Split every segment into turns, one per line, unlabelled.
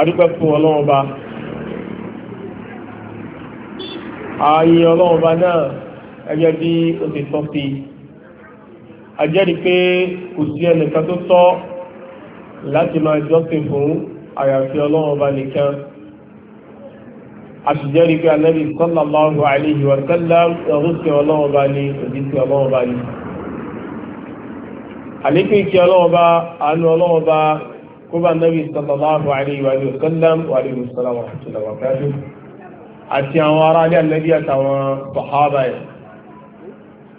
adúpẹ́ fún ọlọ́run ba ààyè ọlọ́run ba náà ẹgbẹ́ bí ó ti sọ sí ajẹ́rìí pé kò sí ẹnìkan tó tọ́ láti máa jọ́sìn fún àyàfi ọlọ́run ba nìkan àṣìjẹ́rìí pé Ànábì sallallahu alayhi wa sallam ẹ̀rúsìn ọlọ́run ba ní òjísìn ọlọ́run ba ní àlékún ìkí ọlọ́run ba àánú ọlọ́run ba kóbá nàbí sallallahu alayhi wa sallam wa alayhi wa sallam wa rahmatullahi wa barakatuh àti àwọn ará alẹ́ ànábì àtàwọn sàhábà ẹ̀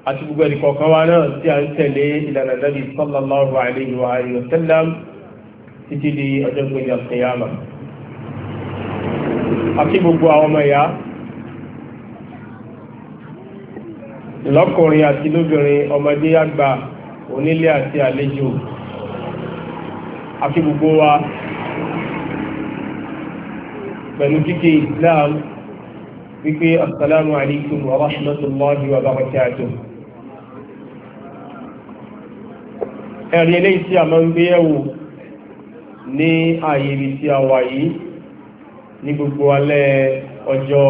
àti gbogbo ẹ̀dì kọ̀ọ̀kan wa náà tí a ń tẹ̀lé ìlànà nàbí sallallahu alayhi wa alayhi wa títí di ọjọ́ gbogbo al-qiyamah àti gbogbo àwọn ọmọ ìyá lọ́kùnrin àti lóbìnrin ọmọdé àgbà onílé àti àlejò àti gbogbo wa pẹ̀lú kíkẹ́ Islam wípé assalamu alaikum wa rahmatullahi wa barakatuh ẹ̀rí eléyìí tí a máa ń gbé yẹ̀wò ní ààyè ibi tí a wà yìí ní gbogbo alẹ́ ọjọ́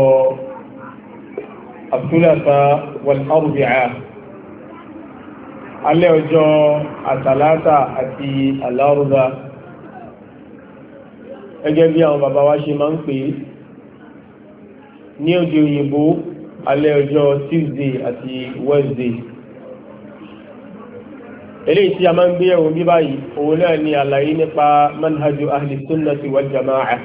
àtúlẹ̀ta wal arbi'a alẹ́ ọjọ́ àtàlátà àti àlárúbá ẹgẹ́ bí àwọn bàbá wa ṣe máa ń pè ní òde òyìnbó alẹ́ ọjọ́ Tuesday àti Wednesday eléyìí tí a máa ń gbé ẹ̀wọ̀n bí báyìí òun náà ni àlàyé nípa manhajú ahli sunnati jama'a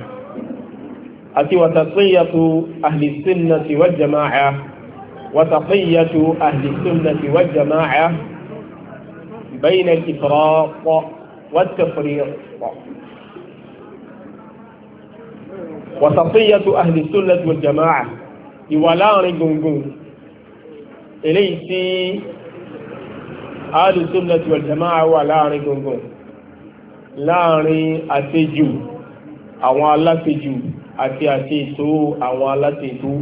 àti wàtàkìyàtò ahli sunnati jama'a wàtàkìyàtò ahli sunnati jama'a بين الإفراط والتفريط وصفية أهل السنة والجماعة ìwàláàrin gbùngbùn eléyìí tí alùsùnlẹ̀tì wal-jama'a wà láàrin gbùngbùn láàrin àtẹ́jù àwọn alátẹ́jù àti àti ètò àwọn alátẹ́jù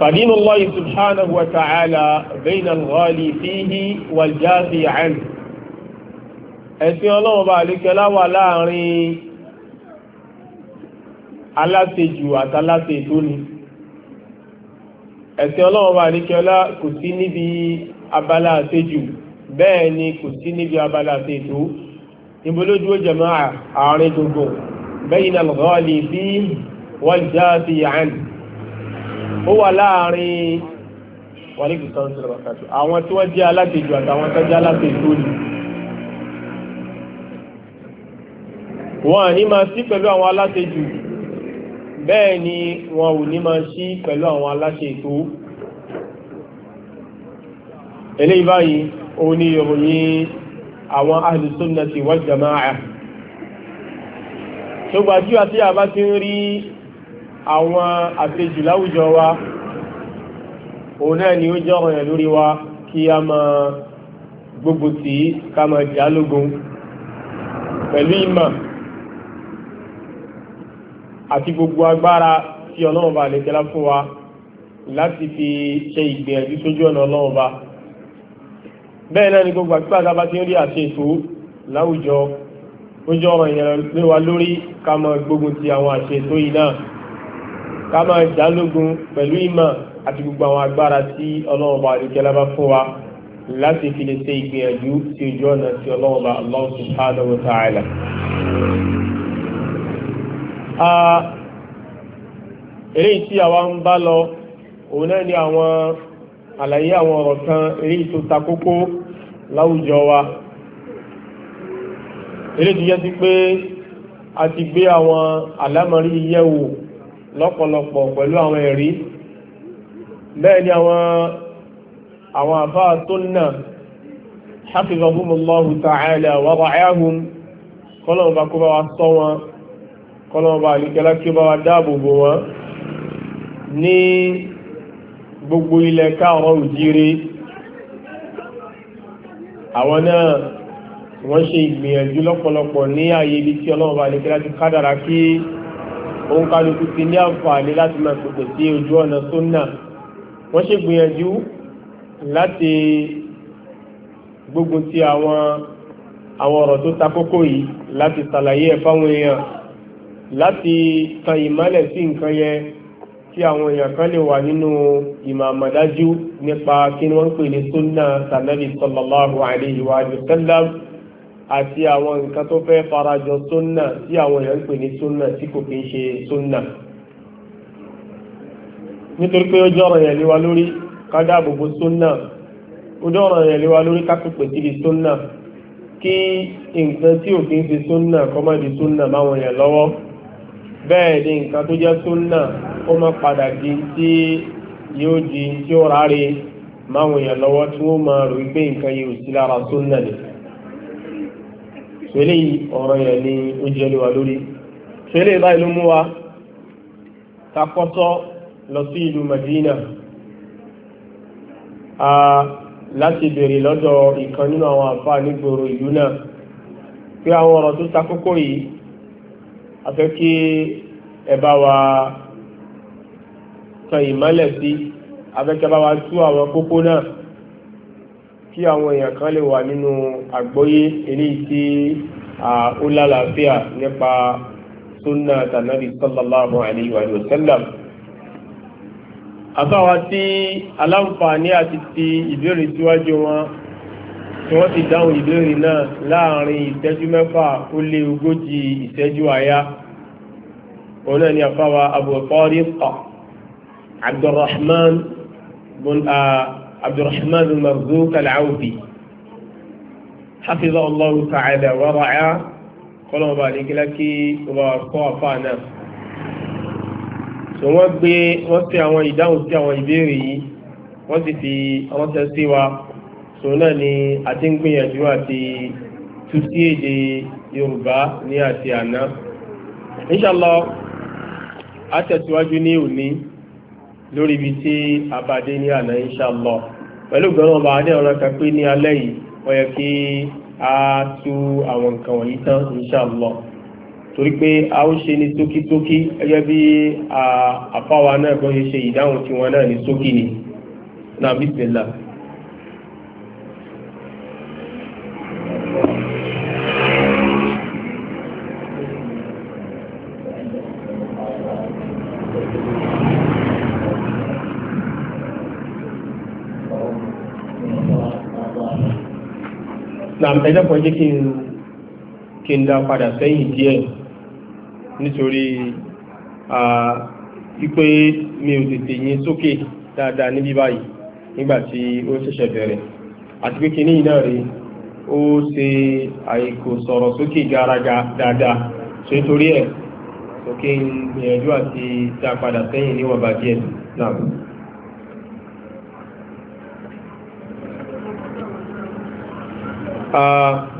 فدين الله سبحانه وتعالى بين الغالي فيه والجافي عنه ẹ̀sìn ọlọ́run bá àlékẹ́ láwà láàrin aláṣejù àtàláṣe tó ni ẹ̀sìn ọlọ́run bá àlékẹ́ ọlá kò sí níbi abala àṣejù bẹ́ẹ̀ ni kò sí níbi abala àṣejù níbo ló dúró jẹ̀mọ́ àárín gbogbo بين الغالي فيه والجافي عنه ó wà láàrin wàlíkì sọ́rọ̀ sí ọ̀rọ̀kàtù àwọn tí wọ́n jẹ́ alákejì àtàwọn tó jẹ́ alákejì ni wọ́n ní máa sí pẹ̀lú àwọn alákejì bẹ́ẹ̀ ni wọn ò ní máa sí pẹ̀lú àwọn aláṣètò eléyìí báyìí ó ní ìròyìn àwọn ahlu sunnati wal jamaa'ah ṣùgbọ́n tí wàá tí a bá ti ń rí àwọn àbejì láwùjọ wa òun náà ni ó jẹ́ ọ̀rọ̀ yẹn lórí wa kí a máa gbógun tì í ká máa jà lógun pẹ̀lú ìmọ̀ àti gbogbo agbára tí ọlọ́run bá lè tẹ́lá fún wa láti fi ṣe ìgbìyànjú sójú ọ̀nà ọlọ́run bá bẹ́ẹ̀ náà ni gbogbo àtúntà tá a bá ti ń rí àṣẹ ètò láwùjọ ó jẹ́ ọ̀rọ̀ yẹn lórí ká máa gbógun tì àwọn àṣẹ ètò yìí náà ká máa jálógun pẹ̀lú ìmọ̀ àti gbogbo àwọn agbára tí ọlọ́run bá àdìkẹ́lá bá fún wa láti fi lè ṣe ìgbìyànjú sí ojú ọ̀nà tí ọlọ́run bá Allah subhanahu wa ta'ala. eléyìí tí àwa ń bá lọ òun náà ni àwọn àlàyé àwọn ọ̀rọ̀ kan eléyìí tó ta kókó láwùjọ wa eléyìí tó yẹ sí pé a ti gbé àwọn àlámọ̀rí yẹ̀wò lọ́pọ̀lọpọ̀ pẹ̀lú àwọn ẹ̀rí bẹ́ẹ̀ ni àwọn àwọn àfáà sunna hafizahumullahu ta'ala wa ra'ahum kọ́lọ̀ọ̀bá kó bá wa ṣọ́ wọn kọ́lọ̀ọ̀bá àlìkẹ́lá kí bá wa dáàbò wọn ní gbogbo ilẹ̀ káàrọ̀ òjírí àwọn náà wọ́n ṣe ìgbìyànjú lọ́pọ̀lọpọ̀ ní ààyè ibi tí ọlọ́ọ̀bá àlìkẹ́lá ti kádàrá kí òun kálukú ti ní àǹfààní láti máa pèpè sí ojú ọ̀nà sunna wọ́n ṣe gbìyànjú láti gbógun ti àwọn àwọn ọ̀rọ̀ tó ta kókó yìí láti ṣàlàyé ẹ̀ fáwọn èèyàn láti tan ìmọ́lẹ̀ sí nǹkan yẹn kí àwọn èèyàn kan lè wà nínú ìmọ̀ àmọ̀dájú nípa kí wọ́n pè ní sunna sanabi sallallahu alayhi wa sallam àti àwọn nǹkan tó fẹ́ farajọ sunna tí àwọn èèyàn ń pè ní sunna tí kò kí ń ṣe sunna nítorí pé ó jẹ́ ọ̀rọ̀ yẹn lé wa lórí ká dáàbò bo sunna ó jẹ́ ọ̀rọ̀ yẹn lé wa lórí ká pèpè sí di sunna kí nǹkan tí ò kí ń ṣe sunna kó má di sunna máwọn èèyàn lọ́wọ́ bẹ́ẹ̀ ni nǹkan tó jẹ́ sunna ó má padà di tí yóò di tí ó ráre máwọn èèyàn lọ́wọ́ tí wọ́n máa rò pé nǹkan yìí ò sí lára sunna nìkan pẹ̀lú ọ̀rọ̀ yẹn ni ó jẹ́ lé wa lórí pẹ̀lú báyìí ló mú wa takọ́sọ́ lọ sí ìlú Madina láti bèèrè lọ́dọ̀ ìkan nínú àwọn àfà nígboro ìlú náà pé àwọn ọ̀rọ̀ tó takókó yìí afẹ́ kí ẹ bá wa tan ìmọ́lẹ̀ sí afẹ́ kí ẹ bá wa tú àwọn kókó náà kí àwọn èèyàn kan lè wà nínú àgbọ́yé eléyìí tí ó lálàáfíà nípa súnà tànàbí sallallahu alayhi wa sallam àtàwà tí aláǹfààní àti ti ìbéèrè síwájú wọn tí wọ́n ti dáhùn ìbéèrè náà láàrin ìṣẹ́jú mẹ́fà ó lé ogójì ìṣẹ́jú àyá òun náà ni àfáwà Abu Tariq Abdurrahman bin a abdulrahman marzouk al-awdi hafiza allahu ta'ala wa ra'a kọ́lọ̀ ọba àdékílá kí ọba kọ́ àfa náà so wọ́n gbé wọ́n sí àwọn ìdáhùn sí àwọn ìbéèrè yìí wọ́n sì fi ránṣẹ́ sí wa so náà ni a ti ń gbìyànjú àti tú sí èdè yorùbá ní àti àná inṣàlọ́ a tẹ̀síwájú ní òní lórí ibi tí abadé ní àná inshallah pẹ̀lú gbọ́nà ọba adé ọ̀rọ̀ kan pé ní alẹ́ yìí ó yẹ kí a tú àwọn nǹkan wọ̀nyí tán inshallah torí pé a ó ṣe ní tókítókí gẹ́gẹ́ bí àfáwa náà gbọ́n ṣe ṣe ìdáhùn tiwọn náà ní tókí ni náà na ẹ̀dẹ́kọ̀ jẹ́ kí n dá padà sẹ́yìn díẹ̀ nítorí wípé mi ò tètè yín sókè dáadáa níbí báyìí nígbàtí ó ṣẹ̀ṣẹ̀ bẹ̀rẹ̀ àti pé kìíní náà rí ó ṣe àìkò sọ̀rọ̀ sókè garaga dáadáa ṣe ẹ̀ sókè àti dá padà sẹ́yìn díẹ̀ náà. uh,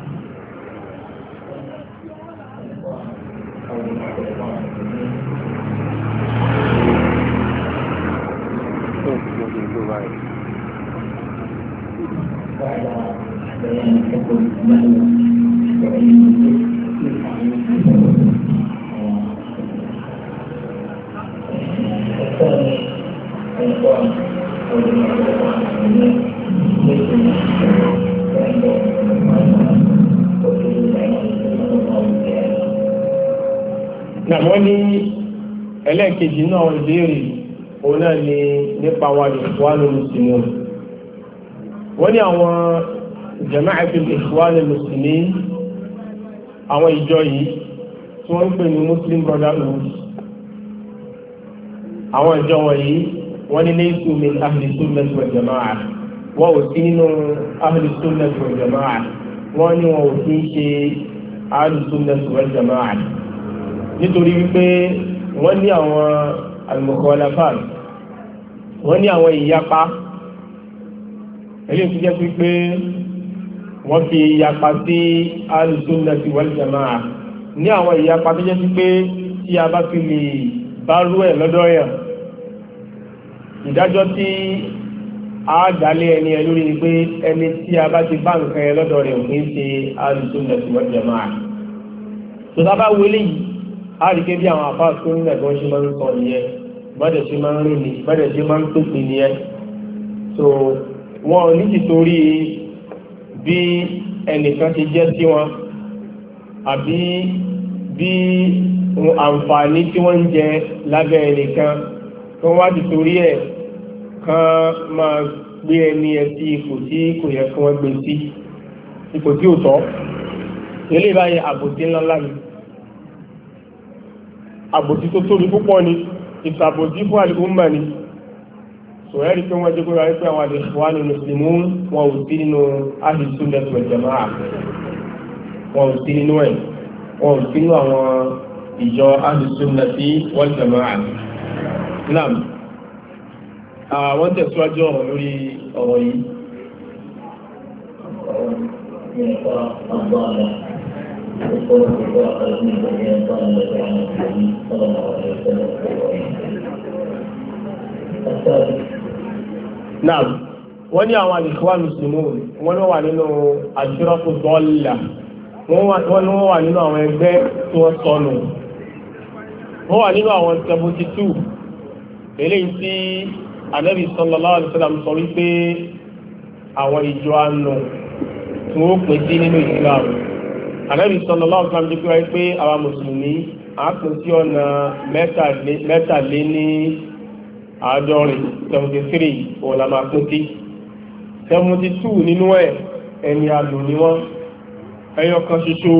àwọn ìbéèrè òun náà ni nípa wa ní ìfúwánù mùsùlùmí wọ́n ní àwọn jama'atul ìfúwánù mùsùlùmí àwọn ìjọ yìí tí wọ́n ń pè ní muslim brotherhood àwọn ìjọ wọ̀nyí wọ́n ní laysu min ahli sunnah wal jama'a wọ́n ò sí nínú ahli sunnah wal jama'a wọ́n ní wọn ò sí ṣe ahli sunnah wal jama'a nítorí wípé wọ́n ní àwọn al-mukhalafat wọ́n ní àwọn ìyapa eléyìí tó jẹ́ pípé wọ́n fi ìyapa sí al-sunnati wal jama'a ní àwọn ìyapa tó jẹ́ pípé tí a bá fi lè bá rú ẹ̀ lọ́dọ̀ yàn ìdájọ́ tí a dálé ẹni ẹ lórí pé ẹni tí a bá ti bá nǹkan ẹ lọ́dọ̀ òfin ṣe al-sunnati wal jama'a tó àríkẹ́ bí àwọn àfáà tó ń lẹ̀gbọ́n ṣe máa ń sọ nìyẹn bọ́dẹ̀ ṣe máa ń rìn ní bọ́dẹ̀ ṣe máa ń pèsè nìyẹn so wọn ò ní tìtorí bí ẹnìkan ti jẹ́ sí wọn àbí bí àǹfààní tí wọ́n ń jẹ lábẹ́ ẹnìkan tó wá tìtorí ẹ̀ kan máa gbé ẹni ẹ sí ipò tí kò yẹ kí wọ́n gbé sí ipò tí ò tọ́ eléyìí báyìí àbòsí ńlá ńlá àbòsí tó tóbi púpọ̀ ni ìsàbòsí fún àlùmà ni sọ ẹ́ rí pé wọ́n jẹ́ pé wáyé pé àwọn àlùfáà ní mùsùlùmí wọn ò sí nínú àhìsù lẹ́tọ̀ ìjọba wọn ò sí nínú ẹ̀ wọn ò sí nínú àwọn ìjọ àhìsù lẹ́tí wọ́n jẹ̀mọ́ àmì. nam àwọn tẹ̀síwájú ọ̀rọ̀ lórí ọ̀rọ̀ yìí náà wọ́n ní àwọn àlìkọ́wà mùsùlùmí wọ́n ló wà nínú àṣírọ́pù dọ́là wọ́n ló wà nínú àwọn ẹgbẹ́ tí wọ́n sọnù wọ́n wà nínú àwọn seventy two eléyìí tí anabi sallallahu alaihi wasallam sọ wípé àwọn ìjọ àánú tí wọ́n pè sí nínú ìsìlámù ànábì sallallahu alaihi wasallam kíkọ́ pé àwọn mùsùlùmí á pín sí ọ̀nà mẹ́tàlé ní àádọ́rin seventy three òun la máa seventy two nínú ẹ̀ ẹni àlò ni wọ́n ẹyọ kan ṣoṣo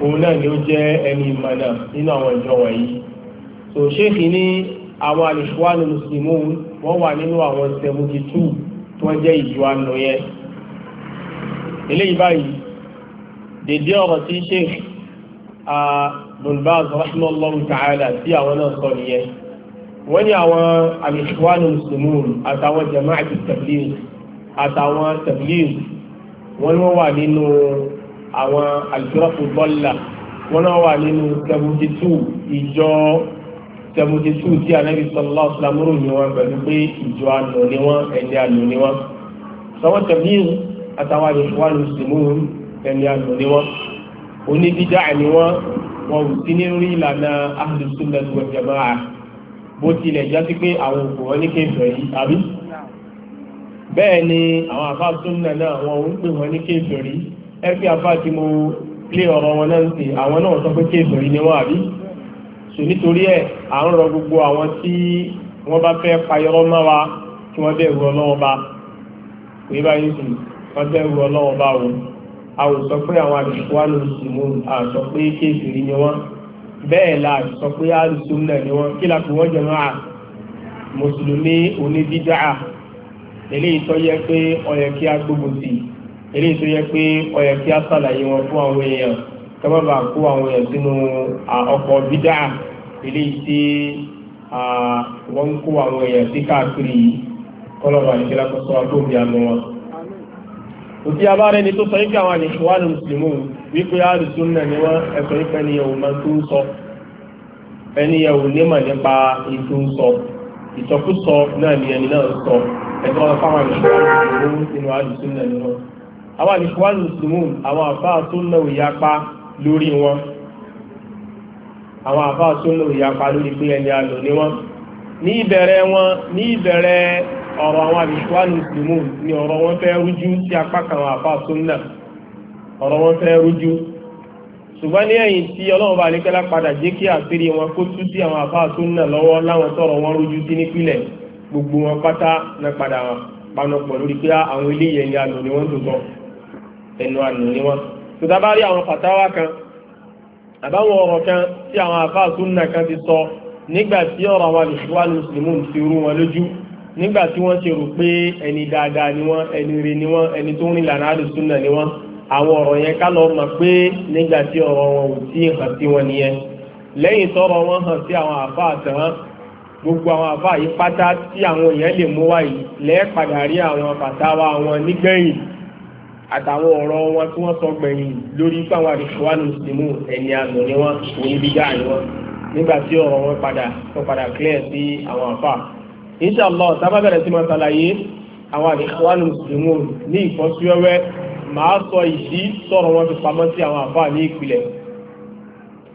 òun náà ni ó jẹ́ ẹni ìmọ̀nà nínú àwọn ìjọ wọ̀nyí so ṣéèkì ní àwọn àlùfáàlù mùsùlùmí wọ́n wà nínú àwọn seventy two tí wọ́n jẹ́ ìjọ àná yẹn eléyìí báyìí dèdè ọ̀rọ̀ tí sheikh abdulbaz rahimahullah ta'ala sí àwọn náà sọ nìyẹn wọ́n ní àwọn alìṣíwánù muslimun àtàwọn jama'atu tabligh àtàwọn tabligh wọ́n ló wà nínú àwọn alìṣírọ́pù bọ́lá wọ́n náà wà nínú 72 ìjọ 72 tí anábì sallallahu alaihi wasallam ní wọn pẹ̀lú pé ìjọ àlò ní wọn ẹni àlò ní wọn sọ́wọ́n tabligh àtàwọn alìṣíwánù muslimun ẹni àná ni wọ́n onídídá ni wọ́n wọn ò sí ní rí ìlànà ahlu sunnah wal jamaa'ah bó tilẹ̀ jásí pé àwọn òkú wọn ní kéfẹ̀ yìí àbí bẹ́ẹ̀ ni àwọn àfa sunnah náà wọn ò ń pè wọn ní kéfẹ̀ rí ẹ fi àfa mo lé ọ̀rọ̀ wọn náà sí àwọn náà sọ pé kéfẹ̀ rí ni wọ́n àbí sò nítorí ẹ̀ à ń rọ gbogbo àwọn tí wọ́n bá fẹ́ payọ́rọ́ mọ́ wa kí wọ́n bẹ̀rù ọlọ́wọ́ bá kò yẹ báyìí sùn wọ́n bẹ̀rù ọlọ́wọ́ bá wọn. Awụ ò sọ pé àwọn àdùsùwánù sùnmù a sọ pé nye ni wọ́n bẹ́ẹ̀ la sọ pé àdùsùnmù ni wọ́n kí la wọ́n jẹun à mùsùlùmí onídídá eléyìí tó yẹ pé ó kí a gbógun sí eléyìí tó yẹ pé ó kí a sàlàyé wọn fún àwọn èèyàn kí wọ́n bá kó àwọn èèyàn sínú ọkọ̀ bídá eléyìí tí wọ́n ń kó àwọn èèyàn sí káàkiri yìí kọ́lọ́ba ìṣẹ́lá àgbóhùn òtí abáre ni tó sọ yìí kí àwọn àdìsíwájú mùsùlùmù wípé àrùsùn náà ni wọn ẹsọ yìí pẹ́ni yẹ̀wò máa tó ń sọ ẹni yẹ̀wò nímọ̀ nípa ètò ń sọ ìsọkúsọ náà ni ẹni náà sọ ẹgbẹ́ wọn fáwọn àdìsíwájú àwọn àfáà tó ń náwó lórí wọn àwọn àfáà tó ń náwó lórí pé ẹni àlò ni wọn ní ìbẹ̀rẹ̀ wọn ní ìbẹ̀rẹ̀ ọ̀rọ̀ àwọn àbíṣúwánù ìsìmú ni ọ̀rọ̀ wọn fẹ́ rújú sí apá kan àpá súnnà ọ̀rọ̀ wọn fẹ́ rújú ṣùgbọ́n ní ẹ̀yìn tí ọlọ́run bá nípẹ́lá padà jẹ́ kí àṣírí wọn kó tú sí àwọn àpá súnnà lọ́wọ́ láwọn tọ̀rọ̀ wọn rújú sí nípìnlẹ̀ gbogbo wọn pátá na padà panupọ̀ lórí pé àwọn eléyẹ ni àná ni wọ́n tó sọ ẹnu àná ni wọ́n tó tá bá rí àwọn fàtáwà kan àbáwọn ọ̀rọ̀ kan tí àwọn àpá súnnà kan ti sọ nígbà tí ọ̀rọ̀ àwọn àbíṣúwánù ìsìmú ti rú wọn lójú nígbà tí wọ́n ṣe rò pé ẹni dáadáa ni wọ́n ẹni rí ni wọ́n ẹni tó ń rìn lànà àlùsùnà ni wọ́n àwọn ọ̀rọ̀ yẹn ká lọ mọ̀ pé nígbà tí ọ̀rọ̀ wọn ò tí hàn sí wọn nìyẹn lẹ́yìn tọ́rọ̀ wọn hàn sí àwọn àfa àtàn gbogbo àwọn àfa yìí pátá tí àwọn èèyàn lè mú wá yìí lẹ́ẹ̀padà rí àwọn fàtàwà wọn nígbẹ̀yìn àtàwọn ọ̀rọ̀ wọn tí wọ́n sọ gbẹ̀yìn lórí fáwọn àdìsíwánù símú ẹni àná ni wọ́n òun bí dáa ni wọ́n nígbà tí ọ̀rọ̀ wọn padà wọn padà clear sí àwọn àfa inshallah tábà bẹ̀rẹ̀ sí máa ṣàlàyé àwọn àdìsíwánù mùsùlùmù ní ìfọ́síwẹ́wẹ́ màá sọ ìdí sọ̀rọ̀ wọn fi pamọ́ sí àwọn àbá ní ìpìlẹ̀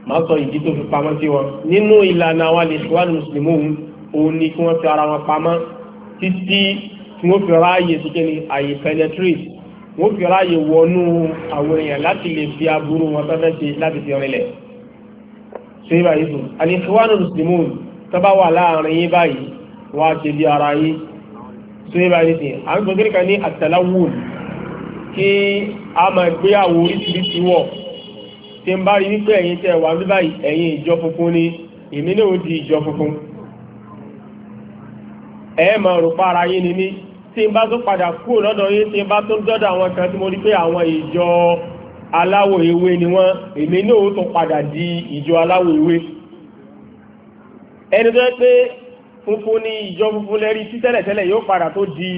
màá sọ ìdí tó fi pamọ́ sí wọn nínú ìlànà àwọn àdìsíwánù mùsùlùmù òun ni kí wọ́n fi ara wọn pamọ́ títí tí wọ́n fi ráàyè sókè ní àyè penetrate wọ́n fi ráàyè wọnú àwọn èèyàn láti lè fi aburú wọn fẹ́fẹ́ ṣe láti fi rinlẹ̀ ṣe báyìí sùn àdìsíwánù mùsùlùmù tó wà láàrin yín báyìí wa ṣe bí ara yí tó yẹ báyìí sí àwọn ìgbọ̀n kíríkà ní àtàláwò kí a máa gbé àwọ̀ oríṣiríṣi wọ̀ tí ń bá rí wípé ẹ̀yin tẹ́ wà ní báyìí ẹ̀yin ìjọ funfun ni èmi náà ó di ìjọ funfun ẹ máa rò pa ara yín ni mí tí n bá tún padà kúrò lọ́dọ̀ yín tí n bá tún dọ́dọ̀ àwọn kan tí mo rí pé àwọn ìjọ aláwọ̀ ewé ni wọ́n èmi náà tún padà di ìjọ aláwọ̀ ewé ẹni tó yẹ pé funfun ní ìjọ funfun lẹ́rí tí tẹ́lẹ̀tẹ́lẹ̀ yóò padà tó di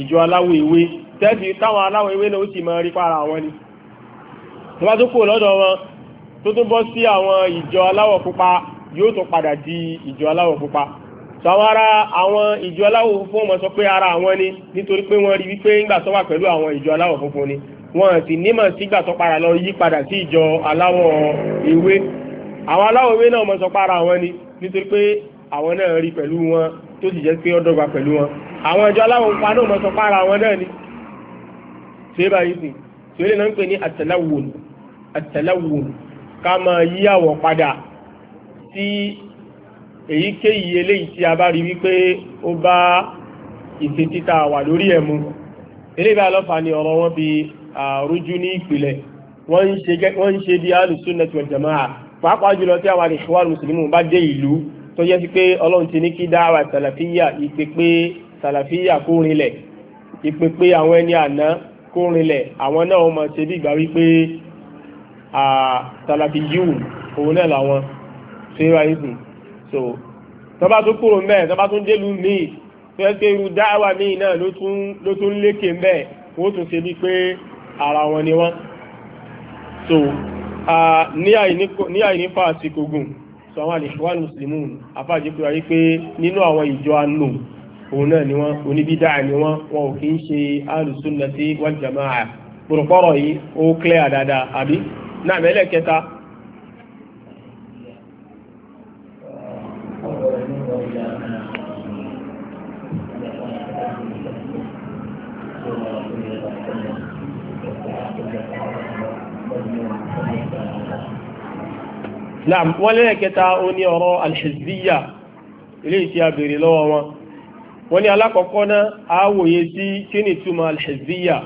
ìjọ aláwọ̀ ewé tẹ́sí táwọn aláwọ̀ ewé náà ó sì máa rí para wọn ni wọ́n bá tó kò lọ́dọ̀ wọn tó tún bọ́ sí àwọn ìjọ aláwọ̀ pupa yóò tó padà di ìjọ aláwọ̀ pupa sọ àwọn ará àwọn ìjọ aláwọ̀ funfun wọn sọ pé ara àwọn ni nítorí pé wọ́n rí wípé ńgbà tó wà pẹ̀lú àwọn ìjọ aláwọ̀ funfun ni wọ́n sì nímọ̀ sígbà tó para lọ yí padà sí ìjọ aláwọ̀ ewé àwọn aláwọ̀ ewé náà mọ̀ sọ para àwọn ni nítorí pé àwọn náà rí pẹ̀lú wọn tó sì jẹ́ pé ó dọ́gba pẹ̀lú wọn àwọn ìjọ aláwọ̀ pupa náà mọ̀ pára wọn náà ni ṣé báyìí sì ṣé lè náà ń pè ní àtẹ̀láwòn àtẹ̀láwòn ká máa yí àwọ̀ padà sí èyíkéyìí eléyìí tí a bá rí wípé ó bá ìṣe títà wà lórí ẹ̀mú eléyìí bá lọ́fà ni ọ̀rọ̀ wọn fi àrújú ní ìpìlẹ̀ wọ́n ń ṣe di alùsùn network jama'a pàápàá jùlọ tí àwọn àdìsíwá mùsùlùmí bá dé ìlú tó jẹ́ sí pé ọlọ́run ti ní kí dáwà sàlàfíyà ìpèpè sàlàfíyà kó rinlẹ̀ ìpèpè àwọn ẹni àná kó rinlẹ̀ àwọn náà wọ́n máa ṣe bí ìgbà wípé sàlàfíyù òun náà làwọn fẹ́ráìsì so tọ́ba tó kúrò mẹ́ẹ̀ tọ́ba tó ń délùú míì tó yẹ pé irú dáwà míì náà ló tún lékè mẹ́ẹ̀ wọ́n tún ṣe bí pé ara wọn ni wọ́n so ní àìnífà àsìkò gùn sọ àwọn al-Ikhwan al-Muslimun afáàjẹ́ pé wáyé pé nínú àwọn ìjọ anú òun náà ni wọ́n oníbídà ni wọ́n wọn ò kí ń ṣe al-Sunnati wal Jama'a pòròpọ̀rọ̀ yìí ó clear dáadáa àbí náà mẹ́lẹ̀ kẹta Thank you naam wọ́n lẹ́yìn kẹta ó ní ọ̀rọ̀ alhizbiya ilé ìṣe àbèrè lọ́wọ́ wọn wọ́n ní alákọ̀ọ́kọ́ náà á wòye sí kí ni ìtumọ̀ alhizbiya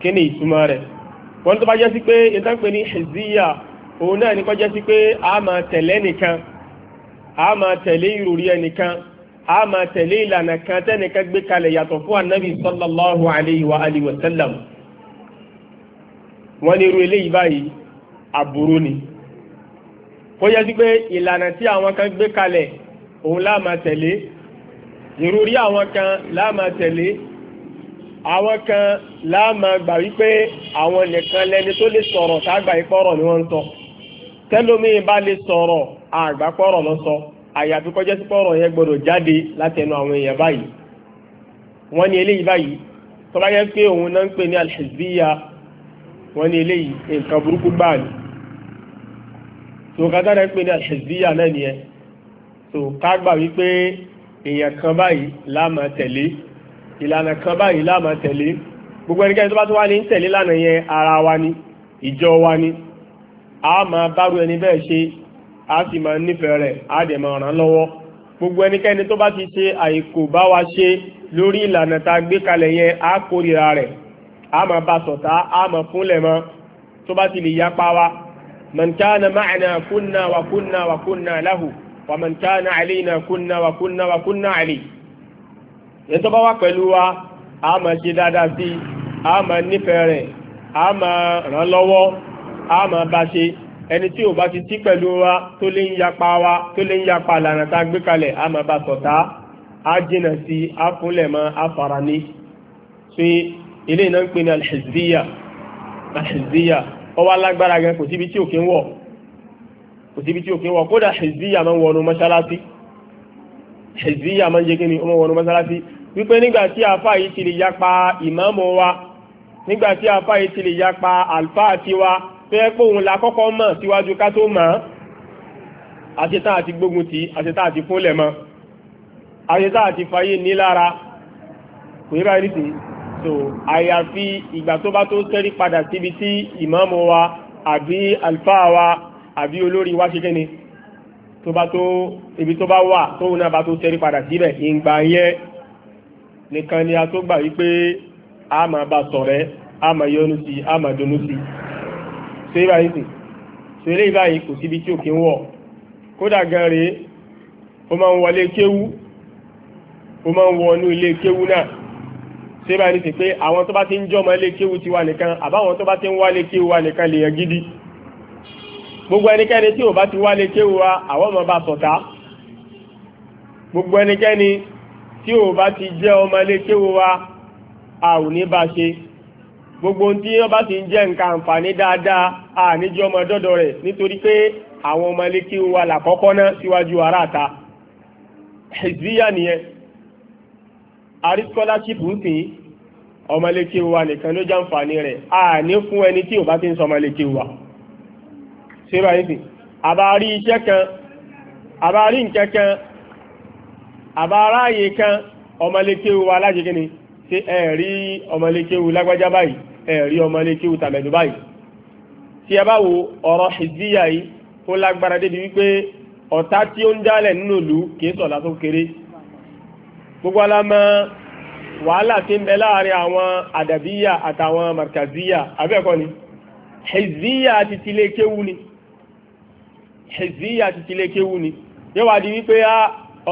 kí ni ìtumọ̀ rẹ̀ wọ́n tó bá jẹ́ sí pé ìtànpẹ̀ ní hizbiya òun náà ní kọ́ jẹ́ sí pé a máa tẹ̀lé nìkan a máa tẹ̀lé ìròrí ẹnìkan a máa tẹ̀lé ìlànà kan tẹ́nìkan gbé kalẹ̀ yàtọ̀ fún anabi sallallahu alayhi wa alihi wa sallam wọ́n ní irú eléyìí báyìí aburú ni kó yẹ sí pé ìlànà tí àwọn kan gbé kalẹ̀ òun la máa tẹ̀lé ìrúrí àwọn kan la máa tẹ̀lé àwọn kan la máa gbà wípé àwọn nìkan lẹni tó lè sọ̀rọ̀ tágbà ìpọ̀rọ̀ ni wọ́n ń sọ tẹ́lómìn bá lè sọ̀rọ̀ àgbàpọ̀rọ̀ lọ sọ àyàfi kọjá sí pọ̀rọ̀ yẹn gbọdọ̀ jáde látẹnu àwọn èèyàn báyìí wọ́n ní eléyìí báyìí tó bá pé òun náà ń pè ní alhizbiya so kátàrà ń pè ní alhizbiya náà nìyẹn so ká gbà wípé èèyàn kan báyìí la máa tẹ̀lé ìlànà kan báyìí la máa tẹ̀lé gbogbo ẹnikẹ́ni tó bá tó wá ní tẹ̀lé lánàá yẹn ara wa ni ìjọ wa ni a máa bárú ẹni bẹ́ẹ̀ ṣe a sì máa nífẹ̀ẹ́ rẹ̀ a dẹ̀ máa ràn án lọ́wọ́ gbogbo ẹnikẹ́ni tó bá ti ṣe àìkò bá wa ṣe lórí ìlànà tá a gbé kalẹ̀ yẹn a kórìíra rẹ̀ a máa bá sọ̀tá a máa fúnlẹ̀ mọ́ tó bá ti lè yapa wa من كان معنا كنا وكنا وكنا له ومن كان علينا كنا وكنا وكنا عليه yẹtọ́ bá wà pẹ̀lú wa a máa ṣe dáadáa sí a máa nífẹ̀ẹ́ rẹ̀ a máa ràn lọ́wọ́ a máa bá ṣe ẹni tí ò bá ti sí pẹ̀lú wa tó lè ń yapa wa tó lè ń yapa lànà tá a gbé kalẹ̀ a máa bá ṣọ̀tá a jìnà sí a fúnlẹ̀ mọ́ a fara ní. ṣe ilé iná ń pè ní alhizbiya alhizbiya ọwá lágbára gan kò síbi tí òkè ń wọ̀ kò síbi tí òkè ń wọ̀ kódà ṣèzíyà máa ń wọnú mọ́ṣáláṣí ṣèzíyà máa ń jẹ́ kíni ọmọ wọnú mọ́ṣáláṣí wípé nígbà tí àáfà yìí ti lè yapa ìmáàmù wa nígbà tí àáfà yìí ti lè yapa àlùfáà tiwa tó yẹ pé òun la kọ́kọ́ mọ̀ síwájú ká tó mọ̀ àṣetán àti gbógun tì àṣetán àti fúnlẹ̀ mọ́ àṣetán àti fàyè nílára kò yẹ báyìí nìsín so àyàfi ìgbà tó bá tó sẹ́rí padà síbi tí ìmáàmù wa àbí àlùfáà wa àbí olórí wa ṣe kéne tó bá tó ibi tó bá wà tóun náà bá tó sẹ́rí padà síbẹ̀ ìgbà yẹn nìkan ni a tó gbà wípé a máa bá ṣọ̀rẹ́ a máa yọ́nú sí a máa dùnnú sí ṣe báyìí sì ṣe eré báyìí kò síbi tí òkè ń wọ̀ kódà gan rèé ó máa ń wọlé kéwú ó máa ń wọnú ilé kéwú náà ṣé báyìí ti pé àwọn tó bá ti ń jọmọ ilé kéwu ti wà nìkan àbáwọn tó bá ti ń wálé kéwu wa nìkan lè gidi gbogbo ẹnikẹ́ni tí ò bá ti wálé kéwu wa àwọn ọmọ bá ṣọ̀tá gbogbo ẹnikẹ́ni tí ò bá ti jẹ́ ọmọ ilé kéwu wa a ò ní bá ṣe gbogbo tí wọ́n bá ti ń jẹ́ nǹkan àǹfààní dáadáa a níjọ́ ọmọ dọ́dọ̀ rẹ̀ nítorí pé àwọn ọmọ ilé kéwu wa làkọ́kọ́ ná síwájú aráàta hizbiya nìyẹn àrí scholarship ń sìn ọmọléke wa nìkan ló jàǹfààní rẹ̀ a ní fún ẹni tí ò bá ti ń sọ ọmọléke wa ṣé bá yín sìn àbárí iṣẹ́ kan àbárí nǹkan kan àbáráyè kan ọmọléke wa lájẹ́ kí ni ṣé ẹ rí ọmọléke wa lágbájá báyìí ẹ rí ọmọléke wa báyìí tí ẹ bá wo ọ̀rọ̀ hizbiya yìí ó lágbára débi wípé ọ̀tá tí ó ń dálẹ̀ nínú ìlú kìí sọ̀lá tó kéré gbogbo alámọ́ wàhálà tí ń bẹ láàrin àwọn àdàbíyà àtàwọn markaziya abẹ́ẹ̀kọ́ ni hezbiya ti tilé kéwú ni hezbiya ti tilé kéwú ni yóò wá di wípé á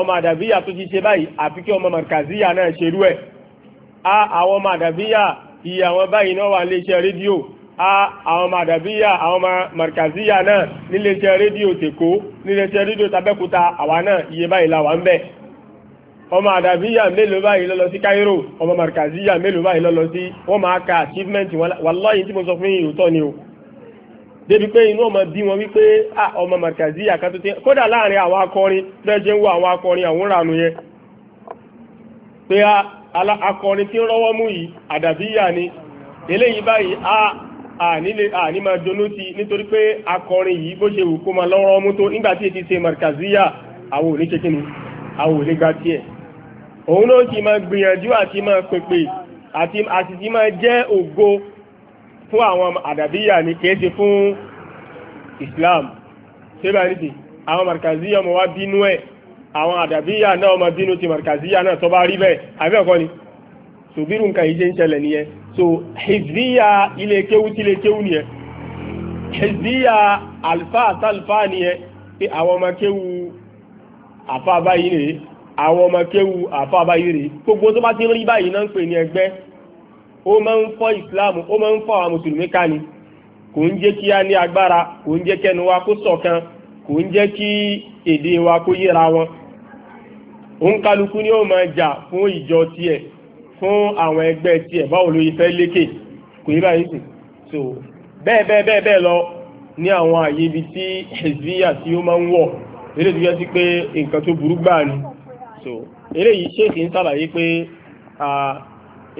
ọmọ àdàbíyà tó ti ṣe báyìí àfi kí ọmọ markaziya náà ṣerú ẹ̀ á àwọn ọmọ àdàbíyà iye àwọn báyìí náà wà léṣẹ́ rédíò á àwọn ọmọ àdàbíyà àwọn ọmọ markaziya náà níléṣẹ́ rédíò tèkó níléṣẹ́ rédíò tàbẹ́kúta àwa náà iye báyìí la wà ń bẹ́ẹ̀ ọmọ àdàbíyà mélòó báyìí lọ lọ sí Cairo ọmọ markaziya mélòó báyìí lọ lọ sí wọn máa ka achievement wàláyé tí mo sọ fún yìí òótọ́ ni o débi pé inú ọmọ bí wọn wípé ah, ọmọ markaziya kan tó láàrin àwọn akọrin akọrin àwọn yẹn pé akọrin akọrin yìí bó òun náà sì máa gbìyànjú àti máa pèpè àti àti ti máa jẹ́ ògo fún àwọn àdàbíyà ni kìí fún Islam ṣé bá ní ti àwọn markaziya ọmọ wa bínú ẹ̀ àwọn àdàbíyà náà ọmọ bínú ti markaziya náà tó bá rí bẹ́ẹ̀ àbí ẹ̀kọ́ ni sòbírù nǹkan yìí ṣe ń ṣẹlẹ̀ nìyẹn so hizbiya ilé kéwú tí ilé kéwú nìyẹn hizbiya alfa àtàlfà nìyẹn pé àwọn ọmọ kéwú àfa báyìí nìyẹn àwọn ọmọ kéwu àfa àbáyé gbogbo tó bá ti rí báyìí náà ń pè ní ẹgbẹ́ ó máa ń fọ́ ìsìláàmù ó máa ń fọ́ àwọn mùsùlùmí ni kò ń jẹ́ kí a ní agbára kò ń jẹ́ kẹnu wa kó kò wa kó yíra wọn òun kálukú ni ó máa jà fún ìjọ tiẹ̀ fún àwọn ẹgbẹ́ tiẹ̀ báwo ló yẹ so bẹ́ẹ̀ bẹ́ẹ̀ bẹ́ẹ̀ bẹ́ẹ̀ lọ ní àwọn àyè ibi tí ó máa ń wọ̀ ìdíjọ́ sí pé nǹkan tó so eléyìí ṣéèkì ń sàlàyé pé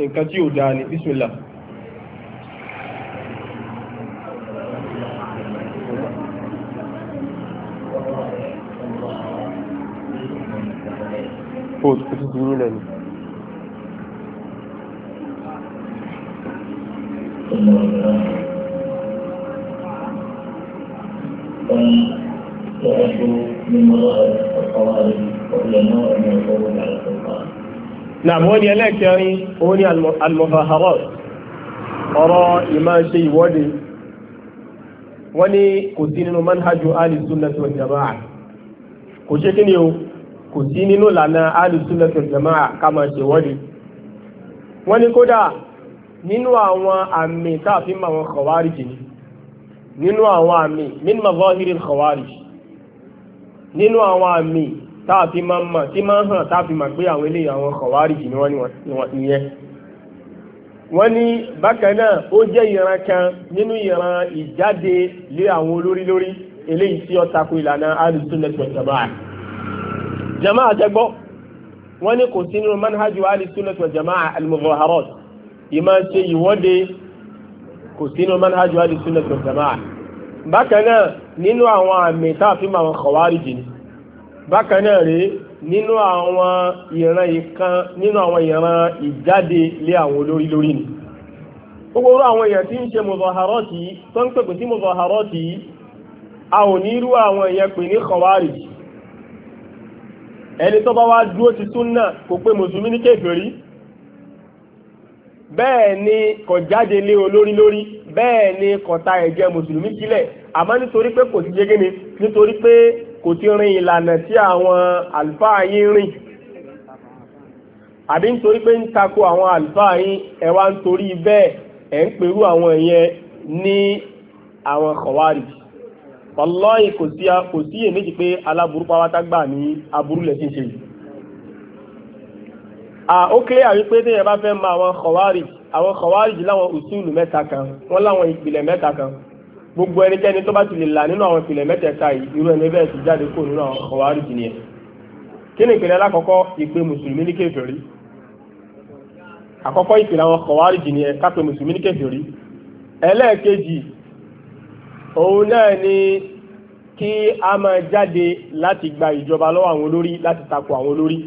nǹkan tí ò dáa ní bísmìlá Food, kò tún ti ní lẹ́nu.
وأن تعدوا
nàmú ni ẹlẹ́kẹrin òun ni almufaharat ọ̀rọ̀ ìmá ṣe ìwọ́de wọ́n ní kò sí nínú manhajú alìsúnnàtì wal jama'a kò ṣe kí ni o kò sí nínú lànà alìsúnnàtì wal jama'a ká máa ṣe ìwọ́de wọ́n ní kódà nínú àwọn àmì táàfin máa wọn táàfi máa ń mọ̀ tí máa ń hàn táàfi mọ̀ pé àwọn eléyìí àwọn kọ̀wárìjì ni wọ́n nìyẹn wọ́n ní bákan náà ó jẹ́ ìran kan nínú ìran ìjáde lé àwọn olórí lórí eléyìí tí ó tako ìlànà alùsùnlẹ̀ pẹ̀tẹ̀mọ́ à jama àtẹ́gbọ́ wọ́n ní kò sí nínú manhajú alùsùnlẹ̀ pẹ̀tẹ̀mọ́ al-muzaharat ìmọ̀ ṣe ìwọ́de kò sí nínú manhajú alùsùnlẹ̀ pẹ̀tẹ̀mọ́ à bákan náà nínú àwọn àmì táàfi máa ń kọ̀wárìjì ni bákan náà rèé nínú àwọn ìran ìkan nínú àwọn ìran ìjáde lé àwọn olórí lórí ni gbogbo àwọn èèyàn tí ń ṣe mọ̀zọ̀hárọ́tì tó ń pèpè sí mọ̀zọ̀hárọ́tì a ò ní irú àwọn èèyàn pè ní khawarij ẹni tó bá wá dúró ti súnà kò pé mùsùlùmí ní kèfèrí bẹ́ẹ̀ ni kò jáde lé olórí lórí bẹ́ẹ̀ ni kò ta ẹ̀jẹ̀ mùsùlùmí sílẹ̀ àmọ́ nítorí pé kò sí jẹ́gẹ́ni nítorí pé kò ti rin ìlànà tí àwọn àlùfáà yín rìn àbí nítorí pé ń tako àwọn àlùfáà yín ẹ wá ń torí bẹ́ẹ̀ ẹ̀ ń pèrú àwọn ìyẹn ní àwọn kọ̀wárì wallahi kò sí kò sí èméjì pé aláburú pátágbà ní aburú lẹ́sìn ṣe yìí ó kílẹ̀ àwípé téèyàn bá fẹ́ mọ àwọn kọ̀wárì àwọn kọ̀wárì láwọn usulu mẹ́ta kan wọ́n láwọn ìpìlẹ̀ mẹ́ta kan gbogbo ẹnikẹ́ni tó bá ti lè là nínú àwọn ìpìlẹ̀ mẹ́tẹ̀ẹ̀ta yìí irú ẹni bẹ́ẹ̀ ti jáde kó nínú àwọn ọ̀wárí kí ni ìpìlẹ̀ alákọ̀ọ́kọ́ ìpè mùsùlùmí ní kèfèrí àkọ́kọ́ ìpìlẹ̀ àwọn ọ̀wárí jìnnì ẹ̀ kápè mùsùlùmí ní kèfèrí ẹlẹ́ẹ̀kejì òun náà ni kí a máa jáde láti gba ìjọba lọ́wọ́ àwọn olórí láti takò àwọn olórí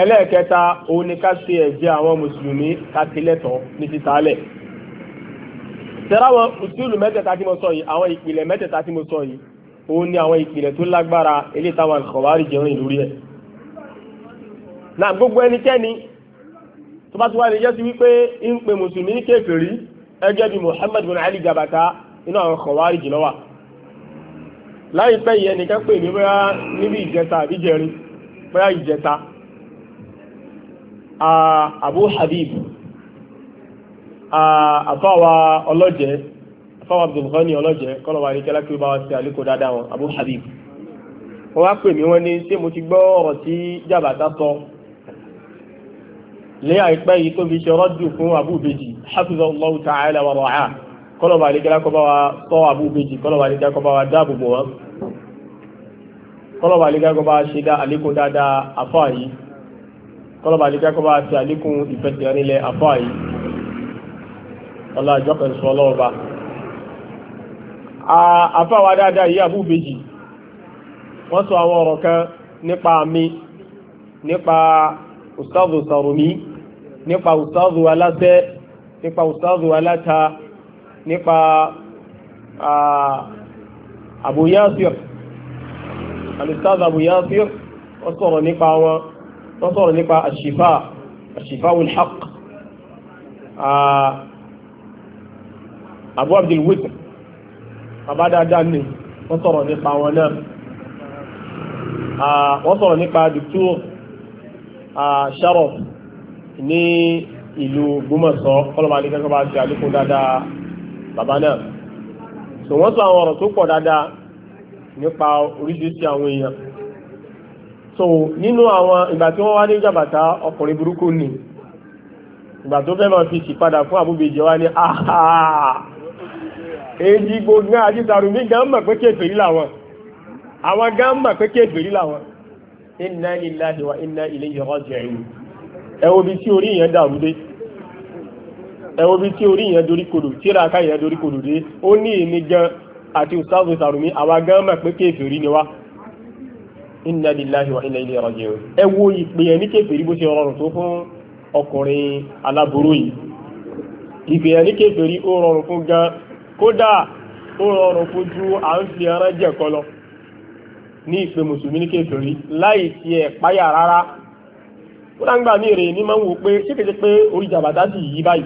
ẹlẹ́ẹ̀kẹta òun ni ká ṣe ẹ̀jẹ̀ àwọn mùsùlùmí ká tilẹ̀tọ̀ ní títàlẹ̀ tẹ́láwọn òṣèlú mẹ́tẹ̀ẹ̀ta tí mo sọ yìí àwọn ìpìlẹ̀ mẹ́tẹ̀ẹ̀ta tí mo sọ yìí òun ni àwọn ìpìlẹ̀ tó lágbára eléyìí táwọn àkọ̀wárí jẹun ìlú rí ẹ̀. náà gbogbo ẹnikẹ́ni tó bá ti wá lè jẹ́ sí wípé ń pe mùsùlùmí ní kèfèrí ẹgẹ́ bíi Muhammad bin Ali Gabata inú àwọn àkọ̀wárí jùlọ wà. láìpẹ́ yìí ẹnìkan pè mí bóyá níbi ìjẹta àbí bóyá ìjẹta ah, Abu Habib àfáwà ọlọ́jẹ́ àfáwà abdulghani ọlọ́jẹ́ kọ́lọ̀wà ayékẹ́lá kí ó bá wá sí àlékò dáadáa wọn abu habib wọ́n wá pè mí wọ́n ní ṣé mo ti gbọ́ ọ̀rọ̀ tí jàbàtà sọ ní àìpẹ́ yìí tó fi ṣe rọ́dù fún abúbejì hafizallahu ta'ala wa ra'a kọ́lọ̀wà ayékẹ́lá kọ́ bá wa sọ abúbejì kọ́lọ̀wà ayékẹ́lá kọ́ bá wa dáàbò bò wọ́n kọ́lọ̀wà ayékẹ́lá kọ́ bá ṣe dá àlékò dáadáa àfáà yìí kọ́lọ̀wà ayékẹ́lá kọ́ bá ṣe àlékún ìfẹsẹ̀rìnlẹ̀ àfáà yìí ọlá ìjọpẹ̀ sọ ọlọ́ọ̀bá àfáwà dáadáa yìí àbúbejì wọ́n sọ àwọn ọ̀rọ̀ kan nípa mi nípa ustazu sarumi nípa ustazu aláṣẹ nípa ustazu aláta nípa Abu Yasir alìsáàzù Abu Yasir wọ́n sọ̀rọ̀ nípa wọn wọ́n sọ̀rọ̀ nípa àṣìfà àṣìfà wal abu abdul witr bàbá dáadáa ni wọ́n sọ̀rọ̀ nípa wọn náà wọ́n sọ̀rọ̀ nípa dùtúr sharaf ní ìlú gbọmọ̀sọ́ kọlọ̀bà alẹ́kẹ́kọ́ bá ti àlékún dáadáa bàbá náà so wọ́n sọ àwọn ọ̀rọ̀ tó pọ̀ dáadáa nípa oríṣiríṣi àwọn èèyàn so nínú àwọn ìgbà tí wọ́n wá ní jàbàtà ọkùnrin burúkú ni ìgbà tó fẹ́ máa fi sì padà fún àbúbejì wá ní ahaa èyí gbogbo àjíṣàrù ní gánmà pé kéfèrí làwọn àwọn gánmà pé kéfèrí làwọn inna lillahi wa inna ilayhi raji'un ẹwọ́ bí tí orí yẹn dàrú dé ẹwọ́ bí tí orí yẹn dorí kodò tíra ká yẹn dorí kodò dé ó ní èmi gan àti ustaz Sarumi àwọn gánmà pé kéfèrí ni wá inna lillahi wa inna ilayhi raji'un ẹwọ́ ìpè yẹn ní kéfèrí bó ṣe rọrùn kódà ó rọrùn fojú à ń fi ẹran jẹ̀kọ lọ ní ìpè mùsùlùmí ní kékeré láì fi ẹ̀ rárá ó ń gbà mí rè ní máa ń wò pé ṣé pé orí sì yí báyìí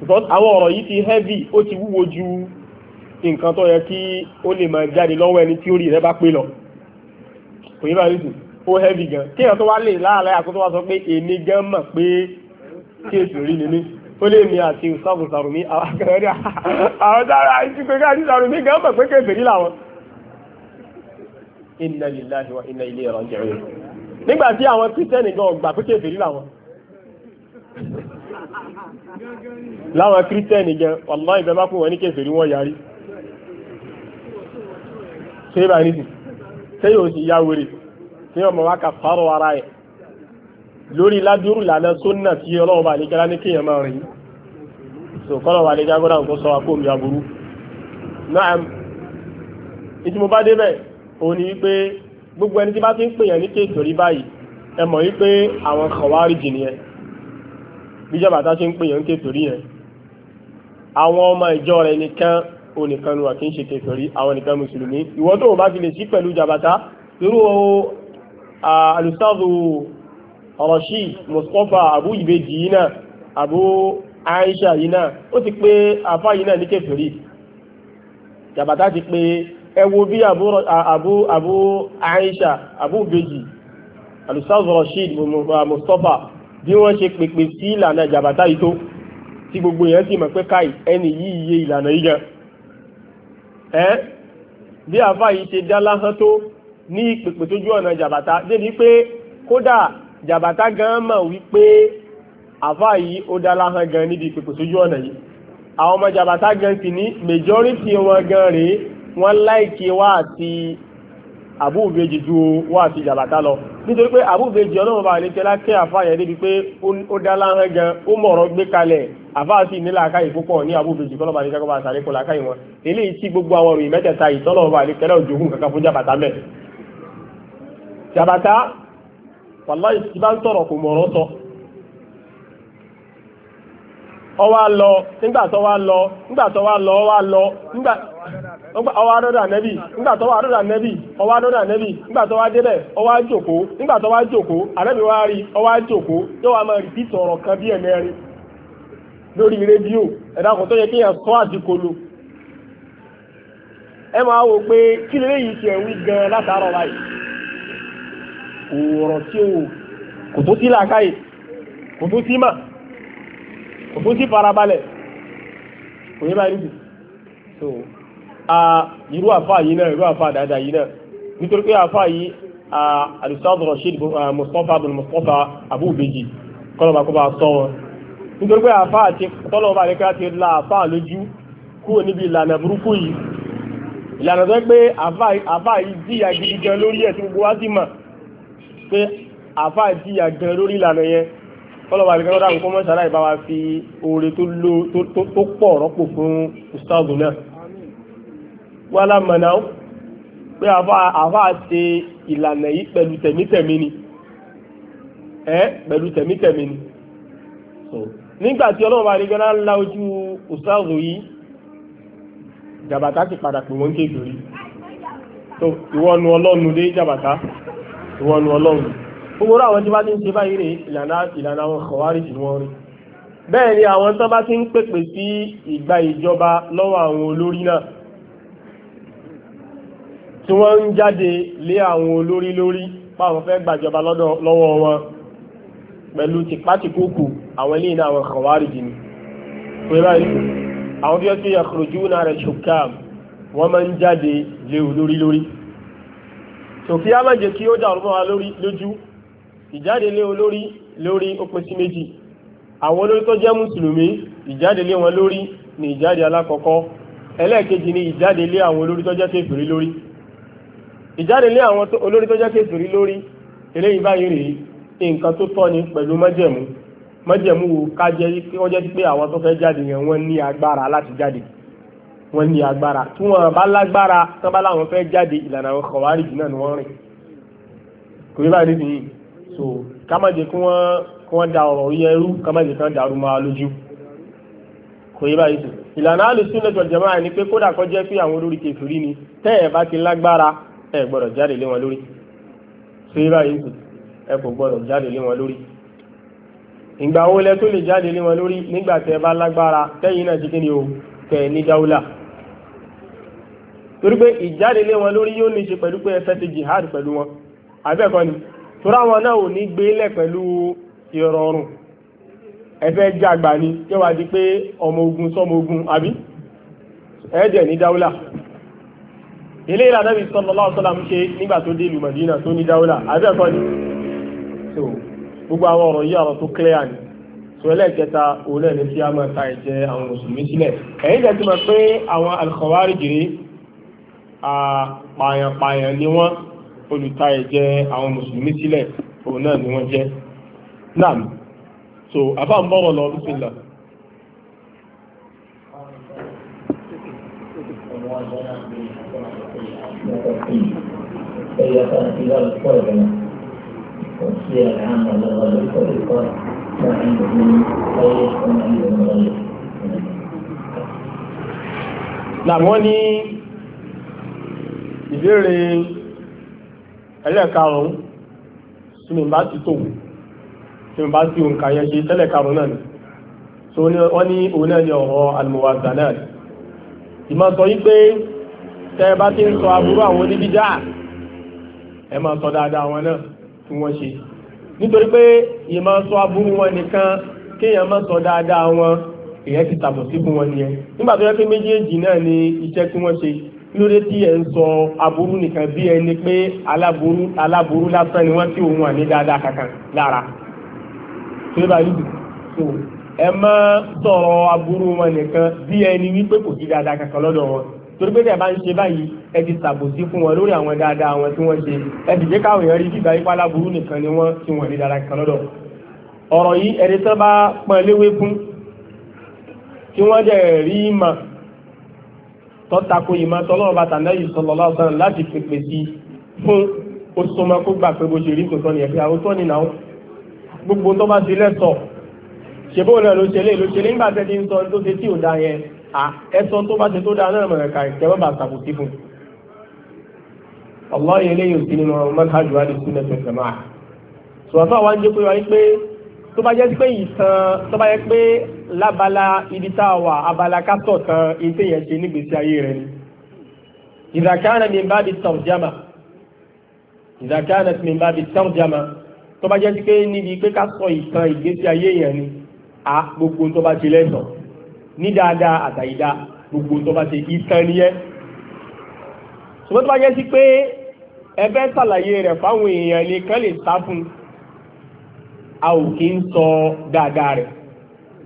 because àwọn ọ̀rọ̀ yìí ti heavy ó ti wúwo ju lọ kò yí sùn ó heavy gan tó wá lè sọ pé èmi gan mọ̀ pé kéèsì tó lè mi àti ìsáàbù sàrùmí àwọn sára àti pé káàdì sàrùmí gan mọ̀ pé kèfèrí làwọn inna lillahi wa inna ilayhi raji'un nígbà tí àwọn kírísítẹ́nì gan ọgbà pé kèfèrí làwọn láwọn kírísítẹ́nì gan wallahi ìbẹ́ bá fún wọn ní kèfèrí wọn yarí ṣé bá ní sí ṣé yóò sì yá wèrè ṣé ọmọ wa kà fárọ ara ẹ̀ lórí ládùúrù lànà sónà tí ọlọ́run bá lè gara ní kéèyàn máa rìn so kọ́lọ̀ wà lè jágọ́dá nǹkan sọ àpò mi aburú náà ìtí mo bá débẹ̀ òun ni wípé gbogbo ẹni tí bá ti ń pèèyàn ní kéètò rí báyìí ẹ mọ̀ wípé àwọn kọ̀wárí jì nìyẹn bíjọba tá ṣe ń pèèyàn ní kéètò rí yẹn àwọn ọmọ ìjọ rẹ nìkan onìkan nu àti ń ṣe kéètò rí àwọn nìkan mùsùlùmí ìwọ tó bá ti lè sí pẹ̀lú jàbàtà irú ah, alùsáàdù Rashid Mustapha Abu Ibeji yìí náà Abu Aisha yìí náà ó ti pé afá yìí náà ní kẹfìrí jàbàtà ti pé ẹ bí Abu Abu Aisha Abu Ibeji alusaz Rashid Mustapha bí wọ́n ṣe pèpè sí ìlànà jàbàtà yìí tó tí gbogbo yẹn sì mọ̀ pé káì ẹni yìí yé ìlànà yìí gan ẹ́ bí àfáà yìí ṣe dá láhán tó ní ìpèpè tójú ọ̀nà jàbàtà débi pé kódà jàbàtà gan mọ̀ wípé àfà yìí ó dá láhàn gan níbi ìpèpè sójú ọ̀nà yìí àwọn ọmọ jàbàtà gan sì ní majority wọn gan rèé wọn láìkí wá àti àbúbejì ju wá àti jàbàtà lọ nítorí pé àbúbejì ọlọ́run bá lè tẹ́lá kẹ́ àfà yẹn débi pé ó dá láhàn gan ó mọ̀rọ̀ gbé kalẹ̀ àfà sì ní làákàyè púpọ̀ ní àbúbejì kọ́lọ́ba ní kẹ́kọ́ bá làákàyè wọn wàláì tí bá ń kò mọ̀rọ̀ sọ ọwá lọ nígbà tó wá lọ nígbà tó wá lọ ọwá lọ nígbà ọwá dọ́dà nẹ́bì nígbà tó wá dọ́dà nẹ́bì ọwá dọ́dà nẹ́bì nígbà tó wá débẹ̀ jókòó nígbà tó wá jókòó wá kan bí ẹ̀mẹ́rin lórí rédíò ọ̀rọ̀ tí ó kò tó sí làákàyè kò tó sí mà kò tó sí farabalẹ̀ kò yẹ báyìí nìyí so a irú àfáà yìí náà irú àfáà dáadáa yìí náà nítorí pé àfáà yìí a alustad Rashid Mustapha bin Mustapha Abubeji kọlọba kọba sọ wọn nítorí pé àfáà ti tọ́lọ́ba àdékà ti la àfáà lójú kúrò níbi ìlànà burúkú yìí ìlànà tó ń pé àfáà yìí jìyà gidi gan lórí ẹ̀ tí gbogbo wá sí mà pé àfà ìjìyà gan lórí ìlànà yẹn kọ́lọ̀bà àti kọ́lọ̀dà kò mọ́ sára ìbá wa fi oore tó pọ̀ rọ́pò fún ustaz náà wọ́n alámọ̀nà pé àfà ṣe ìlànà yìí pẹ̀lú tẹ̀mítẹ̀mí ni ẹ́ pẹ̀lú tẹ̀mítẹ̀mí ni nígbà tí ọlọ́run bá rí gánà ńlá ojú ustaz yìí jàbàtà ti padà pè wọ́n kékeré tó ìwọ́nu ọlọ́nu dé jàbàtà ìwọ̀n nu ọlọ́run gbogbo àwọn tí bá ti ń ṣe báyìí rè ìlànà àwọn kọ̀wárì jù wọ́n rí bẹ́ẹ̀ ni àwọn tán bá ti ń pèpè sí ìgbà ìjọba lọ́wọ́ àwọn olórí náà tí wọ́n ń jáde lé àwọn olórí lórí páwọn fẹ́ gbàjọba lọ́wọ́ wọn pẹ̀lú tìpátìkúkù àwọn ilé náà àwọn kọ̀wárì jù pé báyìí àwọn bí wọ́n ti yẹ kúròjú náà rẹ̀ ṣùkàm wọ́n máa ń jáde lé olórí lórí tòkí á mẹ́jẹ kí ó dà ọ̀rọ̀ wa lórí lójú ìjáde lé olórí lórí ó sí méjì àwọn olórí tó jẹ́ mùsùlùmí ìjáde lé wọn lórí ni ìjáde alákọ̀ọ́kọ́ ẹlẹ́ẹ̀kejì ni ìjáde lé àwọn olórí tó jẹ́ kéfìrí lórí ìjáde lé àwọn olórí tó jẹ́ kéfìrí lórí eléyìí báyìí rèé nǹkan tó tọ́ ni pẹ̀lú májẹ̀mú májẹ̀mú wo ká jẹ́ pé àwọn tó fẹ́ jáde yẹn wọ́n ní agbára láti jáde wọ́n ní agbára tí wọ́n bá lágbára tán bá láwọn fẹ́ jáde ìlànà àwọn kọ̀wárì jù náà ni wọ́n rìn kò yẹ báyìí nìyí so ká má jẹ́ kí wọ́n kí wọ́n da ọ̀rọ̀ orí ẹrú ká má jẹ́ kí wọ́n dàrú máa lójú kò yẹ báyìí sùn ìlànà alùsùn lẹ́tọ̀ jẹ̀mọ́ ni pé kódà kọ́ jẹ́ pé àwọn olórí kẹfìrí ni tẹ́ ẹ̀ bá ti lágbára ẹ gbọ́dọ̀ jáde lé wọn lórí ṣé báyìí sùn ẹ kò gbọ́dọ̀ jáde lé wọn lórí ìgbà wo lẹ tó lè jáde lé wọn lórí nígbà tẹ́ bá lágbára tẹ́yìn náà ti kí ni o tẹ́ ní dáúlà torí pé ìjáde lé wọn lórí yóò ní ṣe pẹ̀lú pé ẹ fẹ́ ti jihad pẹ̀lú wọn àbẹ́ẹ̀kọ́ ni torí àwọn náà ò ní gbé lẹ̀ pẹ̀lú ìrọ̀rùn ẹ jàgbà ni kí wàá di pé ọmọ ogun sọmọ ogun àbí ẹ̀ẹ́dẹ̀ ní dáúlà ilé ìlànà bí sallallahu ṣe nígbà tó dé ìlú Madina tó ní dáúlà àbẹ́ẹ̀kọ́ ni so gbogbo àwọn ọ̀rọ̀ yìí ọ̀rọ̀ tó clear ni so ẹlẹ́ẹ̀kẹta òun náà ní kí a máa ta ẹ̀jẹ̀ àwọn mùsùlùmí sílẹ̀ ẹ̀yìn tẹ̀sí mọ̀ pé àwọn al apààyàn-pààyàn ni wọ́n olùta ẹ̀jẹ̀ àwọn mùsùlùmí sílẹ̀ òun náà ni wọ́n jẹ́ náà so àbá ń bọ̀rọ̀ lọ bí sílẹ̀.
فإذا كان في ذلك
ìbéèrè ẹlẹ́ẹ̀karùn-ún tí mi bá ti tò tí mi bá ti òǹkà yẹn ṣe tẹ́lẹ̀karùn-ún náà ni tó wọ́n ní òun náà ni ọ̀rọ̀ al-muwazanat ìmọ̀ sọ yí pé tẹ́ ẹ bá ti ń sọ aburú àwọn oníbídà ẹ máa sọ dáadáa wọn náà tí wọ́n ṣe nítorí pé ìmọ̀ sọ aburú wọn nìkan kéèyàn máa sọ dáadáa wọn èèyàn ti tàbọ̀ sí fún wọn nìyẹn nígbà tó yẹ pé méjèèjì náà ni iṣẹ́ tí wọ́n ṣe kí ló dé tí ẹ̀ ń sọ aburú nìkan bí ẹni pé aláburú aláburú lásán ni wọ́n tí òun wà ní dáadáa kankan lára tó yẹ bá yìí so ẹ má sọ̀rọ̀ aburú wọn nìkan bí ẹni wípé kò sí dáadáa kankan lọ́dọ̀ wọn torí pé tẹ̀ bá ń ṣe báyìí ẹ ti ṣàbòsí fún wọn lórí àwọn dáadáa wọn tí wọ́n ṣe ẹ sì jẹ́ káwọn èèyàn rí bíbá ipá aláburú nìkan ni wọ́n ti wọ̀n ní dáadáa kankan lọ́dọ̀ ọ̀rọ̀ yìí ẹni tọ́tako ìmọ̀ tọ́lọ́wọ́ bàtà náà yìí sọ̀lọ́ lọ́sàn láti pèpè sí fún osùnmọ́ kó gbà pé bó ṣe rí tòótọ́ nìyẹn pé àwọn tó ní náà gbogbo tó bá ti lẹ́sọ̀ ṣèbó náà ló ṣe lé ló ṣe lé nígbà tẹ́ ti ń sọ tó ṣe tí ò da yẹn à ẹ̀sọ́ tó bá ṣe tó da náà mọ̀rẹ̀ kà ìkẹ́wọ́ bá sàbò sí fún. ọ̀lọ́ yẹn léyìn òsì nínú ọmọ mẹ́tàjù wá lè súnlẹ̀ fẹ̀fẹ̀ máa. sọ̀rọ̀ fún àwọn jẹ́ pé wáyé pé tó bá jẹ́ pé ìtàn tó bá jẹ́ pé lábala ibi tá a wà abala ká tọ̀tàn ibi yẹn ṣe nígbèsí ayé rẹ̀ ni ìdàkánà mi bá bi tọ̀jàmà ìdàkánà mi bá bi tọ̀jàmà tó bá jẹ́ pé níbi pé ká sọ ìtàn ìgbésí ayé yẹn ni a gbogbo tó bá ti lẹ́tọ̀ ní dáadáa àtàyídá gbogbo tó bá ti ìtàn nìyẹn ṣùgbọ́n tó bá jẹ́ sí pé ẹbẹ́ ṣàlàyé fáwọn èèyàn ni kán lè sá fún a ò kí ń sọ dáadáa rẹ̀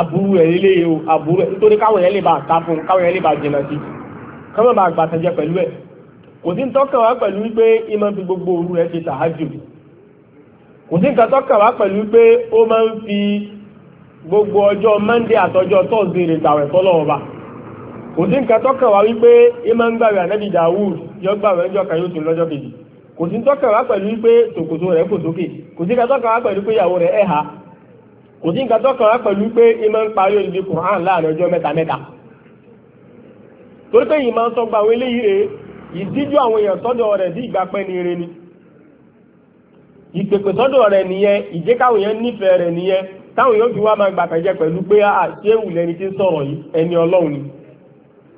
aburu ẹ̀ lélẹ̀ yìí o aburu ẹ̀ nítorí káwọn yẹn lè bá ta fún káwọn yẹn lè bá jìnnà sí káwọn bá gbà tẹ̀jẹ̀ pẹ̀lú kò sí tọ́kàn wá pẹ̀lú wípé fi gbogbo òru ẹ̀ ṣe tàájù kò sí nǹkan tọ́kàn wá pẹ̀lú pé ó máa ń fi gbogbo ọjọ́ mande àtọjọ́ Thursday rẹ̀ gbàwẹ̀ fọlọ́wọ́ bá kò sí nǹkan tọ́kàn wá wípé ìmọ̀ ń ànábì Dawud yọ ọjọ́ kò sí nǹkan tó kàn pẹ̀lú pé ìmọ̀ ń parí olùdí Qur'an láàrin ọjọ́ mẹ́ta mẹ́ta torí pé ìmọ̀ ń sọ gba àwọn eléyìí rèé ìdíjú àwọn èèyàn sọ́dọ̀ rẹ̀ bí ìgbà pẹ́ ni ire ni ìpèpè sọ́dọ̀ rẹ̀ nìyẹn káwọn èèyàn nífẹ̀ẹ́ rẹ̀ nìyẹn táwọn èèyàn fi wá máa a ṣé wù lẹni tí ń sọ̀rọ̀ yìí ẹni ọlọ́run ni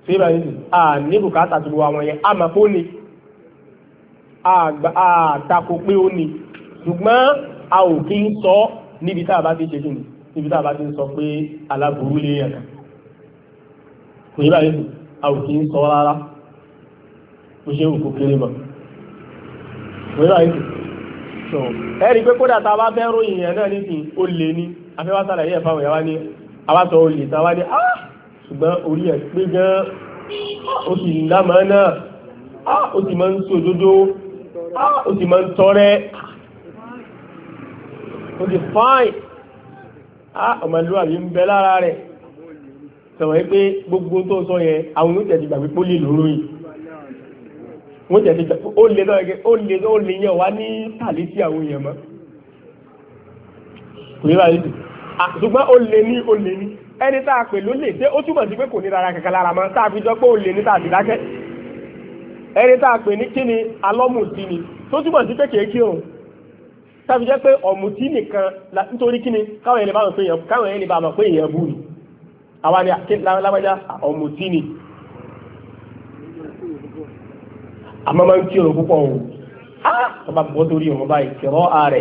ṣé ìbá yìí ní bùkátà tó àwọn yẹn a ni a pé ó ni ṣùgbọ́n a ò kí níbi tá a bá ti ṣe kí ni níbi tá a bá ti sọ pé aláburú lè yàn kan kò yí báyìí a ò kí ń sọ rárá kò ṣe òkú kéré mọ́ kò yí báyìí so ẹ rí pé kódà tá a bá fẹ́ ròyìn yẹn náà nísìnyí ó lé ní afẹ́wá sàlàyé ẹ̀ fáwọn ìyàwó ni awátọ olè tàwa ní ah ṣùgbọ́n orí ẹ̀ pé gan ó sì lámàá náà ah ó sì máa ń sọ ah ó sì máa ń tọrẹ ó ti fine ah ọmọlúwàbí ń bẹ lára rẹ̀ sọ̀rọ̀ pé gbogbo tó sọ yẹn àwọn yóò tẹ̀sí gbàgbé pólì lóró yìí wọ́n tẹ̀sí gbàgbé ó lè lọ́wọ́ ó lè ó lè yẹ wá ní tàlí sí àwọn èèyàn mọ́ kò ní báyìí tù ṣùgbọ́n ó lè ní ó lè ní ẹni tá a pè ló lè ṣe ó túmọ̀ sí pé kò ní rárá kankan lára mọ́ tá a fi jọ pé ó lè ní tá a sì dákẹ́ ẹni tá a pè ní kíni alọ́mùsí ni tó túmọ̀ sí pé kèé kírun tàbí jẹ́ pé ọ̀mùtí nìkan nítorí kíni káwọn ẹni bá mọ̀ pé èèyàn káwọn ẹni bá mọ̀ pé èèyàn bú ni àwa ni lágbájá ọ̀mùtí ni àmọ́ máa ń kí ọ̀rọ̀ púpọ̀ o ọba bọ́ torí ọmọ báyìí kẹrọ ààrẹ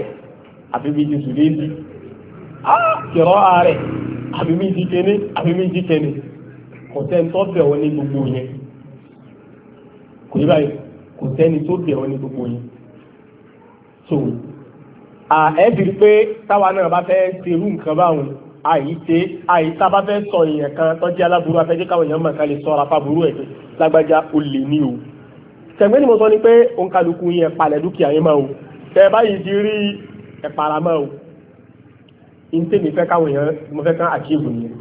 àbíbí ti sùn léèdì kẹrọ ààrẹ àbíbí ti kẹni àbíbí ti kẹni kò sẹ́ni tó bẹ̀ wọ́n ní gbogbo yẹn kò yí báyìí kò sẹ́ni tó bẹ̀ wọ́n ní gbogbo yẹn ẹ̀ẹ́dìrí pé táwa náà bá fẹ́ ṣe irú nǹkan báwọn àyíṣe àyíṣe bá fẹ́ sọ èèyàn kan tọ́jú aláburú afẹ́jẹ́ káwọn èèyàn mọ̀ ká lè sọra fáburú ẹ̀ lágbájá o lè ní o. tẹ̀gbẹ́ ni mo sọ ni pé òǹkàlùkù yẹn palẹ̀ dúkìá yẹn máa o tẹ báyìí ti rí ẹ̀pàrà máa o. ìǹtẹ́ mi fẹ́ káwọn èèyàn mo fẹ́ kán àkíyèwò yẹn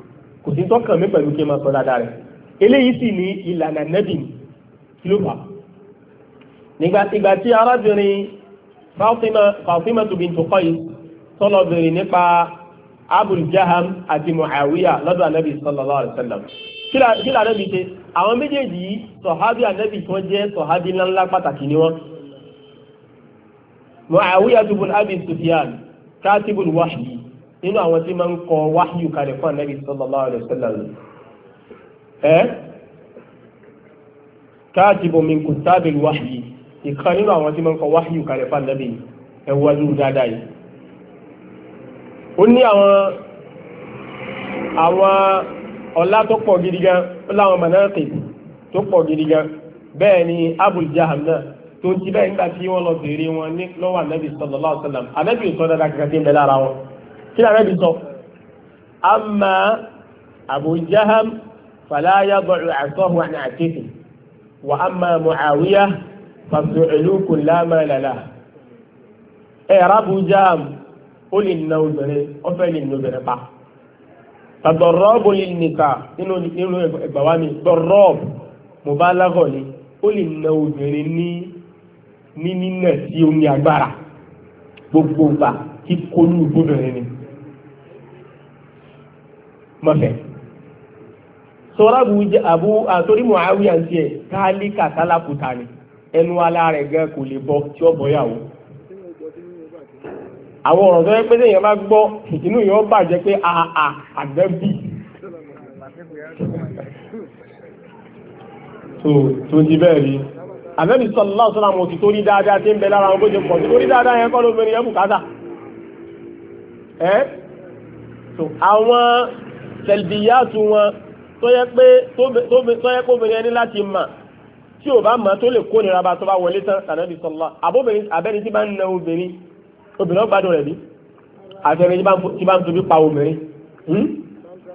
kò sí tọ́kàn mi pẹ̀lú kí n máa sọ dáadáa rẹ̀ eléyìí sì ní ìlànà nẹ́bìn kí Fatima bintu Qais tọ́lọ̀ bèrè nípa Abul Jaham àti Muawiya lọ́dọ̀ anabi sallallahu alayhi wa sallam kí la anabi ṣe àwọn méjèèjì yìí sọ̀hábí anabi tí wọ́n jẹ́ sọ̀hábí ńláńlá pàtàkì ni wọ́n. Muawiya bin Abi Sufyan katibul wahyi nínú àwọn tí máa ń kọ wahyu kalẹ̀ fún anabi sallallahu alayhi wa sallam ẹ́ katibu min kutabil wahyi ìkan nínú àwọn tí mọ́n kọ wáhíù kalẹ̀ fàndẹ́bì ẹwọ́lú dáadáa yìí ó ní àwọn àwọn ọlá tó pọ̀ gidi gan ó láwọn mọ̀nàkì tó pọ̀ gidi gan bẹ́ẹ̀ ni Abul Jaham náà tó ti bẹ́ẹ̀ nígbà tí wọ́n lọ bèèrè wọn ní lọ́wọ́ ànábì sallallahu alaihi wa amma Mu'awiyah pàṣẹ ìlú kò lámà lálá ẹ rabu jam ó lè na obìnrin ó fẹ́ lè na obìnrin pa tàdọ̀rọ́ọ̀bù lè nìka nínú ẹgbà wa mi dọ̀rọ́ọ̀bù mo bá lágọ̀ ni ó lè na obìnrin ní ní nínà tí ó agbára gbogbo gbà kí kólú obìnrin ni mọ̀fẹ́ sọ́ra bu àbú àtòrí muhawiya ń tiẹ̀ káálí kàtàlákùtà ni ẹnu alára gan kò lè bọ tí ó bọyàwó àwọn ọ̀rọ̀ tó yẹ pé téèyàn bá gbọ́ ìdínú yẹn ó bàjẹ́ pé àà ah, ah, ah, àgbẹ̀ bì tó ti bẹ́ẹ̀ rí àbẹ́bí sọ lọ́wọ́ sọ́la mo ti tó rí dáadáa tí ń bẹ lára wọn bó ṣe pọ̀ tó rí dáadáa yẹn kọ́ ló mẹ́rin yẹn bùkátà ẹ́ so àwọn tẹ̀lbíyàtù wọn tó yẹ pé obìnrin ẹni láti mà tí ò bá mọ̀ tó lè kó nira bá tó bá wọlé tán tànàbí sọlá àbóbìnrin abẹ́ni tí bá ń na obìnrin obìnrin ó gbádùn rẹ̀ bí àfẹ́rin tí bá ń tóbi pa obìnrin hmm?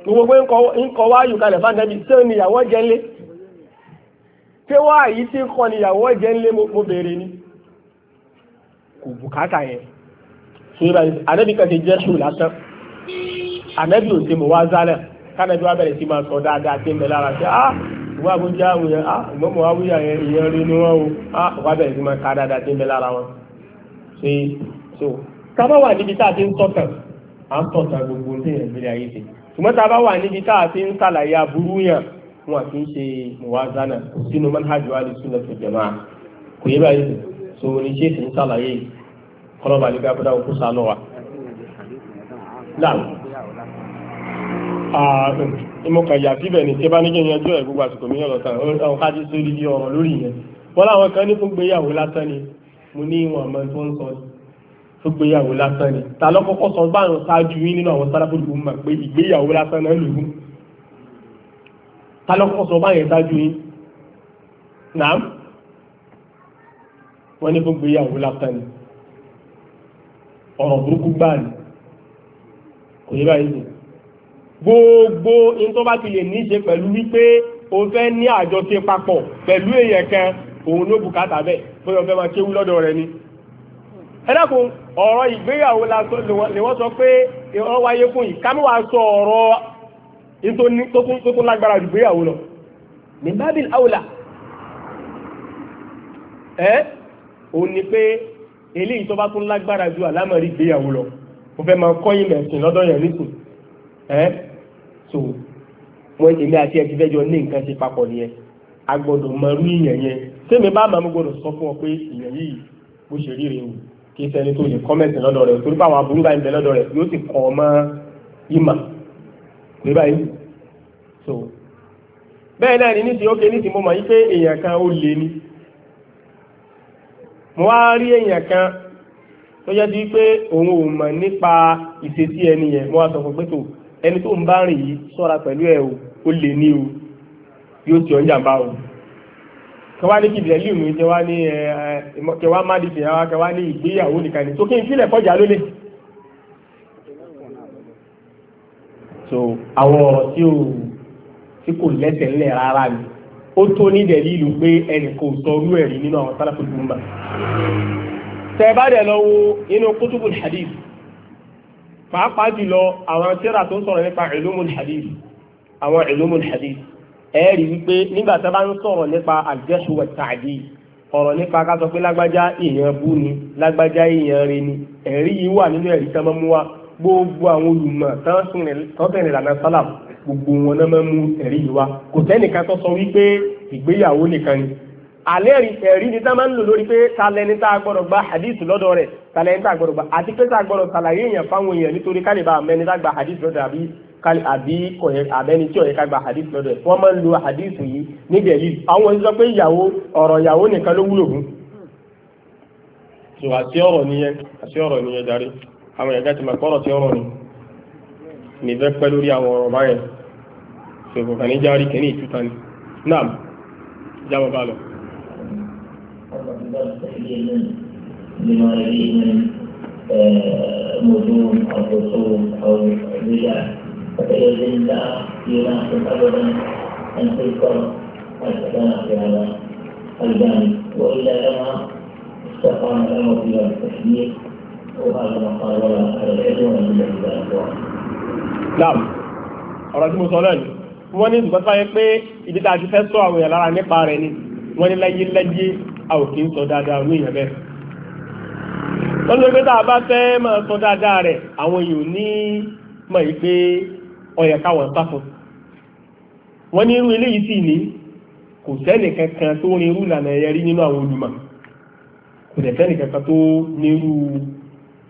gbogbo ńkọ wá yù kalẹ̀ fáńdẹ́bí tí ó níyàwó jẹ́ ńlé tí wá yìí tí kọ níyàwó jẹ́ ńlé mo béèrè ni kò bùkátà yẹn sóyúnbá yìí ànábì kan ti jẹ́ ṣù lásán ànábì ò ti mọ̀ wá zálẹ̀ kánàbí wá bẹ̀rẹ̀ sí máa sọ dáadáa tí ń bẹ lára sí ah ìwà àbújá àwọn yẹn ah ìmọ̀mọ̀ àwùyá yẹn ìyẹn rí ni wọ́n o ah wà bẹ̀rẹ̀ sí máa ká dáadáa tí ń bẹ lára wọn. ṣe so ká bá wà níbi tá a ti ń tọ̀tàn à ń tọ̀tàn gbogbo ní ìrìnlẹ̀ ayé ṣe ṣùgbọ́n tá a bá wà níbi tá a ti ń sàlàyé aburú yàn wọn àti ń ṣe muwazana sínú manhaj ali sunna tó jẹma kò yé báyìí so ní ṣe ti ń sàlàyé kọlọ́ba ìmọ̀kàn yà síbẹ̀ ní tí bá ní kí n yanjú ẹ̀ gbogbo àsìkò mi lọ́ta ọ̀hún ká ti sórí ọ̀rọ̀ lórí yẹn wọ́n láwọn kan ní fún lásán ni mo ní ìwọ̀n àmọ́ tó ń sọ fún gbéyàwó lásán ni ta lọ́kọ́kọ́ sọ bá àwọn ṣáájú yín nínú àwọn sáráfó lùkù mà pé ìgbéyàwó lásán náà lùkù ta lọ́kọ́kọ́ sọ bá yẹn ṣáájú yín nàám wọ́n ní fún lásán ni ọ̀rọ̀ burúkú gbáà ni kò yẹ báyìí gbogbo in tó bá ti lè ní í ṣe pẹ̀lú wípé o fẹ́ ní àjọṣe papọ̀ pẹ̀lú èèyàn kan òun ló bùkátà bẹ́ẹ̀ bóyá o fẹ́ máa kéwú lọ́dọ̀ rẹ ni. ẹ dákun ọ̀rọ̀ ìgbéyàwó ni wọ́n sọ pé wọ́n wáyé fún yìí kámi wàá sọ ọ̀rọ̀ tó tún lágbára ju ìgbéyàwó lọ. ní bábìlì àwòlà ẹ òun ni pé eléyìí tó bá tún lágbára ju àlámọ̀rí ìgbéyàwó lọ mo fẹ́ máa kọ́ yín mẹ̀sìn lọ́dọ̀ yẹn nísìn ẹ́ so wọn èmi àti a ti fẹ́ ní nǹkan ṣe papọ̀ nìyẹn a gbọ́dọ̀ mọ irú ìyẹn yẹn sẹ́mi bá màmú gbọ́dọ̀ sọ fún ọ pé ṣe rí o kí sẹ́ni tó lè kọ́mẹ̀tì lọ́dọ̀ rẹ̀ torí báwọn aburú bá ń bẹ lọ́dọ̀ yóò sì ìmà pé so bẹ́ẹ̀ náà ni nísìnyí ó ké mo mọ̀ yí pé èèyàn kan ó lé ní mo wá kan tó yẹ di pé òun ò nípa ìṣesí ẹni yẹn mo wá sọ fún pé ẹni tó ń bá rìn yìí sọ́ra pẹ̀lú ẹ̀ o lè ní o yóò tí ọ ń jàmbá o kẹwàá ní kìdìrẹ́ lì mí kẹwàá ní kẹwàá má di fìyà kẹwàá ní ìgbéyàwó nìkan ni tó kí n fílẹ̀ kọjá lólè. so àwọn ọ̀rọ̀ tí o tí kò lẹ́sẹ̀ ńlẹ̀ rárá ni ó tó ní dẹ̀lí ìlú pé ẹnì kò sọ ẹ̀rí nínú àwọn sálàfù tó tẹ̀ bá dẹ̀ lọ wo inú kútùbù hadith pàápàá jùlọ àwọn tírà tó ń sọ̀rọ̀ nípa ìlúmùn hadith àwọn ìlúmùn hadith ẹ rí wípé nígbà tí a bá ń sọ̀rọ̀ nípa al-jarh wa ta'dil ọ̀rọ̀ nípa ká sọ pé lágbájá èèyàn bú ni lágbájá èèyàn re ni ẹ̀rí yìí wà nínú ẹ̀rí tán máa mú wa gbogbo àwọn olùmọ̀ tán bẹ̀rẹ̀ ìlànà gbogbo wọn náà máa ẹ̀rí yìí wa kò sẹ́nìkan tó sọ wípé ìgbéyàwó nìkan ni àlẹ́rí ẹ̀rí ni tá máa ń lò lórí pé talẹ́ni tá a gbọ́dọ̀ gba hadith lọ́dọ̀ rẹ̀ talẹ́ni tá a gbọ́dọ̀ gba àti pé tá a gbọ́dọ̀ ṣàlàyé èèyàn fáwọn èèyàn nítorí ká lè bá àmẹ́ni tá gba hadith lọ́dọ̀ àbí àbí àbẹ́ni tí ọ̀yẹ́ ká gba hadith lọ́dọ̀ ẹ̀ wọ́n máa ń lo hadith yìí níbẹ̀ yìí àwọn sọ pé ìyàwó ọ̀rọ̀ ìyàwó nìkan ló wúlò fún. so àti ni ní fẹ́ pẹ́ lórí àwọn ọ̀rọ̀ báyẹn so kò kàn ní járí kìíní ìtúta ni náà jáwọ́ bá lọ.
أسباب تحليلا لما يليه من نجوم أو رسوم أو بدع فيجب لا يناسب أبدا أن تذكر الكلام في هذا الجانب وإلا لما استقام الأمر في باب التشديد وهذا ما قال ولا أهل العلم ولا من ذلك
نعم ọ̀rọ̀ tí mo sọ náà ni wọ́n ní ìgbàgbọ́ yẹn pé ìdí tá a ti fẹ́ sọ àwọn lára nípa rẹ̀ ni wọ́n ní lẹ́yìn a ò kí ń sọ dáadáa orí èèyàn bẹ́ẹ̀ lọ́dún pé tá a bá fẹ́ máa sọ dáadáa rẹ̀ àwọn èèyàn ní mọ̀ yìí pé ọyẹ káwọn sá fún wọ́n ní irú eléyìí sì ní kò sẹ́nì kankan tó ní irú ìlànà ẹ̀yẹ rí nínú àwọn olùmọ̀ kò dẹ̀ sẹ́nì kankan tó ní irú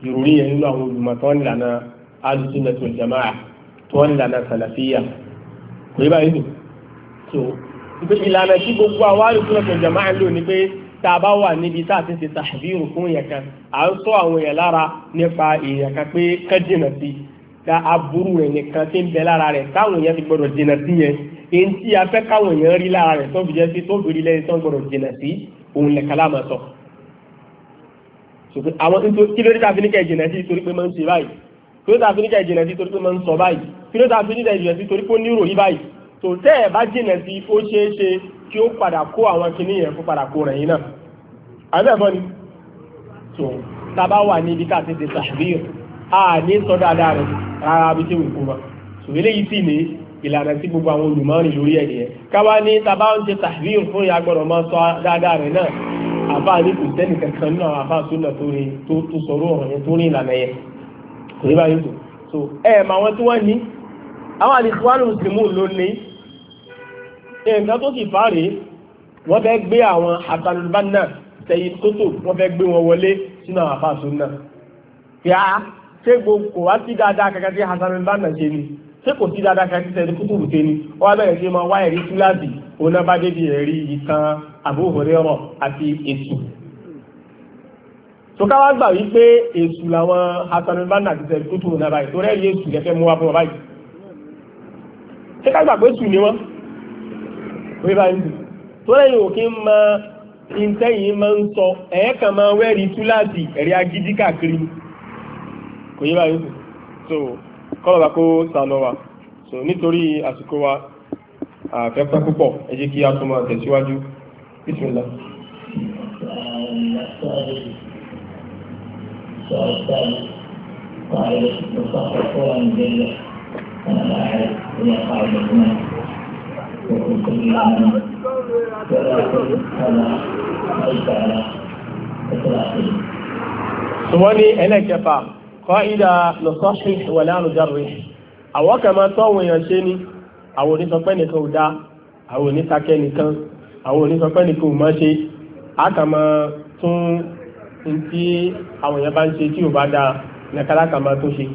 ìròyìn yẹn nínú àwọn olùmọ̀ tó ní ìlànà alùsùnà tó jàmáà tó ní ìlànà sàlàfíà kò yí báyìí nù so ìlànà tí gbogbo àwọn alùsùnà tó jàmáà lò ní pé tàbá wà níbi tá a ti ṣe tàbírù fún èèyàn kan à ń sọ àwọn èèyàn lára nípa èèyàn kan pé kán jìnà sí ka aburú rẹ̀ nìkan tí ń bẹ lára rẹ̀ táwọn èèyàn ti gbọdọ̀ jìnà sí yẹn èyí tí a fẹ́ káwọn èèyàn rí lára rẹ̀ tó fi jẹ́ sí tó bèrè lẹ́yìn tó ń gbọdọ̀ jìnà sí òun lẹ̀ka láàmà sọ ṣùgbọ́n àwọn kí ló dé tàbí níkà ìjìnà sí torí pé máa ń ṣe báyìí kí ló dé tàbí ìjìnà sí torí pé máa ń sọ báyìí kí ló dé tàbí níkà kí ó padà kó àwọn kinní yẹn kó padà kó rẹ̀ yín náà àbẹ́ẹ̀kọ́ ni tó tábà wà ní ibi ti tàbíyà a ní sọ dáadáa rẹ̀ rárá bí tí wùkú ma so eléyìí sì ní ìlànà tí gbogbo àwọn olùmọ́rin lórí ẹ̀ nìyẹn káwá ní tábà ń ti tàbíyà fún ìyá gbọ́dọ̀ máa sọ dáadáa rẹ̀ náà àbá ní kò sẹ́ni kankan náà àbá súnà tó rí tó tó sọ̀rọ̀ ọ̀rọ̀ yẹn tó ní ìlànà yẹn kò ní báyìí tó so ẹ̀ mà wọn tí wọ́n ní àwọn àlìkùwánù nǹkan tó sì fà rèé wọ́n fẹ́ gbé àwọn àtàlùbánà tẹ̀yìn tótó wọ́n fẹ́ gbé wọn wọlé sínú àwọn àfáàsó náà yá ṣé gbogbo wá sí dáadáa kankan sí àtàlùbánà ṣe ni ṣé kò sí dáadáa kankan sí tẹ̀yìn tótó ṣe ni wọ́n á bẹ̀rẹ̀ sí máa wá ẹ̀rí túláàsì òun náà bá débi ẹ̀rí ìtàn Abu Hurairah àti èṣù tó ká wá gbà wípé èṣù làwọn àtàlùbánà àti tẹ̀yìn tótó náà báyìí tó rẹ́ wíwá ń dùn tó lẹ́yìn òkè ń mọ ìtẹ́yìn máa ń sọ ẹ̀ẹ́kàn máa wẹ́rí túláàsì ẹ̀rí agídí káàkiri kò yíwá ń dùn so kọ́lọ̀bà kó sànà wa so nítorí àsìkò wa àfẹ́fẹ́ púpọ̀ ẹ jẹ́ kí a tún máa tẹ̀síwájú bismillah.
وعلى الصلاة والسلام على رسول الله وعلى آله وصحبه أجمعين wọ́n
ní ẹlẹ́kẹfà kọ́ ìdá lọ́sọ́ṣì wà láàrùn járùn àwọn kan máa tọ́wọ̀n èèyàn ṣe ní àwọn onísọpẹ́ nìkan ò dá àwọn onísakẹ́ nìkan àwọn onísọpẹ́ nìkan ò máa ṣe a kà máa tún tí àwọn èèyàn bá ń ṣe tí ò bá dáa nìkan tó ṣe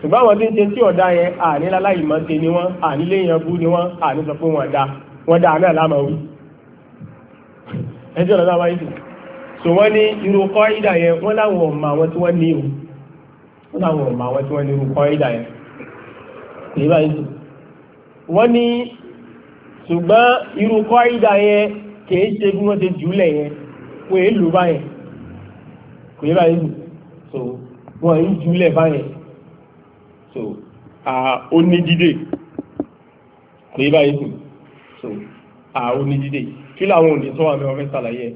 ṣùgbọ́n àwọn tí ń ṣe tí ọ̀dá yẹn ànílá láì mọ́ ṣe ni wọ́n ànílé yẹn bú ni wọ́n àní sọ pé wọ́n da wọ́n da náà lámà wí ẹjọ́ lọ́dá wáyé sọ wọ́n ní irú kọ́ ìdà yẹn wọ́n láwọn ọ̀mà àwọn tí wọ́n ní o wọ́n láwọn ọ̀mà àwọn tí wọ́n ní irú kọ́ ìdà yẹn kì í báyìí wọ́n ní ṣùgbọ́n irú kọ́ ìdà yẹn kì í ṣe bí wọ́n ṣe jùlẹ̀ yẹn wọ́n èlò báyẹn kì í báyìí so wọ́n so a ní dídè kò yí báyìí sùn so ó ní dídè kí làwọn òní tó wà mí wọn fẹ́ ṣàlàyé ẹ̀.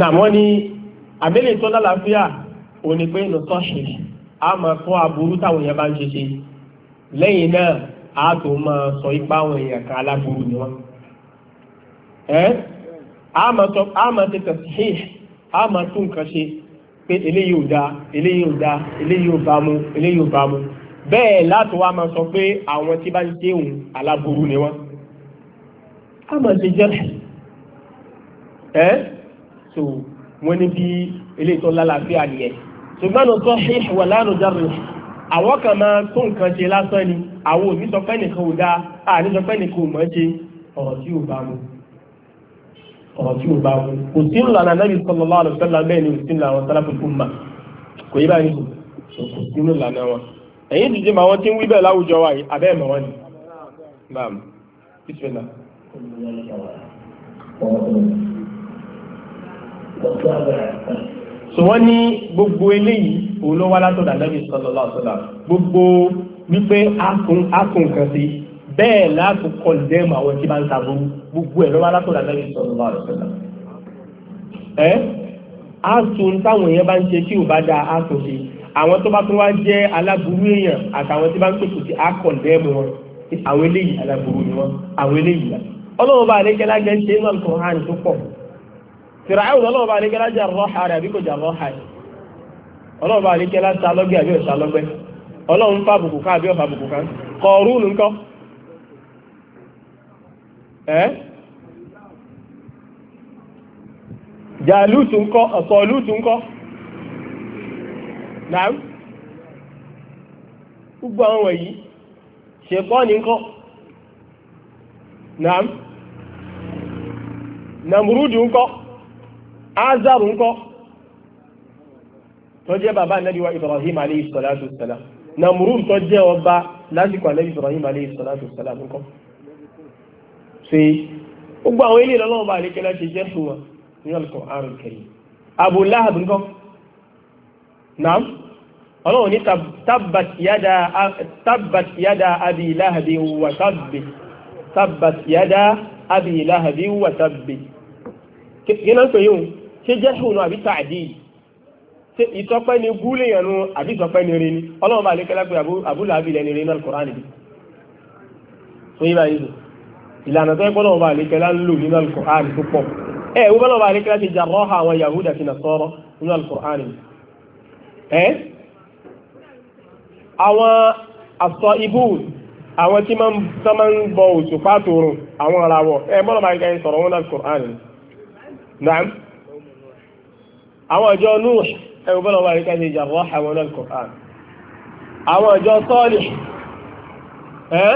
Nàmọ́ ni àbẹ́lẹ̀ tó lálàáfíà òní pé nù sọ́ọ̀ṣì a máa kọ́ aburú táwọn yẹn bá ń ṣe ṣe lẹ́yìn náà a tó máa sọ ipá àwọn èèyàn kan aláburú ni wọ́n a máa tètè ṣe a máa tún nǹkan ṣe pé eléyìí ò dáa eléyìí ò dáa eléyìí ò bámu eléyìí ò bámu bẹ́ẹ̀ láti wá máa sọ pé àwọn tí bá ń ṣe òun aláburú ni wọ́n a máa ṣe jẹ́rẹ̀ ẹ́ so wọ́n ní bí eléyìí tó lálàáfíà nìyẹn ṣùgbọ́n tó ṣe wà lánàá jẹ́rẹ̀ àwọn kan máa tó nǹkan ṣe lásán ni àwọn òní sọ pé nìkan ò dáa àní sọ pé nìkan ò mọ̀ ṣe ọ̀rọ̀ tí ò bá mu ọ̀rọ̀ tí ò bá mu kò sí ń lànà Nabi sallallahu alaihi wasallam bẹ́ẹ̀ ni kò sí ń lànà sálàfù fún mà kò yí báyìí kò sí ń lànà wọn ẹ̀yìn ti jẹ́ màá wọn tí ń wí bẹ́ẹ̀ láwùjọ wa abẹ́ mọ̀ wọn ni báàmù bísímìlà. Thank you so wọ́n ní gbogbo eléyìí òun ló wá látọ̀dọ̀ ànábì sallallahu alaihi wasallam gbogbo wípé akùn akùn kan sí bẹ́ẹ̀ láàkùn kọ̀ndẹ́mù àwọn tí bá ń ta burú gbogbo ẹ̀ ló wá látọ̀dọ̀ ànábì sallallahu alaihi wasallam ẹ́ àtún táwọn èèyàn bá ń ṣe tí ò bá dáa àtún sí àwọn tó bá tún wá jẹ́ aláburú èèyàn àtàwọn tí bá ń pèsè sí akọ̀ndẹ́mù wọn àwọn eléyìí aláburú ni wọn àwọn eléyìí fìràáwù lọ́lọ́wọ́ bá alékẹ́lá jà rọ́ha rẹ̀ àbí jà rọ́ha rẹ̀ ọlọ́wọ́ bá ta lọ́gbẹ́ àbí ọ̀sà lọ́gbẹ́ ọlọ́run fa àbùkù ká àbí ọ̀fà àbùkù ká kọ̀ọ̀rúùnù ńkọ́ ẹ́ jàlúùtù ńkọ́ ọ̀sọ̀lúùtù ńkọ́ náà gbogbo àwọn azaru ńkọ́ tó jẹ́ bàbá anabi wa ibrahim alayhi salatu salam namurud tó jẹ́ ọba lásìkò anabi ibrahim alayhi salatu salam ńkọ́ ṣe gbogbo àwọn ilé ìrọlọ́wọ́ bá àlékẹ́ láti jẹ́ fún wọn ní ọ̀lùkọ̀ àrùn kẹrì abu lahab ńkọ́ naam ní tabbat yada abi lahabi wa tabbi tabbat yada abi lahabi wa tabbi kí náà ń yóò ṣé jẹ́sùn náà àbí tàdí ṣe ìtọ́pẹ́ ni búlé yẹn nu àbí ìtọ́pẹ́ ni rin ni ọlọ́run bá lékelá pé àbúlà àbí lẹ́ni rin náà kọ́ra nìbí tó yí báyìí lò ìlànà tó yẹ kọ́ lọ́run bá lékelá ń lò nínú alukọ̀rán tó pọ̀ ẹ ìwé bá lọ́run bá lékelá ti jàrọ́ àwọn yahuda fi nasọ́rọ́ nínú alukọ̀rán ẹ àwọn asọ ibú àwọn tí máa ń bọ òṣùpá tòrùn àwọn ara wọ ẹ bọ́lọ̀ bá lékelá sọ̀rọ̀ wọn náà àwọn ìjọ Nuh ẹ̀rù bọ́lá wà ríkà ní ìjàmbá àwọn náà Qur'an àwọn ìjọ Salih ẹ́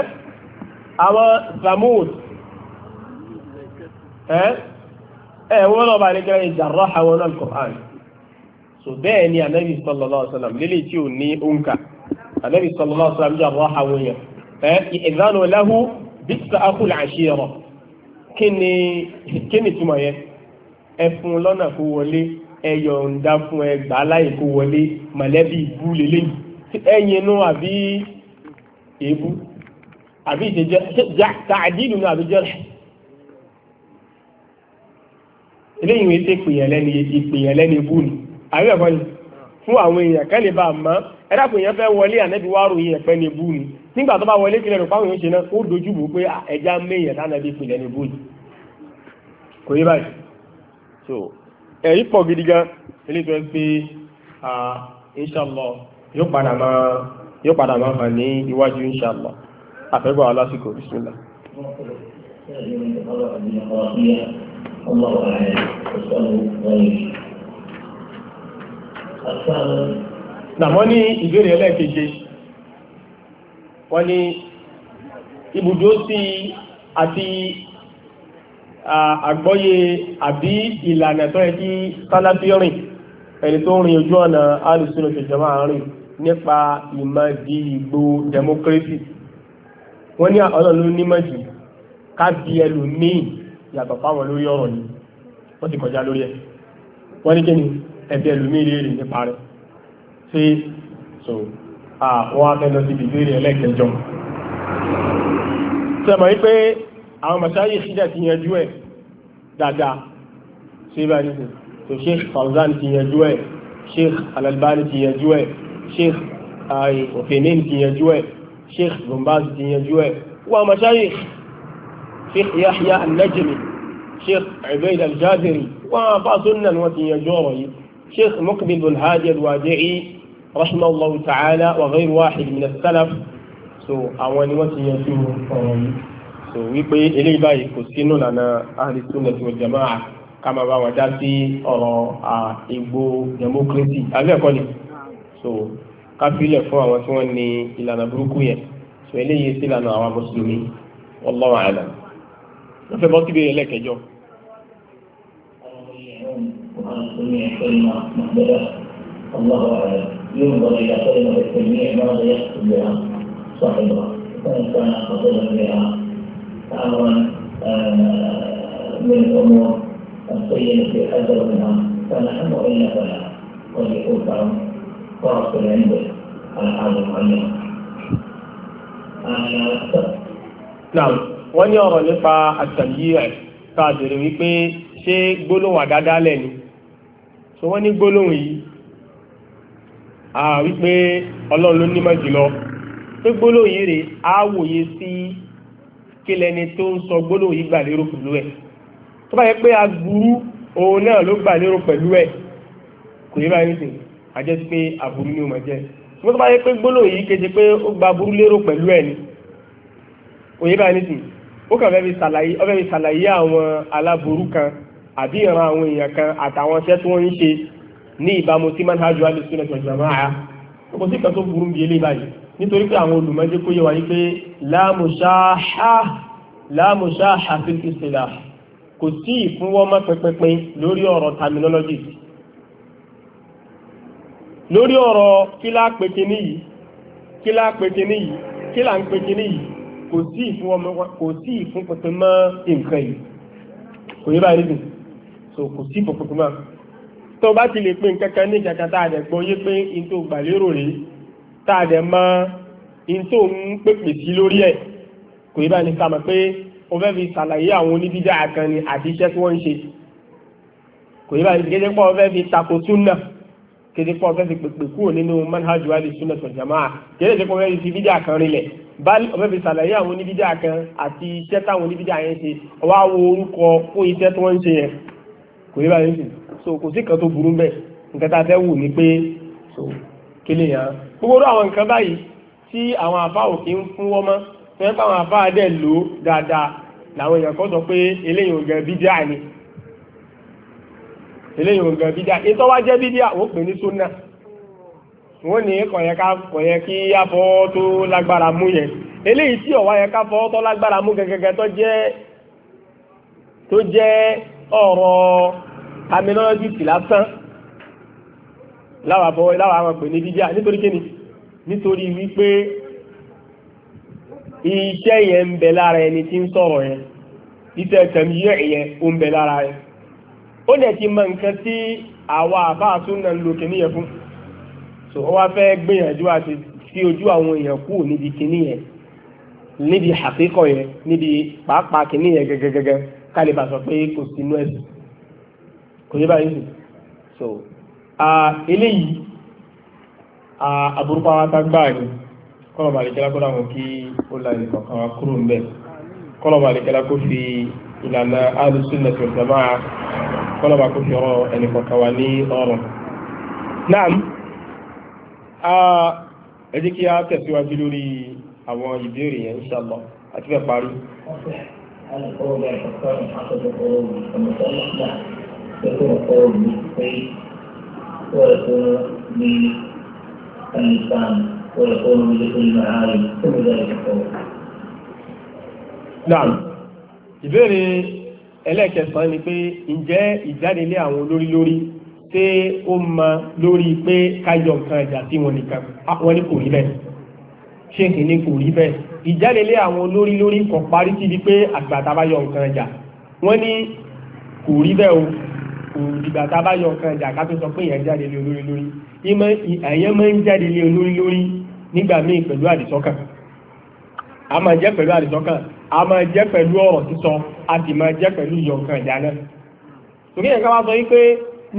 àwọn Samud ẹ́ ẹ̀rù bọ́lá wà ríkà ní ìjàmbá àwọn náà Qur'an so bẹ́ẹ̀ ni anabi sallallahu alaihi wasallam lélẹ̀ tí ò ní òǹkà anabi sallallahu alaihi wasallam jàmbá àwọn yẹn ẹ́ ẹ yọ̀ǹda fún ẹ gbà láì kó wọlé mọ̀lẹ́bí ìbú lélẹ́yìn ẹ̀yìn inú àbí èébú àbí ìṣèjẹ́ tààdìlù náà àbí jẹ́rẹ̀ eléyìí wọ́n ti pèèyàn lẹ́ni ìpèèyàn lẹ́ni bú ni àbí ẹ̀kọ́ ni fún àwọn èèyàn kẹ́lẹ̀ bá mọ́ ẹ̀dá pé èèyàn fẹ́ wọlé ànẹ́bí wá ròyìn ẹ̀pẹ́ ni bú ni nígbà tó bá wọlé kílẹ̀ rẹ̀ fáwọn èèyàn ṣe náà ẹ̀rí pọ̀ gidi gan ilé tó ń pé inṣàlọ yóò padà máa yóò padà máa hàn ní iwájú inṣàlọ àfẹ́gbọ́ alásìkò bisimilá. Nàmọ́ ní ìbéèrè ẹlẹ́ẹ̀keje, wọ́n ní ibùdó sí àti àgbọ́yé àbí ìlànà tó yẹ kí sálábíọ́rìn ẹni tó rìn ojú ọ̀nà alùsùn òṣèjọba àárín nípa ìmọ̀ di ìgbò democracy wọ́n ní ọlọ́run ló nímọ̀ jù ká bí ẹlòmíì yàtọ̀ fáwọn lórí ọ̀rọ̀ yìí wọ́n ti kọjá lórí ẹ̀ wọ́n ní kíni ẹbí ẹlòmíì lè rìn nípa rẹ̀ ṣé so àwọn afẹ́lọ́sí ìbéèrè ẹlẹ́kẹjọ sẹ́mọ̀ wípé àwọn mọ̀ṣáyì ṣídà ti yanjú ẹ̀ dáadáa ṣe bá ní so sheikh Fauzan ti yanjú ẹ̀ sheikh Al-Albani ti yanjú ẹ̀ sheikh ofenin ti yanjú ẹ̀ sheikh gombaz ti yanjú ẹ̀ wọ́n mọ̀ṣáyì sheikh Yahya al-Najmi sheikh Ubayd al-Jazari wọ́n fa sunna wọn ọ̀rọ̀ yìí sheikh Muqbil bin Hadi al-Wadi'i rahimahullahu ta'ala wa ghayr wahid so àwọn ni wọ́n ti yanjú ọ̀rọ̀ yìí so wípé eléyìí báyìí kò sínú lànà ahli sunnati wal jama'a kama bá wọn dá sí ọ̀rọ̀ ìgbò democracy abẹ́ẹ̀kọ́ ni so káfílẹ̀ fún àwọn tí wọ́n ní ìlànà burúkú yẹn so eléyìí sí lànà àwọn mùsùlùmí wallahu a'lam wọ́n fẹ́ bọ́ síbi ẹlẹ́kẹjọ.
الله أعلم ينظر إلى كلمة التنمية ماذا يقصد بها صاحبها فإن كان قصدا بها àwọn من الأمور الطيبة يحذر منها فنحن إلا فلا وليكون فهم ورسل العلم على حال معين
Naam, wọ́n ní ọ̀rọ̀ nípa àtàyí ẹ̀ ká bèèrè wípé ṣé gbólóhùn àdádálẹ̀ ni. So wọ́n ní gbólóhùn yìí, a wípé Ọlọ́run ló nímọ̀ jùlọ. Pé gbólóhùn yìí rèé, a wòye sí kí lẹni tó ń sọ gbólóhùn yìí gbà lérò pẹ̀lú ẹ̀ tó bá yẹ pé aburú òun náà ló gbà lérò pẹ̀lú ẹ̀ kò yẹ báyìí nìsín àjẹ́ pé aburú ni ó máa jẹ́ tó bá yẹ pé gbólóhùn yìí kejì pé ó gba aburú lérò pẹ̀lú ẹ̀ ni kò yẹ báyìí nìsín ó kàn fẹ́ fi ṣàlàyé ó àwọn aláburú kan àbí ìran àwọn èèyàn kan àtàwọn iṣẹ́ tí wọ́n ń ṣe ní ìbámu sí manhaju alùsùn ẹ̀sán ìjàmáà kò sí kan tó burú bí eléyìí báyìí nítorí pé àwọn olùmọ́jẹ́ kó yẹ wáyé pé láàmùsáàhà fi ìsìlá kò sí ìfúnwọ́mọ́ pẹpẹpin lórí ọ̀rọ̀ terminology lórí ọ̀rọ̀ kí lá pè kíní yìí kí lá pè kíní yìí kí là ń pè kíní yìí kò sí mọ́ nǹkan yìí kò yẹ báyìí nìyí so kò sí ìfúnpẹpin mọ́ tó bá ti lè pè nǹkan kan ní ìjàkátà àdẹ̀gbọ́ yé pé ní tó rèé táàdẹ̀ mọ́ in tó ń pèpè sí lórí ẹ̀ kò yí báyìí ká mọ̀ pé ó fẹ́ fi ṣàlàyé àwọn oníbídà kan ni àti iṣẹ́ tí wọ́n ń ṣe kò yí báyìí kéde o fẹ́ fi tako súnà kéde o fẹ́ fi pèpè kúrò nínú manhaj wa lè súnà tọ̀jàmá kéde o fẹ́ fi bídà kan rinlẹ̀ báyìí ó fẹ́ fi ṣàlàyé àwọn oníbídà kan àti iṣẹ́ táwọn oníbídà yẹn ṣe wá wo orúkọ fún iṣẹ́ tí wọ́n ń ṣe yẹn kò yí báyìí so kò sí kan tó burú bẹ́ẹ̀ nǹkan tá a fẹ́ wù ní pé so kílé yàn gbogbo àwọn nǹkan báyìí tí àwọn àfá òkè ń fún wọ́n mọ́ tó yẹ pé àwọn àfá adẹ́ lò dáadáa làwọn èèyàn kan sọ pé eléyìí ògàn bídíà ni eléyìí ògàn bídíà ètò wá jẹ́ bídíà ó pè ní súnà wọ́n ní kọ̀yẹ ká kọ̀yẹ kí afọ́ tó lágbára mú yẹn eléyìí tí ọ̀wá yẹ ká fọ́ tó lágbára mú gẹ́gẹ́gẹ́ tó jẹ́ tó jẹ́ ọ̀rọ̀ terminology lásán láwọn àfọwọ́ láwọn àwọn pè ní dídíà nítorí kíni nítorí wípé iṣẹ́ yẹn ń bẹ lára ẹni tí ń sọ̀rọ̀ yẹn iṣẹ́ tẹ̀mí yẹn ó ń bẹ lára yẹn ó so ó wá fẹ́ gbìyànjú àti fi ojú àwọn èèyàn kú níbi kìíní yẹn níbi àkíkọ̀ yẹn níbi pàápàá kìíní yẹn gẹ́gẹ́gẹ́gẹ́ ká lè bá sọ pé kò sínú ẹ̀sìn kò yé báyìí so eléyìí àbúrúkọ àwọn atágbà ni kọlọ̀bà àlekẹ́lá kó dáwọn kí ó láyé kọ̀ọ̀kan wa kúrò ń bẹ̀ kọlọ̀bà àlekẹ́lá kó fi ìlànà alùsùnlẹ̀ tó sàmà kọlọ̀bà kó fi ọ̀rọ̀ ẹnì kọ̀ọ̀kan wa ní ọ̀rọ̀ naam ẹ jẹ́ kí a tẹ̀síwájú lórí àwọn ìbéèrè yẹn inṣàlọ́ àti fẹ́ parí.
Thank you. ويكون باللسان ويكون بذكر المعالم كل ذلك القول
نعم ìbéèrè ẹlẹ́ẹ̀kẹsàn-án ni pé ǹjẹ́ ìjádélé àwọn olórí lórí pé ó mọ lórí pé kájọ nǹkan ẹ̀jà sí wọn nìkan wọ́n ní kò rí bẹ́ẹ̀ ṣéǹkì ní kò rí bẹ́ẹ̀ ìjádélé àwọn olórí lórí kò parí síbi pé àgbàtà bá yọ nǹkan ẹ̀jà wọ́n ní kò rí bẹ́ẹ̀ o ìgbà tá a bá yọ ọ̀kan ìjà ká tó sọ pé èèyàn jáde lé olórí lórí èèyàn máa ń jáde lé olórí lórí nígbà míì pẹ̀lú àdìsọ́kàn a máa jẹ́ pẹ̀lú àdìsọ́kàn a máa jẹ́ pẹ̀lú ọ̀rọ̀ sísọ a sì máa jẹ́ pẹ̀lú yọ ọ̀kan ìjà náà torí ẹ̀ka wá sọ wípé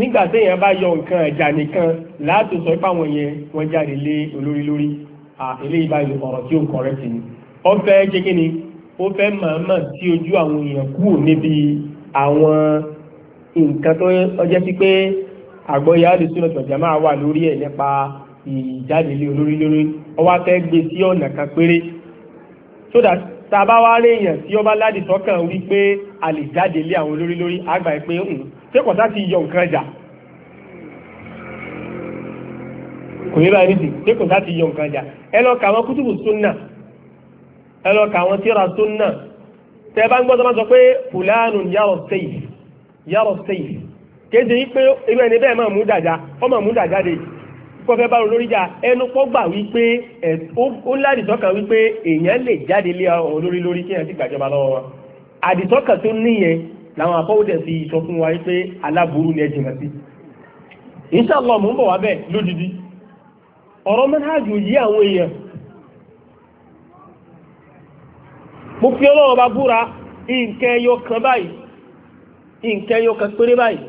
nígbà tí èèyàn bá yọ nǹkan ìjà nìkan láti sọ pé àwọn yẹn wọ́n jáde lé olórí lórí eléyìí báyìí ọ̀rọ̀ tí ó kọ̀rẹ́tì ni ó fẹ́ jẹ́ kí ni ó fẹ́ màmá tí ojú àwọn èèyàn kúrò níbi àwọn nǹkan tó ọjọ́ sí pé àgbọ̀yà àdìsúnà tọ̀jà máa wà lórí ẹ̀ nípa ìjáde lé olórí lórí ọwá fẹ́ gbé sí ọ̀nà kan péré so that tá bá wá rí èèyàn tí bá ládì sọ́kàn wí pé a lè jáde ilé àwọn olórí lórí àgbà ẹ̀ pé ṣé kò sá yọ nǹkan jà kò ní báyìí ṣé kò sá ti yọ kà kútùbù sọ pé yàrá sẹ́yìn kéde yìí pé irú ẹni bẹ́ẹ̀ máa mú dàjà ó máa mú de kó bá ro jà ẹnu kọ́ gbà wípé ó ládìsọ́kàn wípé èèyàn lè jáde lé àwọn olórí lórí kí gbàjọba lọ́wọ́ wọn tó níyẹn làwọn àfọwọ́dẹ̀ fi sọ fún wa wípé aláburú ni ẹ jìnà sí bọ̀ wá bẹ́ẹ̀ lódìdí ọ̀rọ̀ yí àwọn èèyàn mo fi nǹkan yóò kan péré báyìí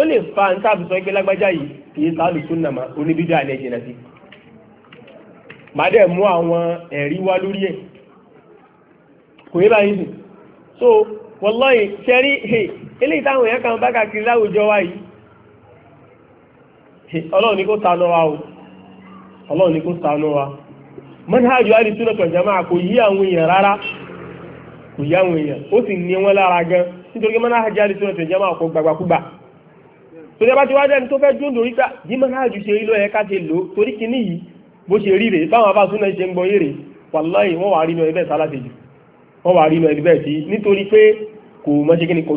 ó lè fa ń tàbí lágbájá yìí kì í sáà lùsùn nàmà oníbídà ma ẹ̀jẹ̀ mu màá dẹ̀ mú àwọn ẹ̀rí wá lórí ẹ̀ kò yé báyìí sùn so wallahi ṣẹ́rí eléyìí táwọn èèyàn kan bá wa yìí ọlọ́run ni kó wa o ọlọ́run ni kó ṣàánú wa manhaj ahli sunnah wal àwọn èèyàn rárá kò yí àwọn èèyàn ó sì ní wọn lára gan nítorí pé mọ́nà àjẹ́ àdìsí ọ̀tẹ̀ jẹ́ máa kọ gbàgbàkúgbà tó fẹ́ dún lórí gbà bí mọ́nà àjù ṣe ló lò torí kíní yìí bó ṣe rí rè báwọn afáàsùn náà ṣe ń gbọ́ yé wọ́n wà rí lọ wà rí lọ sí nítorí pé kò ṣe kò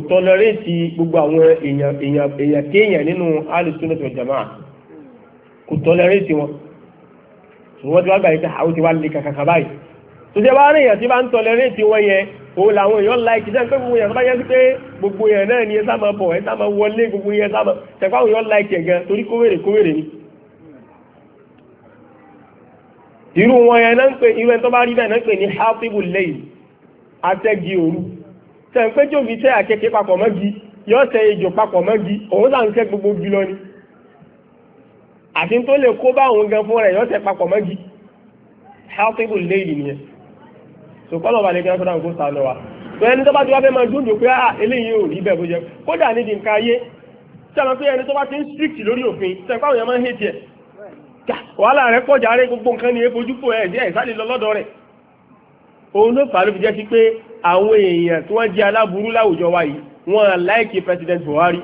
gbogbo àwọn èèyàn kéèyàn nínú kò wọn ṣùgbọ́n tí gbà òun làwọn èèyàn láìkì dẹ́n pé gbogbo yẹn sábà yẹn sí pé gbogbo yẹn náà ni ẹ sáà máa bọ̀ ẹ sáà máa wọlé gbogbo yẹn sáà máa tẹ̀kọ́ àwọn èèyàn láìkì ẹ̀ gan torí kówèrè kówèrè ni. irú wọn yẹn náà ń pè irú ẹni tó bá rí bẹ́ẹ̀ náà ń pè ní hafibul layl atẹ́gi òru tẹ̀ ń pé jòvi tẹ́ àkẹ́kẹ́ papọ̀ mọ́gi yọ tẹ ejò papọ̀ mọ́gi òun sà ń kẹ́ gbogbo gi lọ ni àti tó lè kó bá òun gan fún rẹ̀ yọ tẹ papọ̀ mọ́gi hafibul layl nìyẹn so kọ́lọ̀ wà lẹ́gbẹ̀ẹ́ fúnra ògùn sànù wa so ẹni tó bá ti wá fẹ́ máa dúndùn pé ah eléyìí ò rí bẹ́ẹ̀ bó jẹ kódà nídìí nǹkan ayé tí a máa pé ẹni tó bá ti ń strict lórí òfin tí ẹ̀kọ́ àwọn èèyàn máa ń hate ẹ̀ wàhálà rẹ̀ pọ̀ járe gbogbo nǹkan ni efojú fò ẹ̀ díẹ̀ ìsáré lọ lọ́dọ̀ rẹ̀ òun ló fà á ló fi jẹ́ sí pé àwọn èèyàn tí wọ́n jẹ́ aláburú láwùjọ wa yìí wọ́n láìkí president Buhari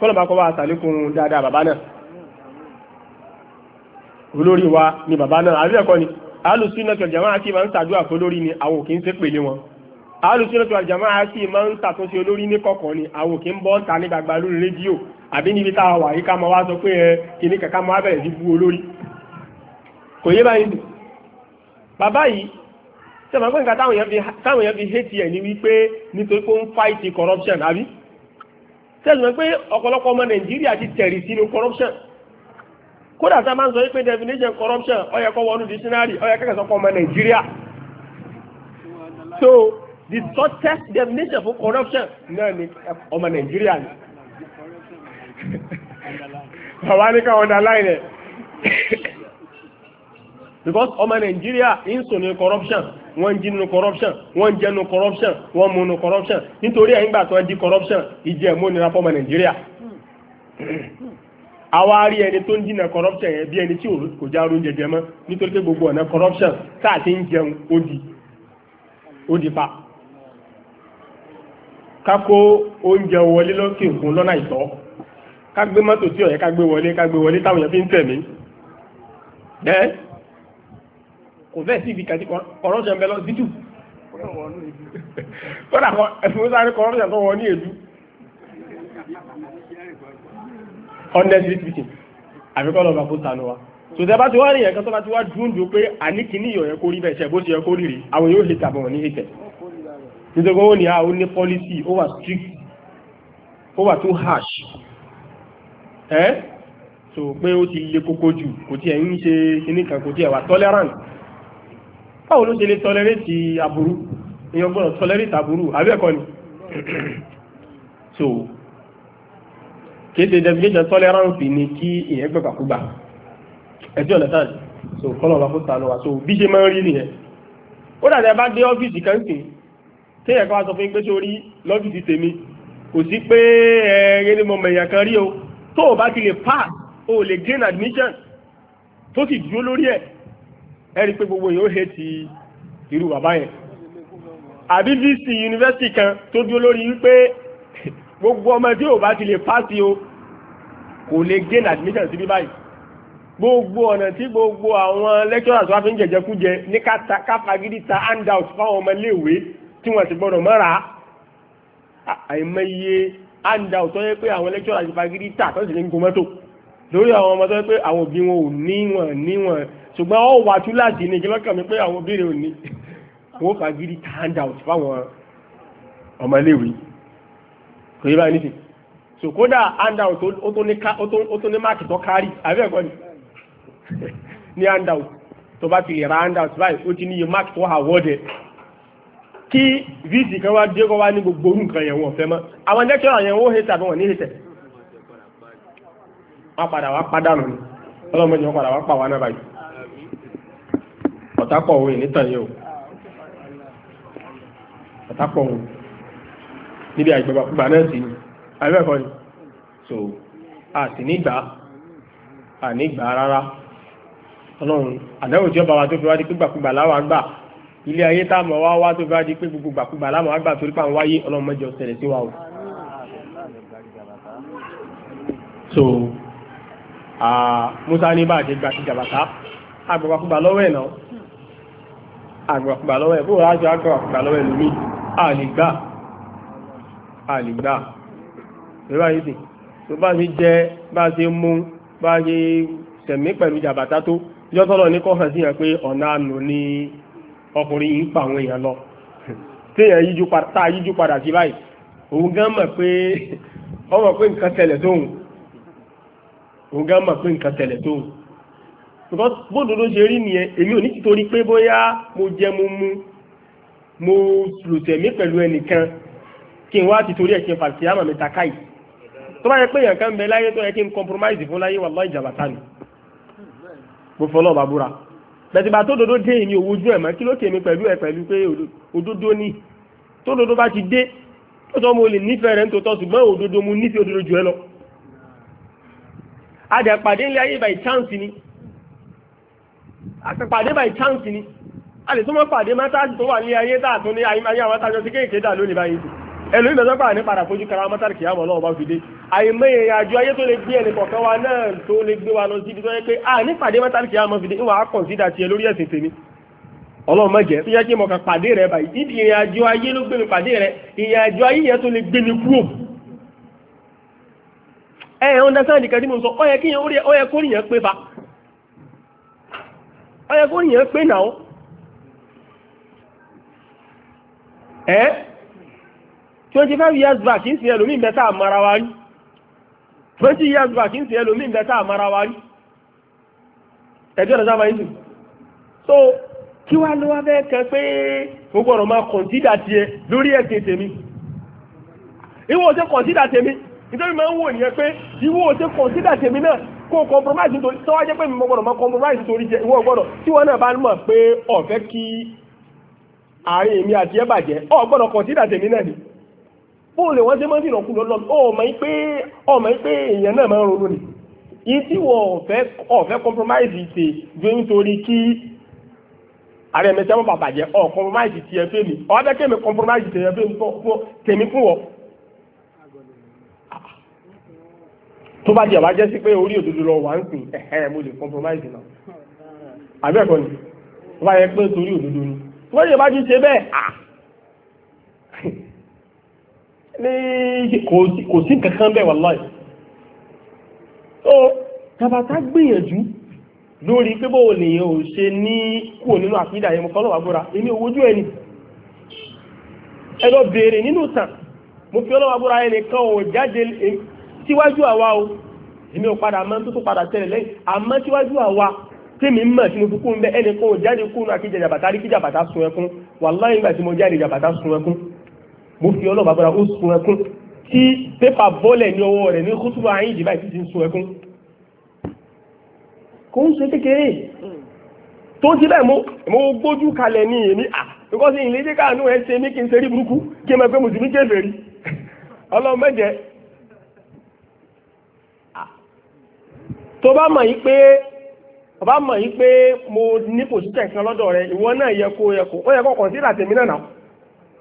kọ́lọ̀ bá kọ́ dáadáa bàbá náà olórí wa ni bàbá náà àríẹ̀kọ́ ni alùsùnà tó jàmáà sì máa ń ṣàdúrà fún olórí ni àwọn òkè ń ṣe pèlè wọn alùsùnà tó jàmáà sì máa ń ṣàtúnṣe olórí ní kọ̀kọ̀ ni àwọn òkè ń bọ́ ń ta ní gbàgbà lórí rédíò àbí níbi tá a wà yìí ká wá sọ pé ẹ kìíní kàkà máa bẹ̀rẹ̀ sí bú olórí kò yé báyìí dùn bàbá yìí sẹ́mi pé nǹkan táwọn èèyàn fi hétí ẹ̀ ni wípé nítorí pé ó ń fight corruption àbí sẹ́mi pé ọ̀pọ̀lọpọ̀ ọmọ Nàìjíríà ti tẹ̀rì sínú corruption kódà tá a máa ń sọ wípé definition corruption ó yẹ kó wọnú dictionary ó yẹ kẹ́kẹ́ sọ fún ọmọ nàìjíríà so the shortest definition for corruption náà ni ọmọ nàìjíríà ni bàbá ní ká underline ẹ̀ because ọmọ nàìjíríà ń sùn ní corruption wọ́n ń jí nínú corruption wọ́n ń jẹ́ nínú corruption wọ́n mú nínú corruption nítorí ẹ̀yìn gbà tó ń di corruption ìjẹ́ mú nira fọmọ nàìjíríà àwa rí ẹni tó ń dínà corruption yẹn bí ẹni tí kò já oúnjẹ jẹ mọ́ nítorí pé gbogbo ọ̀nà corruption táà ń jẹun ó di pa ká kó oúnjẹ wọlé lókè òkun lọ́nà ìtọ́ ká gbé mọ́tò tí ó yẹ ká gbé wọlé ká gbé wọlé táwọn èèyàn fi ń tẹ̀mí bẹ́ẹ̀ kò fẹ́ sí ibi kàtí corruption bẹ́ẹ̀ lọ sí tù kódà ẹ̀fún sáré corruption tó wọ ní èdú honestly speaking àbíkọ́ lọ́ba fún sànú wa tòtẹ́ bá ti wá rí ẹ̀kan tó bá ti wá dúndú pé àníkíní ìyọ̀yẹ́ kó rí bẹ́ẹ̀ ṣe bó ti yẹ kó rí rí àwọn yóò hìtà bọ̀ ní hìtẹ̀ nítorí wọn ni a ah, ó ní policy ó wà strict ó wà too harsh ẹ́ so pé ó ti le koko jù kò tiẹ̀ ń ṣe kíní kan kò tiẹ̀ wà tolerant báwo ló ṣe lè tolerate aburú èèyàn gbọ́dọ̀ tolerate aburú àbí ẹ̀kọ́ ni so kéde definition tolerance ni kí èèyàn gbẹ̀gbàkúgbà ẹjọ́ ọ̀nà so kọ́nà ọba kó sànù wa so bí ṣe máa ń rí nìyẹn ó dàdé bá dé ọ́fíìsì kan sìn téèyàn kan wá sọ fún pé sórí lọ́fíìsì tèmi kò sí pé ẹ̀ẹ́rẹ́ ni mo mẹ̀yàn kan rí o tó o bá ti lè pass o lè gain admission tó sì dúró lórí ẹ̀ ẹ rí i pé gbogbo yìí ó he ti irú bàbá yẹn àbí vc yunifásitì kan tó dúró lórí wípé gbogbo ọmọ tí ò bá ti lè pàṣẹ o kò lè gain admission síbí báyìí gbogbo ọ̀nà tí gbogbo àwọn lecturers wá fi ń jẹ̀jẹ̀ kú jẹ ní káfagídí ta handout fáwọn ọmọ iléèwé tí wọ́n ti gbọ́dọ̀ mọ́ra àìmọye handout tó yẹ pé àwọn lecturers fagídí ta tó sì ní gun mọ́tò lórí àwọn ọmọ tó yẹ pé àwọn òbí wọn ò ní wọn ní wọn ṣùgbọ́n ó wà tú láti ní kí lọ́kàn mi pé àwọn òbí rẹ̀ ò ní wọ́n fagídí ta handout fáwọn ọmọ iléèwé kò yí báyìí níbi so kódà handout ó tó ní máàkì tó kárì àbí ẹ̀kọ́ ni ní out tó bá ti lè ra handout báyìí o ti ní iye máàkì tó hà wọ́ọ̀dẹ̀ kí vc kan wá dé kó gbogbo orú nǹkan yẹn wọ́n fẹ́ mọ́ àwọn lẹ́kṣọ́rà yẹn wọ́n hẹ́tẹ̀ àbí wọ́n ní hẹ́tẹ̀ wọ́n padà wá ni ọlọ́mọdé wọ́n padà wá pà wá náà báyìí ọ̀tá pọ̀ níbi àgbàgbà náà sí ni àbẹ́ẹ̀kọ́ ni so a sì nígbà a nígbà rárá ọlọ́run àdáwò tí ó bá wa tó fi wá di pé gbàkúgbà láwàá gbà ilé ayé tá a mọ̀ wá wá tó fi wá di pé gbogbo gbàkúgbà láwàá wá gbà torí pà ń wáyé ọlọ́run mẹ́jọ ṣẹlẹ̀ sí wa o. so musa ní bá a ṣe gbà sí jàbàtà àgbàkúgbà lọ́wọ́ ẹ̀ náà àgbàkúgbà lọ́wọ́ ẹ̀ bó o láti àgbàkúgbà lọ́wọ́ ẹ̀ lómi à lè gbà àlìgbà ìrọ̀ yìí tó bá ṣe jẹ bá ṣe mú bá ṣe tẹ̀mí pẹ̀lú jàbàtà tó yọ́ tọ́lọ̀ ní kọ́hàn sí yàn pé ọ̀nà àánú ni ọkùnrin yìí ń pa àwọn èèyàn lọ téèyàn yíjú padà tá a yíjú padà sí báyìí òun gan mọ̀ pé ó mọ̀ pé nǹkan tẹ̀lẹ̀ tóun òun gan mọ̀ pé nǹkan tẹ̀lẹ̀ tóun ṣùgbọ́n bóòdù ló ṣe rí nìyẹn èmi ò ní ti torí pé bóyá mo jẹ mo mu mo lò pẹ̀lú ẹnìkan kí n wá ti torí ẹ̀ kí n fàtí àmà mi ta káyì tó bá yẹ pé yàn kan bẹ láyé tó yẹ kí n compromise fún láyé wà lọ́ọ̀ ìjàmbá tani mo fọlọ́ ọba búra bẹ̀tìbà tó dodo dé èmi òwò ojú ẹ̀ mọ́ kí ló tèmi pẹ̀lú ẹ̀ pẹ̀lú pé òdodo ni tó dodo bá ti dé tó tọ́ mo lè nífẹ̀ẹ́ rẹ̀ nítòótọ́ ṣùgbọ́n òdodo mo nífẹ̀ẹ́ òdodo jù ẹ lọ. àdàpàdé ńlẹ̀ ayé by chance ni àtàpàdé by chance ni a lè tó mọ́ pàdé mátàsí tó wà ní ayé tààtún ní ayé àwọn àtàjọ sí kéèké dà lónìí báyìí ẹlòmí mẹ́sàn pàà ní padà fojú kara mọ́tàrí kìí àmọ́ náà bá fi dé àìmọye ìrìnàjò ayé tó lè gbé ẹni kọ̀ọ̀kan wa náà tó lè gbé wa lọ síbi tó yẹ pé a ní pàdé mọ́tàrí kìí àmọ́ fi dé ìwà á tiẹ̀ lórí ẹ̀sìn tèmi ọlọ́run tó yẹ kí mo kà pàdé rẹ báyìí ayé ló gbé mi pàdé rẹ ayé yẹn tó lè gbé mi kúrò ẹ ẹ nìkan tí sọ ọ yẹ kí ó yẹ kó nìyẹn pé fa ọ yẹ kó nìyẹn pé ẹ 25 years back ń sin ẹlòmíì bẹ́ẹ̀ tá a mara wa rí twenty years back ń sin ẹlòmíì bẹ́ẹ̀ tá a mara wa rí ẹjọ́ ìdájọ́ báyìí sùn so kí wàá lọ́wọ́ bẹ́ẹ̀ kan pé gbogbo ọ̀rọ̀ máa kọ̀ǹtídà tiẹ̀ lórí ẹ̀sìn tèmi ìwọ ṣe kọ̀ǹtídà tèmi nítorí máa ń wò nìyẹn pé ìwọ ṣe kọ̀ǹtídà tèmi náà kó compromise nítorí tó wá jẹ́ pé mi gbọ́dọ̀ máa compromise nítorí jẹ ìwọ gbọ́dọ̀ tí wọ́n náà bá mọ̀ pé ọ̀fẹ́ kí àárín èmi àti ẹ̀ bàjẹ́ ọ̀ gbọ́dọ̀ kọ̀ǹtídà tèmi náà ni bóòlù wọn ṣe máa ń dìnà kú lọ́lọ́ ọmọ yìí pé ọmọ yìí pé èèyàn náà máa ń ronú ni yìí tí wọ́n ọ̀fẹ́ ọ̀fẹ́ compromise ti ju nítorí kí ààrẹ mi sẹ́wọ́n bàbà jẹ́ ọ̀ compromise ti ẹ fẹ́ mi ọ̀ bẹ́ẹ̀ kẹ́mi compromise ti ẹ fẹ́ mi fún tèmi fún wọ́. tó bá jẹ́ àbájẹ́ sí pé orí òdodo lọ wà ń sìn ẹ̀hẹ́ mo lè compromise náà àbí ẹ̀kọ́ ni wọ́n yẹ pé torí òdodo ni wọ́n yẹ bá ti ṣe bẹ́ẹ̀ ní kò sí nǹkan kan bẹ́ẹ̀ wallahi so tàbátá gbìyànjú lórí pé bó lèyàn ò ṣe ní kúrò nínú àkídà yẹn mo fọ́lọ́wà búra èmi òwójú ẹni ẹlọ bèèrè nínú tàn mo fi ọlọ́wà búra ẹnìkan ò jáde síwájú àwa o èmi ò padà máa ń tó padà tẹ̀lé lẹ́yìn àmọ́ síwájú àwa tèmi mọ̀ tí mo fi kú ń bẹ ẹnìkan ò jáde kúrò àkíjà jàbàtà rí kí jàbàtà sun ẹkún wallahi nígbà tí mo jáde jàbàtà sun ẹkún mo fi ọlọ́ọ̀bá bọ́ra ó sun ẹkún tí pépà bọ́lẹ̀ ní ọwọ́ rẹ̀ ní kútùbà ayíǹdì báyìí ti ti ń sun ẹkún kò ń ṣe kékeré tó ti bẹ́ẹ̀ mo gbójú kalẹ̀ ní èmi à nígbà tí ìlédè káàánú ẹ ṣe mí kí n ṣe rí burúkú kí n máa pé mùsùlùmí kéfèé rí ọlọ́run mẹ́jẹ tó bá mọ̀ yìí pé ọba mọ̀ yìí pé mo ní pòsítẹ̀ kan lọ́dọ̀ rẹ̀ ìwọ náà yẹ kó yẹ kó ó yẹ kó kọ̀ǹsílà tèmi náà náà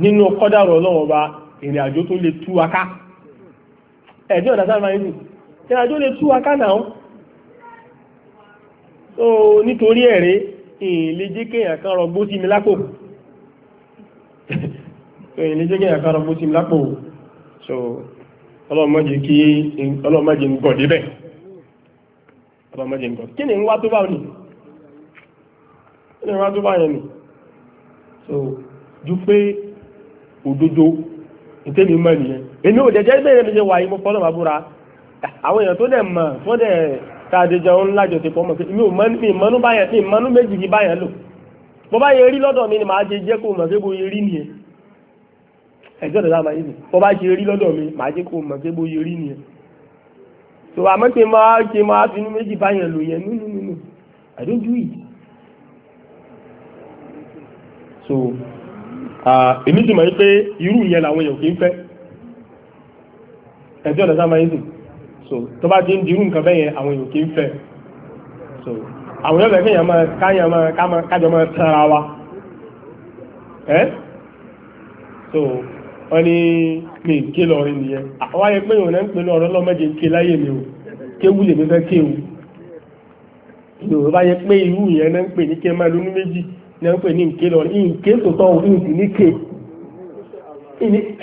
nínú kọ́dàrọ̀ ọlọ́wọ́ bá ìrìn àjò tó lè tú aká ẹ̀jọ́ ọ̀dá sáàmà ìlú ìrìn àjò lè tú aká náà so nítorí ẹ̀rẹ́ ìlè jẹ́ kéèyàn kan rọgbó sí mi lápò ìlè jẹ́ kéèyàn kan rọgbó sí mi lápò so ọlọ́mọdé kí ọlọ́mọdé ń gọ̀ débẹ̀ ọlọ́mọdé ń gọ̀ kí ni ń wá tó bá ní kí ni ń wá tó bá yẹn ni so ju pé òdodo ìtẹ́mi mọ́ nìyẹn èmi ò jẹ́jẹ́ bẹ́ẹ̀ mi ṣe wà yìí mo fọ́lọ́ máa búra àwọn èèyàn tó dẹ̀ mọ̀ tó dẹ̀ tàdéjọ ńlá jọ ti pọ̀ mọ̀ pé mi ò mọ́nú báyẹn mi mọ́nú méjì yìí báyẹn lò bó bá yẹ rí lọ́dọ̀ mi ni màá ṣe jẹ́ kó mọ̀ pé bó yẹ rí nìyẹn ẹ̀jọ́ dọ̀dá máa yé mi bó bá ṣe rí lọ́dọ̀ mi màá jẹ́ kó mọ̀ pé bó yẹ rí nìyẹn so àmọ́ pé máa ṣe máa finú méjì báyẹn lò yẹn nínú nínú I don't do it so èmi sì mọ̀ wípé irú yẹn làwọn èèyàn kì í fẹ́ ẹjọ́ ọ̀dọ̀ sáà máyísì so tó bá ti ń dirú nǹkan bẹ́yẹn àwọn èèyàn kì í fẹ́ so àwọn èèyàn bẹ̀rẹ̀ kéèyàn máa káyàn máa kájọ máa tẹ́ra wa ẹ́ so wọ́n ní mi ké lọ́rin nìyẹn àwọn ayé pé ìwọ̀n náà ń pè lọ́rọ́ lọ́mọdé ké láyé mi o ké wúlè mi fẹ́ ké o ìwọ̀n bá yẹ pé irú yẹn náà ń pè ní ké máa lónú méjì ní ẹ̀ ń pè ní ìké lọ ìké tòótọ́ òun sì ní ké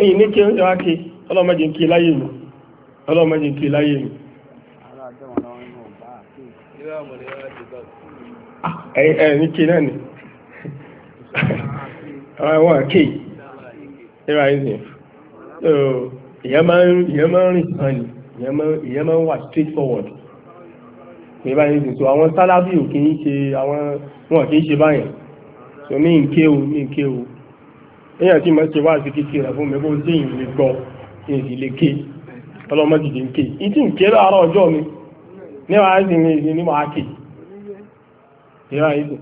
ìní ké ń wá ké ọlọ́mọdé ń ké láyé mi ọlọ́mọdé ń ké láyé mi. Ah, ẹ̀yìn ní ké náà ni àwọn àké ìrà ìsìn ìyẹn máa ń rìn sàn ni ìyẹn máa ń wà straight forward ìbáyé sì so àwọn sálábì ò kì í ṣe àwọn wọn kì í ṣe báyẹn so ní nkéwu ní nkéwu èèyàn tí mo ṣe wá sí kékeré rẹ̀ fún mi kó sí ìlú gbọ́ èsì lè ké ọlọ́mọ dìde nké ìtì nké láàárọ̀ ọjọ́ mi níwáyé sì ní ìsìn ní màá kè níwáyé sì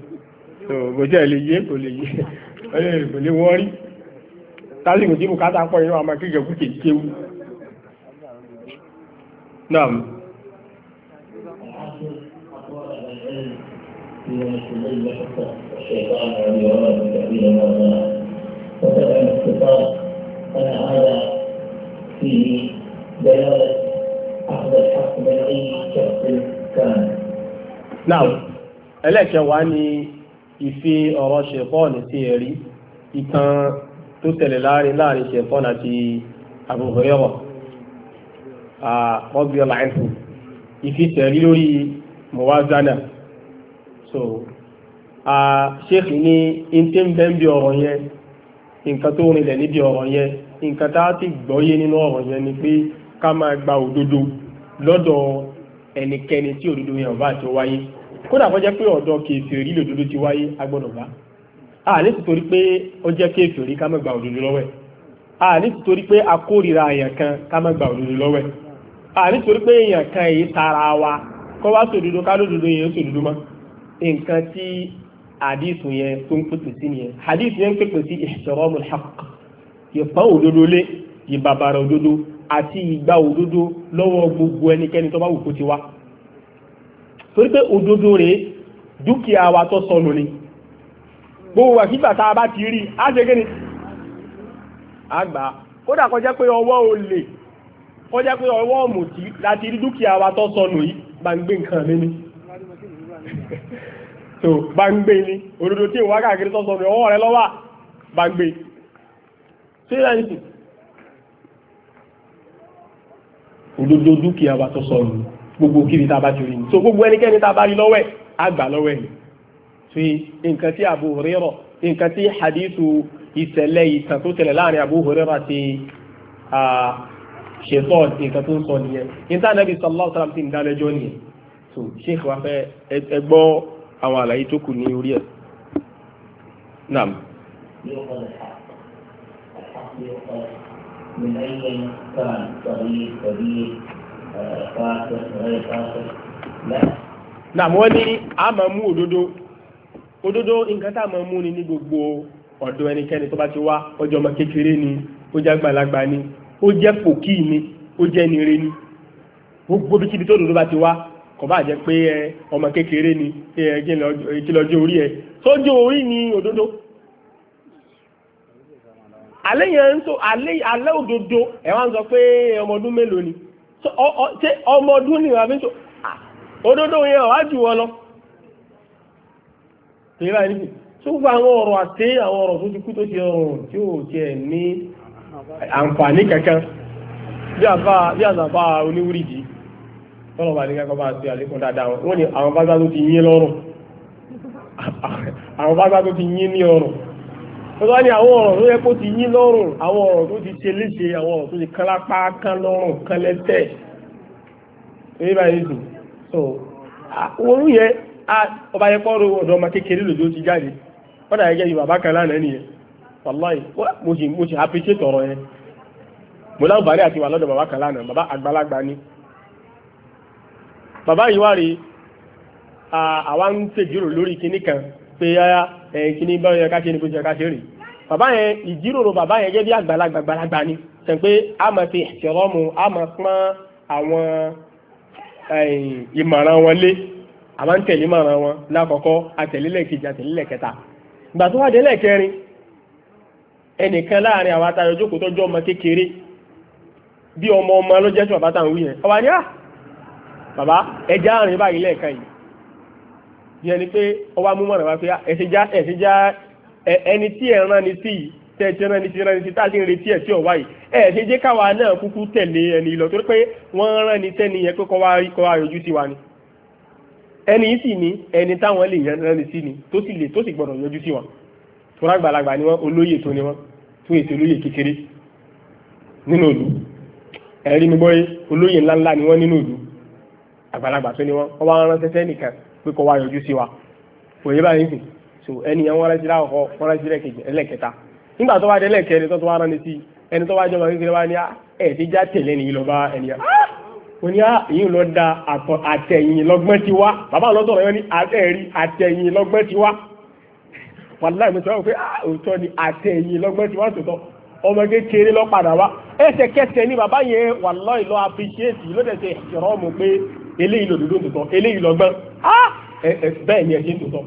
kò jẹ́ lè yé kò lè yé kò lè wọ́n rí tásìkò tí bùkátà pọ̀ yìí wà máa kéjọ
a الشيطان ويولد كبير الموضوع وتبع الاختصاص أن هذا فيه دلالة أخذ الحق
من أي شخص كان نعم ẹlẹ́kẹ̀wá ni ìfi ọ̀rọ̀ ṣẹ̀fọ́ọ̀nù sí ẹ̀rí ìtàn tó tẹ̀lé láàrin láàrin ṣẹ̀fọ́ọ̀nù àti Abu Hurairah rọ́bì ọ̀làǹfù ìfi tẹ̀rí lórí mọ̀wá so ṣéèkì ní ni ń bẹ́ ń bí ọ̀rọ̀ yẹn nǹkan tó rinlẹ̀ níbi ọ̀rọ̀ yẹn nǹkan tá a ti gbọ́yé nínú ọ̀rọ̀ yẹn ni pé ká máa gba òdodo lọ́dọ̀ ẹnikẹ́ni tí òdodo yẹn ọba àti wáyé kódà kó jẹ́ pé ọ̀dọ̀ kèfèrí lòdodo ti wáyé agbọ́dọ̀ bá a ní torí pé ó jẹ́ kèfèrí ká gba òdodo lọ́wọ́ a ní torí pé a kórìíra èèyàn kan ká má gba òdodo lọ́wọ́ a ní torí pé èèyàn kan èyí tara wa kọ́ wá sòdodo ká lódodo yẹn sòdodo mọ́ nǹkan tí àdìsù yẹn tó ń pèpè sí nìyẹn àdìsù yẹn ń pèpè sí ihtiramul haqq ìpọ́n òdodo lé ìbàbàrà òdodo àti ìgbà òdodo lọ́wọ́ gbogbo ẹnikẹ́ni tó bá wù kó ti wá torí pé òdodo rèé dúkìá wa tó sọnù ni gbogbo wà sígbà tá a bá ti rí á ṣe kíni àgbà kódà kọjá pé ọwọ́ olè kọjá pé ọwọ́ ọ̀mùtí láti rí dúkìá wa tó sọnù yìí bá nǹkan mi so bá ń gbé ní òdodo tí ìwà káàkiri sọ́sọ́ rẹ̀ ọwọ́ rẹ̀ lọ́wà bá ń gbé ṣé ẹ̀yìn sì òdodo dúkìá wa tó sọ nù gbogbo kiri tá a bá ti rí ni so gbogbo ẹnikẹ́ni tá a bá rí lọ́wọ́ ẹ̀ á gbà lọ́wọ́ ẹ̀ ni so nǹkan tí Abu Hurairah nǹkan tí hadithu ìṣẹ̀lẹ̀ ìtàn tó tẹ̀lẹ̀ láàrin Abu Hurairah ti ṣètọ́ nǹkan tó ń sọ nìyẹn níta nàbì sallallahu alaihi wasallam ti ń dálẹ́jọ́ nìyẹn so sheikh wa fẹ́ ẹgbọ́ àwọn àlàyé tó kù ní orí ẹ̀ nam nam wọ́n ní a máa mú òdodo òdodo nǹkan tá a máa mú ni ní gbogbo ọ̀dọ̀ ẹnikẹ́ni tó bá ti wá ọjọ́ ọmọ kékeré ni ó jẹ́ àgbàlagbà ni ó jẹ́ pòkì ni ó jẹ́ nire ni gbogbo bí kíbi tó òdodo bá ti wá kò bá jẹ́ pé ẹ ọmọ kékeré ni ẹ kí lọ́jọ́ orí ẹ sójú orí ni òdodo alẹ́ òdodo ẹ wá ń sọ pé ọmọ ọdún mélòó ni ṣé ọmọ ọdún ni wàá fi ń sọ òdodo yẹn wàá jù wọn lọ tèyí báyìí nìyí tó àwọn ọ̀rọ̀ àti àwọn ọ̀rọ̀ tó ti kú tó ti ọrùn tí ò tiẹ̀ ní àǹfààní kankan bí àzàbá oníwúrìdì tọ́lọ̀ bá adịga kan bá ṣe àlékún dáadáa wọn ni àwọn bá tó ti yín lọ́rùn àwọn bá tó ti yín ní ọrùn àwọn ọ̀rọ̀ tó yẹ kó ti yín lọ́rùn àwọn ọ̀rọ̀ tó ti ṣe léṣe àwọn ọ̀rọ̀ tó ti kán lápá kán lọ́rùn kán lẹ́tẹ̀ èyí báyìí so ọba ọmọ kékeré lòdì ó ti jáde dàgẹ́ yìí bàbá kan lánàá nìyẹn wàláì mo sì yẹn mo láǹfààní àti wà lọ́dọ̀ bàbá kan lánàá bàbá àgbàlagbà ni bàbá yìí wá rí àwa ń tèjúrò lórí kinní kan pé yáyá ẹ̀yìn kinní bá yẹ ká ṣe ní bó ṣe ká ṣe rè bàbá yẹn ìjíròrò bàbá yẹn gẹ́gẹ́ bí àgbàlagbà gbàlagbà ni sẹ pé a máa fi ìṣẹ̀rọ́mù a máa pọ́n àwọn ìmọ̀ràn wọn lé a máa ń tẹ̀lé ìmọ̀ràn wọn lákọ̀ọ́kọ́ àtẹ̀lélẹ̀kejì àtẹ̀lélẹ̀kẹta ìgbà tó wá délẹ̀ kẹrin ẹnìkan láàrin àwọn atayọ̀jókòó tọ́jú ọmọ kékeré bí ọmọ ọmọ ló jẹ́ tí wí yẹn ọba ni ah bàbá ẹja àrùn báyìí lẹ́ẹ̀kan yìí yẹn ni pé ọwọ́ amúmọ̀ràn wá pé ah, ẹ̀sìn já ẹ̀sìn já ẹni tí ẹ̀ rán ni sí yìí tẹ̀sí ẹran ní ti ẹran ní ti táàsì ń retí ẹ̀ tí ọ̀ wáyé ẹ̀ ṣe jẹ́ káwa náà kúkú tẹ̀lé ẹni lọ torí pé wọ́n rán ni tẹ́ni yẹn pé kọ́ wá rí kọ́ wá yọjú sí wa ni. ẹni yìí sì ni ẹni táwọn lè rán ni sí ni tó sì lè tó sì gbọ́dọ̀ yọjú sí wa. tóra àgbàlagbà ni wọ́n olóyè tó ni wọ́n tó èsì olóyè kékeré nínú ìlú ẹ̀rí mi gbọ́ olóyè ńláńlá ni wọ́n nínú ìlú àgbàlagbà tó ní wọn ọba ránṣẹ́ sẹ́nìkan pé kọ́ wá yọjú sí wa òye báyìí sì so ẹni yẹn wọ́n rántí láwọ̀ wọ́n rántí lẹ́kẹta nígbà tó wá dé lẹ́kẹrin tó wá rán ni sí ẹni tó wá jọba kékeré wá ní ah, ẹ̀ ti já tẹ̀lé nìyí lọ bá ẹni yẹn wọ́n ah! ní àyìn ah, lọ da àtẹ̀yìn lọ́gbọ́n ti wá bàbá lọ́dọ̀ rẹ̀ ní àtẹ̀rí àtẹ̀yìn lọ́gbọ́n ti wá wàláì mo ti wá pé òótọ́ ni àtẹ̀yìn lọ́gbọ́n ti wá tòótọ́ ọmọ kékeré lọ padà wá ẹsẹ̀kẹsẹ̀ ni bàbá yẹn wàláì lọ appreciate ló dẹ̀ ṣe ìrọ́mù pé eléyìí lòdòdó tòótọ́ eléyìí lọ́gbọ́n bẹ́ẹ̀ ni ẹ ṣe ń tòótọ́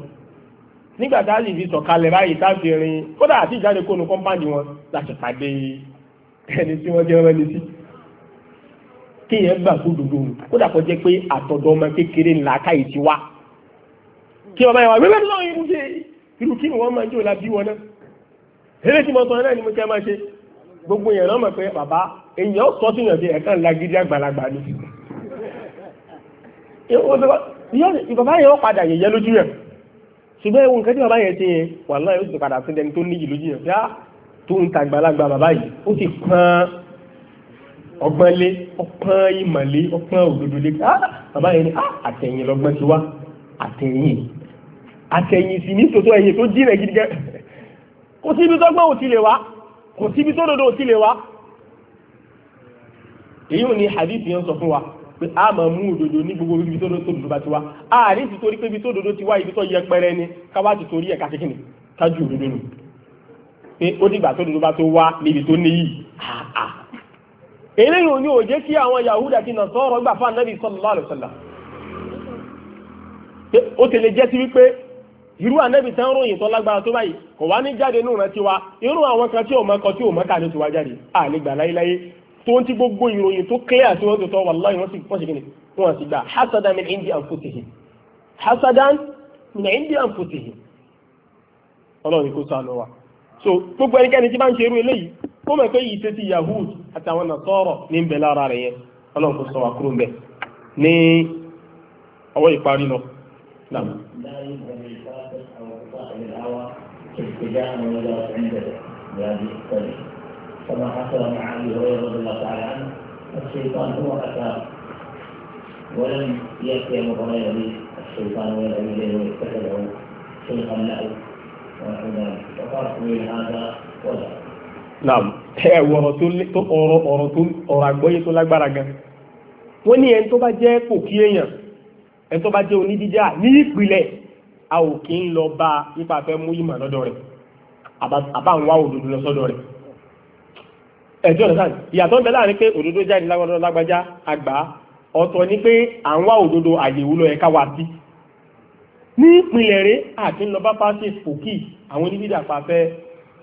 nígbà tá a sì fi sọ̀kalẹ̀ báyìí tá a fi rin kódà àti ìjáde kónú kọ́mpáàdì wọn láti pàdé ẹni tí wọ́n jẹ́ wọn ní sí kéèyàn gbà kó dòdò kódà kó jẹ́ pé àtọ̀dọ̀ ọmọ kékeré ńlá káyìí ti wá kí ọmọ yẹn wà wíwẹ́ lọ́wọ́ irú ṣe irú kí ni wọ́n máa ń jò lábí wọn náà eré tí mo sọ náà ni mo kẹ́ máa ṣe gbogbo èèyàn náà mọ̀ pé bàbá èèyàn sọ sí ìyànjẹ ìbàbá yẹn ó padà yẹ̀yẹ́ lójú rẹ̀ ṣùgbọ́n ewu nǹkan tí bàbá yẹn ti yẹn wà náà yóò ti padà sí ẹni tó níyì lójú rẹ̀ bí a tó ń tàgbàlagbà bàbá yìí ó ti pọ́n ọgbọ́n lé ọpọ́n ìmọ̀lé ọpọ́n òdodo lé bàbá yẹn ni àtẹ̀yìn lọ́gbọ́n ti wá àtẹ̀yìn àtẹ̀yìn sì ní tòótọ́ ẹ̀yìn tó jí rẹ̀ gidigan kò síbi tọ́gbọ́n ò ti lè wá kò síbi tó dodo ò ti lè wá èyí ò ní hadith yẹn sọ fún wa pé a máa mú òdodo ní gbogbo ibi tó dodo bá ti wá a ní ti torí pé ibi tó dodo ti wá ibi tó yẹpẹrẹ ni káwá ti torí ẹ̀ ká kékeré kájú òdodo nù pé ó dìgbà tó dodo bá tó wá níbi tó níyì àà eléyìí ò ní òjé kí àwọn Yahuda àti Nasara gbà fún Ànábì sallallahu alaihi wasallam ó tẹ̀lé jẹ́ sí wípé irú ànábì tán ròyìn tó lágbára tó báyìí kò wá ní jáde nù rántí wa irú àwọn kan tí ò mọ kan tí ò mọ kà ní tiwa tó ń ti gbogbo ìròyìn tó clear àti wọ́n tó tọ́ wallahi wọ́n sì pọ̀ sí kíni wọ́n sì gbà hasadan min indi anfusihim hasadan min indi anfusihim ọlọ́run kò sá lọ so gbogbo ẹnikẹ́ni tí bá ń ṣe irú eléyìí ó mọ̀ pé yìí ṣe ti yahud àtàwọn nasọ́rọ̀ ní ń bẹ lára rẹ̀ yẹn ọlọ́run kò sọ wa kúrò ń ní ọwọ́ ìparí lọ.
لا يبغى كما حصل مع ابي هريره رضي الله تعالى عنه الشيطان هو اتاه ولم ياتي ابو هريره الشيطان ويذهب اليه ويتخذه شيخا له ونحو ذلك فقال من هذا وذاك
naam ẹ wọ ọ̀rọ̀ tó ọ̀rọ̀ ọ̀rọ̀ tó ọ̀rọ̀ àgbọ́yé tó lágbára gan wọ́n ní ẹni tó bá jẹ́ kò kí èèyàn ẹni tó bá jẹ́ onídíjà ní ìpìlẹ̀ a ò kí ń lọ bá ipa fẹ́ mú ìmọ̀ lọ́dọ̀ rẹ̀ àbá ń wá òdodo lọ sọ́dọ̀ rẹ̀ ẹjọ́ ọ̀dọ̀ sáà ìyàtọ̀ ń bẹ láàrin pé òdodo jáde lágbọ́dọ̀ lágbájá àgbà ọ̀tọ̀ ni pé à ń wá òdodo àyèwò lọ ẹ̀ka wa sí ní ìpìlẹ̀ rẹ̀ àti ńlọba pàṣẹ fòkì àwọn oníbìdà pàfẹ́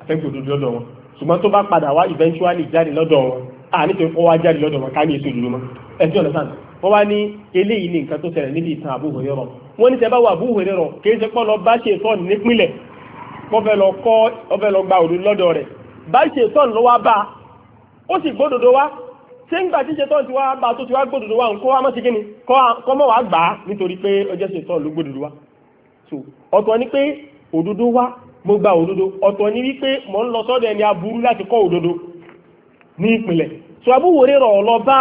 àfẹ́gbẹ̀ òdodo lọ́dọ̀ wọn ṣùgbọ́n tó bá padà wá eventually jáde lọ́dọ̀ wọn à ní tẹ́wọ́ wá jáde lọ́dọ̀ wọn káàní ètò ìdúró mọ́ ẹjọ́ ọ̀dọ̀ sáà wọ́n wá ní eléyìí ní nǹkan tó ṣẹlẹ̀ níbi ìtàn àbúhò yọrọ wọ́n ní tẹ́ bá wà àbúhò yọrọ kì í ṣe pọ́ lọ bá ṣe ìtọ́ni nípìnlẹ̀ wọ́n fẹ́ lọ kọ́ ọ fẹ́ lọ gba òdodo lọ́dọ̀ rẹ̀ bá ṣe ìtọ́ni lọ́wọ́ bá ó sì gbódòdó wá ṣé nígbà tí ṣetán ti wá bá tó ti wá gbódòdó wá nǹkó wá mọ́sí kíni kọ́ mọ́ wá gbà á nítorí pé ọjọ́ ṣetán ló gbódòdó wá so ọ̀tọ̀ ni pé òdodo wá mo gba òdodo ọ̀tọ̀ ni wípé mo ń lọ sọ́dọ̀ ẹni aburú láti kọ́ òdodo ní ìpìlẹ̀ so abúwòrè rọ̀ lọ bá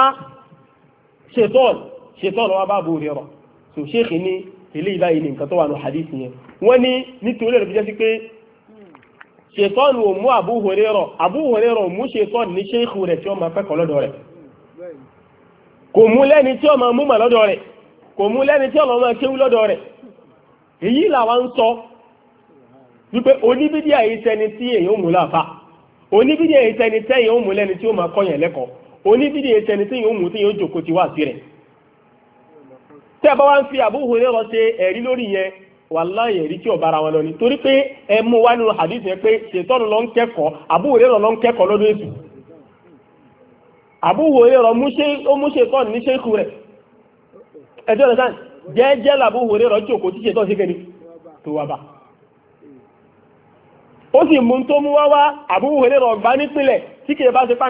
ṣetán ṣetán lọ́wọ́ bá abúwòrè rọ̀ so ṣéèkì ní eléyìí báyìí ní nǹkan tó wà ní hadith yẹn wọ́n ní nítorí ẹ̀rọ fi jẹ́ sí pé ṣètọ́nù ò mú Abu Hurairah Abu Hurairah ò mú ṣètọ́nù ní ṣéèkù rẹ̀ tí ó máa kẹ́kọ̀ọ́ lọ́dọ̀ rẹ̀ kò mú lẹ́ni tí ó máa mú mà lọ́dọ̀ rẹ̀ kò mú lẹ́ni tí ó máa kéwú lọ́dọ̀ rẹ̀ èyí làwa ń sọ wípé oníbídí àyíṣẹ́ni tí èyí ó mú láàfà oníbídí àyíṣẹ́ni tẹ́yìn ó mú lẹ́ni tí ó máa kọ́yàn lẹ́kọ̀ọ́ oníbídí àyíṣẹ́ni tí yóò mú tí yóò jòkó ti wá sí rẹ̀ tẹ́ bá wá ń fi Abu Hurairah ṣe ẹ̀rí lórí yẹn wàláyé rí tí ọ̀bára wọn lọ ni torí pé ẹ mú wá nínú hadith yẹn pé ṣètọ́nù lọ ń kẹ́kọ̀ọ́ àbúrò rẹ̀ lọ ń kẹ́kọ̀ọ́ lọ́dún èṣù àbúrò rẹ̀ lọ mú ṣètọ́nù ní ṣéèkù rẹ̀ ẹjọ́ rẹ̀ sáà jẹ́jẹ́ làbúrò rẹ̀ lọ jòkó tí ṣètọ́nù ṣékẹ́ni tó wà bá ó sì mú tó mú wá wá àbúrò rẹ̀ lọ gbá nípìnlẹ̀ tí kìí bá ṣe pá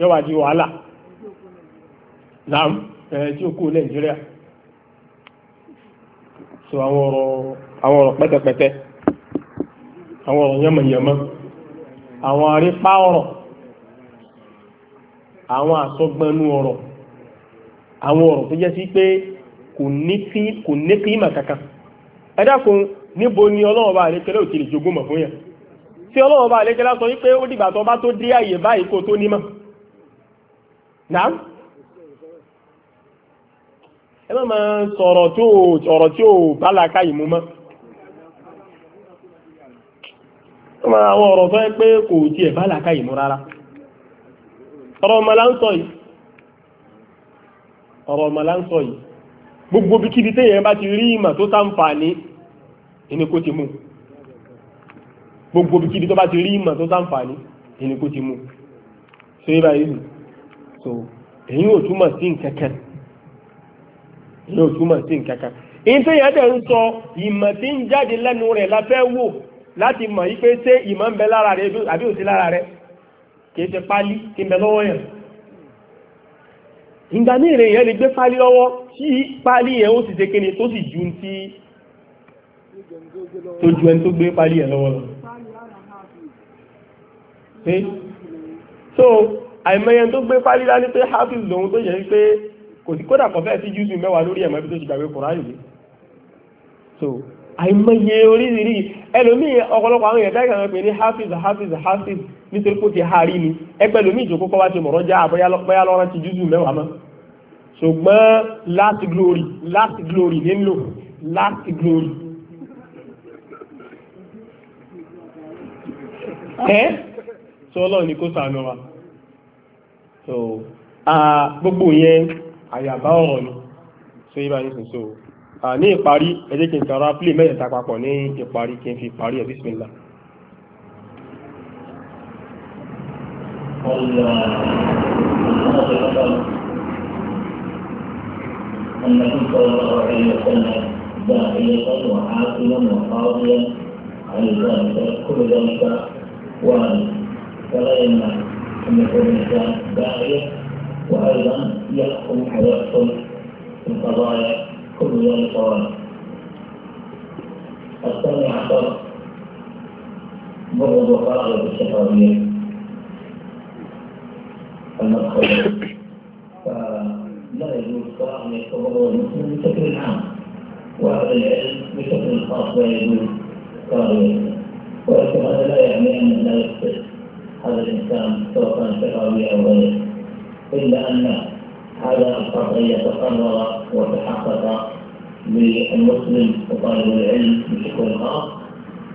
yọ́wà di wàhálà náà tí ó kú nàìjíríà so àwọn ọ̀rọ̀ pẹ́tẹpẹ́tẹ àwọn ọ̀rọ̀ yánmọ̀yánmọ́ àwọn àrípá ọ̀rọ̀ àwọn àsọgbọnú ọ̀rọ̀ àwọn ọ̀rọ̀ tó jẹ́ sí pé kò ní kí mà kankan ẹ níbo ni ọlọ́wọ́ bá àlékẹ́lẹ́ jogún mọ̀ fún yẹn tí ọlọ́wọ́ bá sọ wípé ó dìgbà tó bá tó dé àyè báyìí kó tó nímọ̀ náà ẹ má máa sọ̀rọ̀ tí ò sọ̀rọ̀ tí ò bá làákà yìí mú mọ́ ẹ máa àwọn ọ̀rọ̀ tó ẹ pé kò tiẹ̀ bá làákà yìí mú rárá ọ̀rọ̀ ọmọ là ń yìí ọ̀rọ̀ ọmọ là yìí gbogbo bí kíbi gbogbo bí kíbi tó bá ti rí ìmọ̀ tó ṣàǹfààní ẹni kó ti mú ṣé báyìí so èyí ò túmọ̀ sí nkankan èyí ò túmọ̀ sí nkankan ìfẹ́ yẹn dẹ̀ ń sọ ìmọ̀ tí ń jáde lẹ́nu rẹ̀ la fẹ́ wò láti mọ̀ yí pé ṣé ìmọ̀ ń bẹ lára rẹ̀ àbí ò sí lára rẹ̀ kì í ṣe pálí kí n bẹ lọ́wọ́ yẹn ìgbà ní ìrìn yẹn lè gbé pálí lọ́wọ́ tí pálí yẹn ó sì ṣe kíni tó sì ju ti
tó ju ẹni tó gbé pálí yẹn lọ́wọ́ lọ.
àìmọye tó gbé fálílá ní pé hafiz lòun tó yẹ pé kò sí kódà kọfẹ́ sí júùsù mẹ́wàá lórí ẹ̀mọ́ ibi tó ti gbàgbé kùránì yìí so àìmọye oríṣiríṣi ẹlòmíì ọ̀pọ̀lọpọ̀ àwọn èèyàn dáìgbà pé ní hafiz hafiz hafiz nítorí kó ti harí ni ẹgbẹ́ lòmíì ìjókòó kọ́ wá ti mọ̀rọ̀ já àbọ̀yá lọ́rán ti júùsù mẹ́wàá mọ́ ṣùgbọ́n last glory last glory nílò last glory ni wa. so gbogbo yẹn àyàbá ọ̀rọ̀ ni so yíba yín sùn so ní ìparí ẹ jẹ́ kí n tara plé mẹ́tẹ̀ẹ̀ta papọ̀ ní ìparí kí n fi parí ẹ̀ bísímìlá.
النبي صلى الله عليه وسلم داعية وعافيا وقاضيا على ذلك كل ذلك ولا يمنع أن يكون الإنسان داعية وأيضا يحكم ويحصل في القضايا كل يوم قوانين الثاني عشر مرض وقائع الشفافية المدخل فلا يجوز قراءة يتضرر المسلم بشكل عام وهذا العلم بشكل خاص لا يجوز قراءة ولكن هذا لا يعني أن لا يخطئ هذا الإنسان سواء كان شقاوي أو غيره إلا أن هذا القطع يتقرر وتحقق للمسلم وطالب العلم بشكل خاص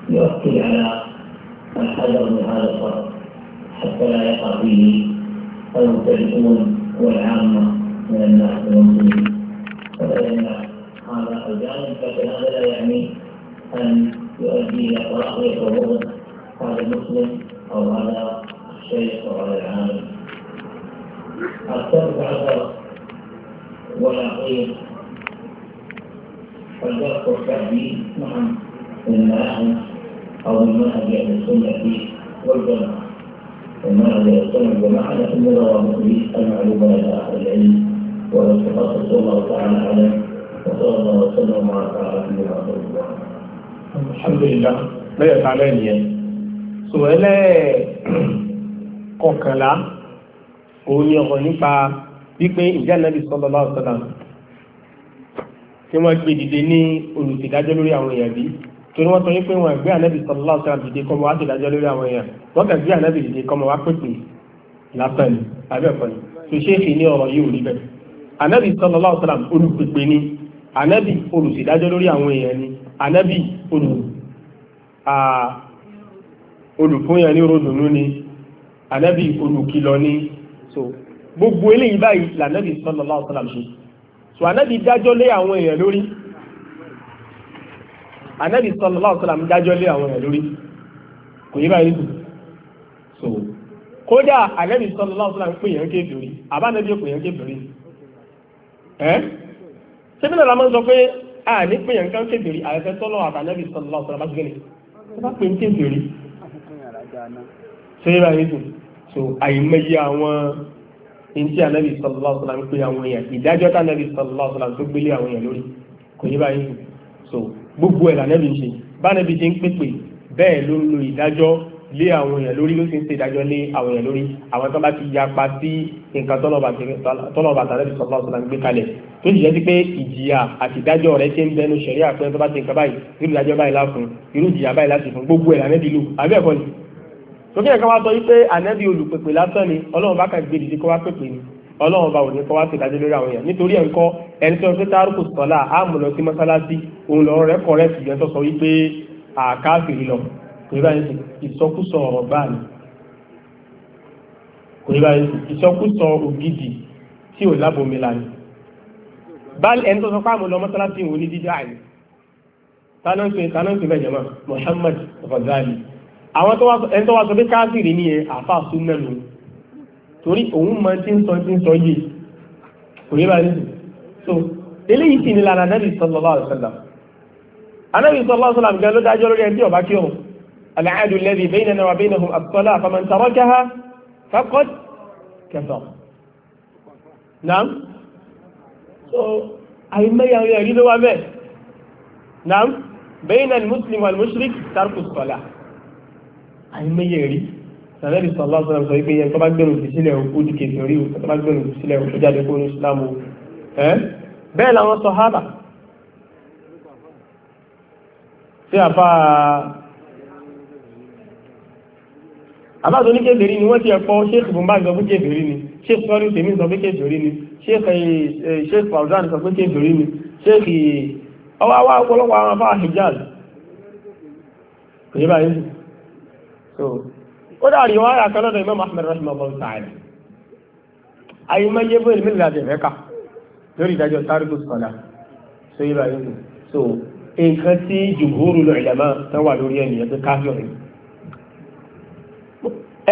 يؤكد على الحذر من هذا الفرق حتى لا يقع فيه المبتدئون والعامة من الناس المسلمين فإن هذا الجانب لكن هذا لا يعني أن يؤدي إلى تراخي وبغض على المسلم أو على الشيخ أو على العالم الثالث ولا غير الدرس الشعبي نعم من المعاهد أو من منهج أهل السنة والجماعة من منهج أهل السنة والجماعة لكن روابطه المعلومة إلى أهل العلم والارتباط صلى الله تعالى عليه وصلى الله وسلم على عبده
ورسوله الحمد لله لا يفعلان يعني sọ ẹlẹ́ẹ̀kọkànlá òun ni ọ̀rọ̀ nípa wípé ìjà nàbì sallallahu alaihi wasallam tí wọ́n gbé dìde ní olùsèdájọ́ lórí àwọn èèyàn bí torí wọ́n sọ wípé wọ́n gbé ànábì sallallahu alaihi wasallam dìde kọ́mọ wá ṣèdájọ́ lórí àwọn èèyàn wọ́n kàn gbé ànábì dìde kọ́mọ wá pèpè lásán ni abẹ́ẹ̀kọ́ ni tó ṣe é fi ní ọ̀rọ̀ yìí ò rí bẹ́ẹ̀ ànábì sallallahu alaihi wasallam olùpèpè ni ànábì olùsèdájọ́ lórí àwọn èèyàn ni ànábì olù olùfúnyà ní ròdùnú ni ànábì olùkìlọ̀ ni so gbogbo eléyìí báyìí lànábì sallallahu alaihi wasallam so ànábì dájọ́ lé àwọn èèyàn lórí ànábì sallallahu alaihi wasallam dájọ́ lé àwọn èèyàn lórí kò yí báyìí so kódà ànábì sallallahu alaihi wasallam pè yẹn kéferì àbá ànábì pè yẹn kéferì ẹ́ sẹ́fẹ́ náà la máa ń sọ pé a ní pè yẹn kán kéferì àyẹ̀fẹ́ sọ́lọ́ àtànábì sallallahu alaihi wasallam bá ti gẹ́lẹ̀ sẹ́yìnbá yìí so àìmọye àwọn ntí anabi sọlọ́lá sọlá ń pè àwọn èèyàn ìdájọ́ tá anabi sọlọ́lá sọlá tó gbélé àwọn èèyàn lórí kò yẹ báyìí so gbogbo ẹ̀ lànàbì ń ṣe bánàbì ṣe ń pèpè bẹ́ẹ̀ ló ń lo ìdájọ́ lé àwọn èèyàn lórí ló sì ń ṣe ìdájọ́ lé àwọn èèyàn lórí àwọn tó bá ti yapa sí nǹkan tọ́lọ́ba tàbí sọ́lá ọ̀sán gbé kalẹ̀ tó jìyà sí pé ìjìyà àti ìdájọ́ rẹ̀ ṣe ń bẹnu ṣẹ̀rí àpẹẹrẹ tó bá ti nǹkan báyìí irú ìdájọ́ báyìí láfún irú ìjìyà báyìí láti fún gbogbo ẹ̀ lànàbì lò àbẹ́ẹ̀kọ́ ni tókè ẹ̀ka wá sọ wípé ànábì olùpèpè lásán ni ọlọ́run bá kà gbé dìde kó wá pèpè ni ọlọ́run bá òní kọ́ wá sí ìdájọ́ lórí àwọn èèyàn nítorí ẹ̀ ń kọ́ ẹni tó ń pé tárùkù sọ́lá àmúlọ sí mọ́sálásí òun lọ rẹ́ kọ́rẹ́tì yẹn tó sọ wípé àkáàfìrí lọ kò ní báyìí ìsọkúsọ ọ̀rọ̀ gbáà ìsọkúsọ ògidì tí ò lábòmí la báyìí ẹni tó sọ pé àmúlọ mọ́sálásí òun ní dídá àyè tánáńsì tánáńsì bẹ́ẹ̀ jẹ́ mọ́ Muhammad Ghazali àwọn tó wá sọ pé káàkiri ní ẹ àfáà súnmọ́ lò torí òun mọ tí ń sọ tí ń sọ yìí kò yé bá nìyí so eléyìí sì ni e afaa lórí ẹbí ọba kí ọ̀hún tori oun mo ti n so ti n anábì sallallahu alaihi wasallam anábì sallallahu alaihi wasallam gan ló dájọ́ lórí tí ọba kí alaadu lebi alladhi baynana wa baynahum as-salah faman tarakaha faqad kafara naam so àìmẹ́yà rẹ̀ rí ló wá bẹ́ẹ̀ naam bayna al-muslim wal tarku as àìmọye rí sàlẹ́bí sọ̀lá sọ̀rọ̀ sọ pé ẹni tó bá gbẹ̀rù sí sílẹ̀ ó di kèfì rí o tó bá gbẹ̀rù sí sílẹ̀ ó jáde kó ní islam o bẹ́ẹ̀ làwọn sàhábà tí àbá àbá tó ní kèfì rí ni wọ́n ti ẹ̀kọ́ sheikh bumba sọ pé kèfì rí ni sheikh àwọn eh, eh, eh, ọ̀pọ̀lọpọ̀ àwọn afá hijaz kò yẹ so ó dà rí wáyà kan lọ́dọ̀ Imam Ahmed rahimahullah ta'ala ayé máa yé bóyá mílíọ̀nù àti ẹ̀fẹ́ kà lórí ìdájọ́ tárùkù sọ̀lá so yìí báyìí nù so nǹkan tí jùhúrù lọ ìlàmà tán wà lórí ẹnìyàn tó káfíọ̀ rẹ̀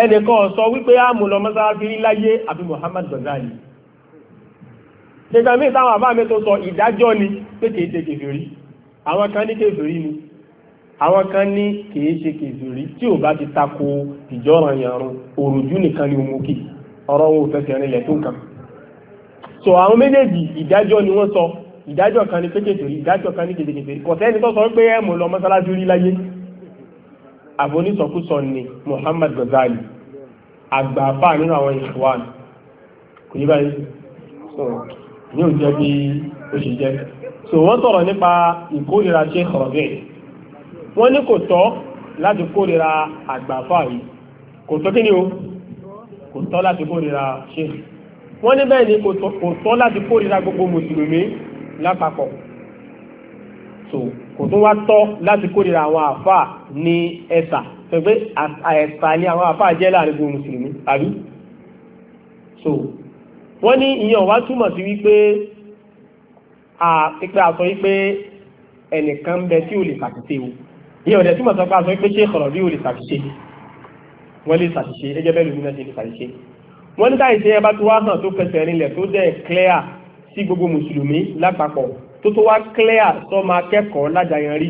ẹnìkan sọ wípé àmú lọ láyé àbí Muhammad Ghazali nígbà míì táwọn àbá mi tó sọ ìdájọ́ ni pé kìí ṣe àwọn kan ní kèfèrí ni àwọn kan ní kìí ṣe kèfèrí tí ò bá ti tako ìjọràn yàrùn òrùjú nìkan ni mo kì ọ̀rọ̀ wọn ò fẹsẹ̀ tó kan so àwọn méjèèjì ìdájọ́ ni wọ́n sọ ìdájọ́ kan ní kékeré ìdájọ́ kan ní kékeré kò sẹ́ni tó sọ pé ẹ̀ mọ̀ lọ mọ́sálásí rí láyé àfonísọkúsọ ni Muhammad Ghazali àgbààfà nínú àwọn ìṣùwàn kò yí báyìí so ní òjẹ́ bí ó ṣe jẹ́ so wọ́n sọ̀rọ̀ nípa ìkórìíra ṣe sọ̀rọ̀ wọ́n ní kò tọ́ láti kórìíra àgbàfà yìí kò tọ́ kí ni o kò tọ́ láti kórìíra ṣe wọ́n ní bẹ́ẹ̀ ni kò tọ́ láti kórìíra gbogbo mùsùlùmí lápapọ̀ so kò tún wá tọ́ láti kórìíra àwọn àfà ní ẹ̀sà pẹ̀pẹ́ ẹ̀sà ni àwọn àfà jẹ́ láàrin gbogbo mùsùlùmí àbí so wọ́n ní ìyẹn wá túmọ̀ sí wípé àpẹpẹ àsọ wípé ẹnìkan bẹ tí ò lè kàtìtì o ìyẹn ò lè túmọ̀ sọ pé a sọ pé ṣé kọ̀rọ̀ bí o lè ṣàṣìṣe wọ́n lè ṣàṣìṣe ẹ jẹ́ bẹ́ẹ̀ lómi náà ṣe lè ṣàṣìṣe wọ́n ní káyìí ṣe ẹ bá tó wá hàn tó fẹsẹ̀ rinlẹ̀ tó dẹ̀ clear sí gbogbo mùsùlùmí lápapọ̀ tó tó wá clear sọ máa kẹ́kọ̀ọ́ lájàyanrí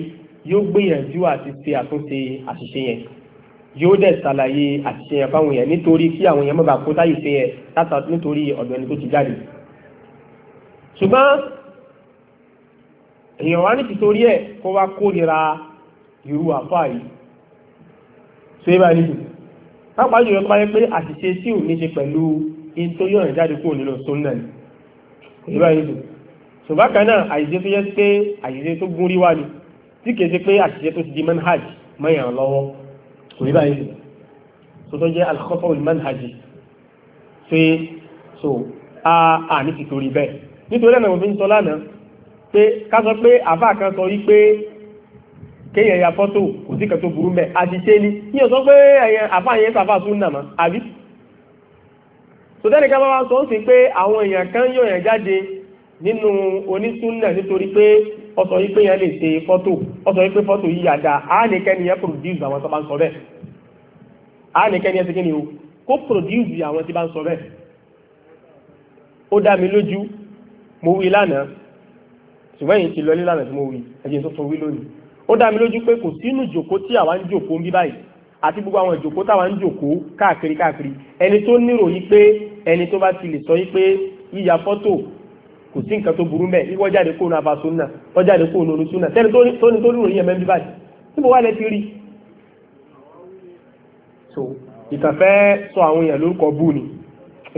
yóò gbìyànjú àti ṣe àtúnṣe àṣìṣe yẹn yóò dẹ̀ ṣàlàyé àṣìṣe yẹn fáwọn yẹn nítorí kí àwọn yẹn má bàa kó ṣe yẹn látà nítorí ọ̀dọ̀ ẹni tó ti jáde ṣùgbọ́n èèyàn wá ní tìtorí ẹ̀ kó wá kórìíra irú àfá yìí tó yẹ báyìí nìyí pápá jùlọ tó bá yẹ pé àṣìṣe sí ò ní ṣe pẹ̀lú in tó yọ̀nà jáde kúrò nínú sunna ni kò yẹ báyìí nìyí ṣùgbọ́n kan náà àṣìṣe tó yẹ pé àṣìṣe tó gún rí wá ni tí kìí ṣe pé àṣìṣe tó ti di manhaj mọ́yàn lọ́wọ́ kò yẹ báyìí nìyí tó tó jẹ́ al-khata'ul manhaji ṣe so a ní ti torí bẹ́ẹ̀ nítorí ẹ̀nà òfin sọ lánàá pé ká sọ pé àfáà kan sọ yí pé kéèyàn ya fọ́tò kò sí kan tó burú mẹ́ àṣìṣe ni kí o sọ pé àfáàyàn sàfà sún nàmọ́ àbí. sọtẹ́nìkan bá wá sọ ó sì pé àwọn èèyàn kan yóò yàn jáde nínú onísúnnà nítorí pé ọsọ yìí pé yẹn lè ṣe fọ́tò ọsọ yìí pé fọ́tò yìí yàda àánìkẹ́ni yẹn produce àwọn tó bá ń sọ bẹ́ẹ̀ àánìkẹ́ni yẹn ti kí o kó produce àwọn tí bá ń sọ bẹ́ẹ̀ ó dá mi lójú mo wí lánàá ṣùgbọ́n èyí ti lọ ní lánàá tí mo wí ẹ̀jẹ̀ tó tún wí lónìí ó dá mi lójú pé kò sínú ìjòkó tí àwa ń jòkó ń bí báyìí àti gbogbo àwọn ìjòkó táwa ń jòkó káàkiri káàkiri ẹni tó nírò yìí pé ẹni tó bá ti lè sọ yìí pé yíya fọ́tò kò sí nǹkan tó burú mẹ́ẹ̀ wọ́n jáde kó nu abasúnà wọ́n jáde kó nu olùsúnà sẹ́ni tó ní tó nírò yìí ẹ̀mẹ́ bí báyìí níbo wà lẹ ti rí so ìkànfẹ́ sọ àwọn èèyàn lórúkọ bú ni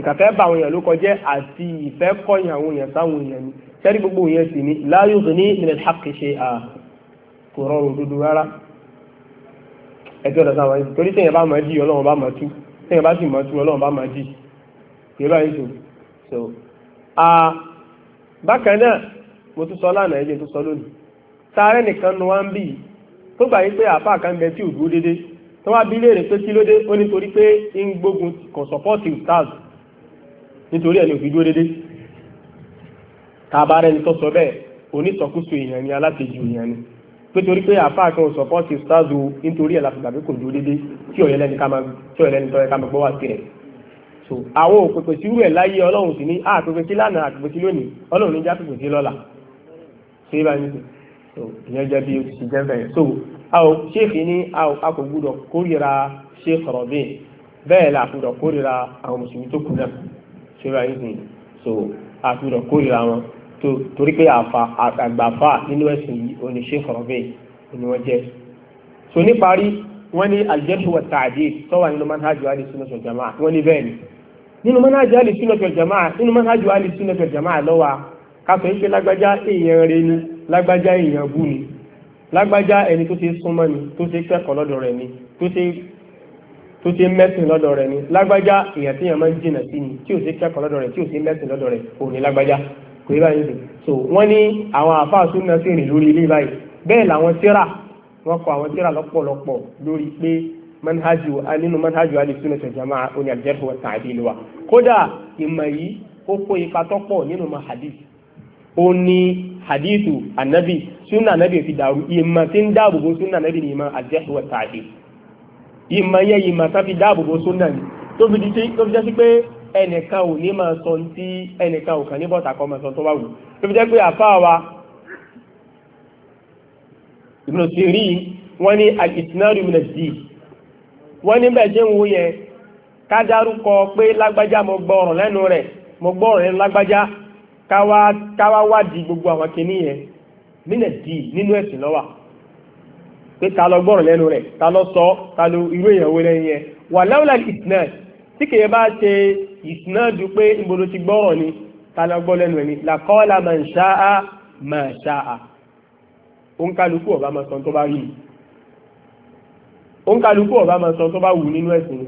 ìkànfẹ́ bá àwọn èèyàn lórúkọ jẹ́ àti ìfẹ́ kọ́yìn àwọn èèyàn sáwọn èèyàn ni sẹ́ni gbogbo èèyàn sì ni láyò ní ìrẹ̀lẹ́hàkì kò rọrùn òdodo rárá ẹjọ́ ọ̀dọ̀ sáwọn ẹ̀sìn torí sẹ́yìn bá máa jí ọlọ́run bá máa tú sẹ́yìn bá sì máa tú ọlọ́run bá máa jí kìí báyìí sùn so bákan náà mo tún sọ lánàá ẹjẹ tó sọ lónìí sáré nìkan nu wá ń bì tó gbà yí pé àáfà kan bẹ tí ò dúró dédé tó wá bí léèrè pé kí ló dé ó nítorí pé ń gbógun kò sọpọ́ọ̀tì stars nítorí ẹ̀ òfin dúró dédé tàbá rẹ̀ ní tó sọ bẹ́ẹ̀ onítọ̀kùsù èèyàn ni alátejù èèyàn ni pé torí pé àfáà kan sọpọ́ọ̀tì ṣáàzù nítorí ẹ̀ láti gbàgbé kò dúró dédé tí ọ̀yẹ́ lẹ́ni ká máa gbọ́ wá sí rẹ̀ so àwọn òpèpè sí rú ẹ̀ láyé ọlọ́run sì ní àpèpè sí lánàá àpèpè sí lónìí ọlọ́run ní jápèpè sí lọ́la ṣé bá ní so ìyẹn jẹ́ bí o ti jẹ́ bẹ́ẹ̀ so àwọn ṣéèkì ní a kò gbúdọ̀ kórìíra ṣéèkì rọ̀bì bẹ́ẹ̀ la àkùdọ̀ kórìíra àwọn mùsùlùmí tó kù náà ṣé bá ní so àkùdọ̀ kórìíra wọn torí pé àgbàfà nínú ẹ̀sìn yìí oníṣẹ́ ìfọ̀rọ̀bẹ̀ ni wọ́n jẹ́ so níparí wọ́n ní al-jarh wa ta'dil tọ́wà nínú manhaj al-sunnah wal jama'ah wọ́n ní bẹ́ẹ̀ ni nínú manhaj al-sunnah wal jama'ah nínú manhaj al-sunnah wal lọ́wà kásọ̀ ìpè lágbájá èèyàn rẹ ni lágbájá èèyàn bú ni lágbájá ẹni tó ti súnmọ́ ni tó ti kẹ́kọ̀ọ́ lọ́dọ̀ rẹ̀ ni tó ti mẹ́sìn lọ́dọ̀ rẹ̀ ni lágbájá èèyàn tí èèyàn máa ń jìnà sí ni tí ò ti kẹ́kọ̀ọ́ lọ́dọ̀ rẹ̀ tí ò ti mẹ́sìn lọ́dọ̀ rẹ̀ òní lágbájá kò yí báyìí so wọ́n ní àwọn àfa súnà sí rìn lórí ilé báyìí bẹ́ẹ̀ làwọn tíra wọ́n kọ àwọn tíra lọ́pọ̀lọpọ̀ lórí pé manhajú nínú manhajú alìsúnà sọ jama oní àjẹrò wọn tàbí ìlú wa kódà ìmọ̀ yìí ó kó ipa tọ́pọ̀ nínú ma hadith ó ní hadithu anabi súnà anabi fi dàrú ìmọ̀ tí ń dáàbòbò súnà anabi ni ìmọ̀ àjẹrò wọn tàbí ìmọ̀ yẹ ìmọ̀ tá fi dáàbòbò súnà ni tó fi jẹ́ sí pé ẹnìkan ò ní máa sọ tí ẹnìkan ò kàn ní bọ́ta kọ́ máa sọ tó bá wù tó jẹ́ pé àfáà wa Ibn Sirin wọ́n ní al-isnadu min ad-din wọ́n ní bẹ́ẹ̀ ṣe ń wo yẹn ká dárúkọ pé lágbájá mo gbọ́ ọ̀rọ̀ lẹ́nu rẹ̀ mo gbọ́ ọ̀rọ̀ lẹ́nu lágbájá káwá wádìí gbogbo àwọn kìnìyẹn min ad-din nínú ẹ̀sìn lọ́wà pé ta lọ gbọ́rọ̀ lẹ́nu rẹ̀ ta lọ sọ ta lo irú èèyàn wo lẹ́yìn yẹn wà láwùlà ìtìnà tí kìí bá ṣe ìsinádù pé ìbòdó ti gbọ́rọ̀ ni tàlọ́gbọ́ lẹ́nu ẹni làkọ́ọ́lá mà ń ṣáá mà ń ṣáá òǹkàlùkù ọ̀bá máa sọ tó bá rí òǹkàlùkù ọ̀bá máa sọ tó bá wù nínú ẹ̀sìn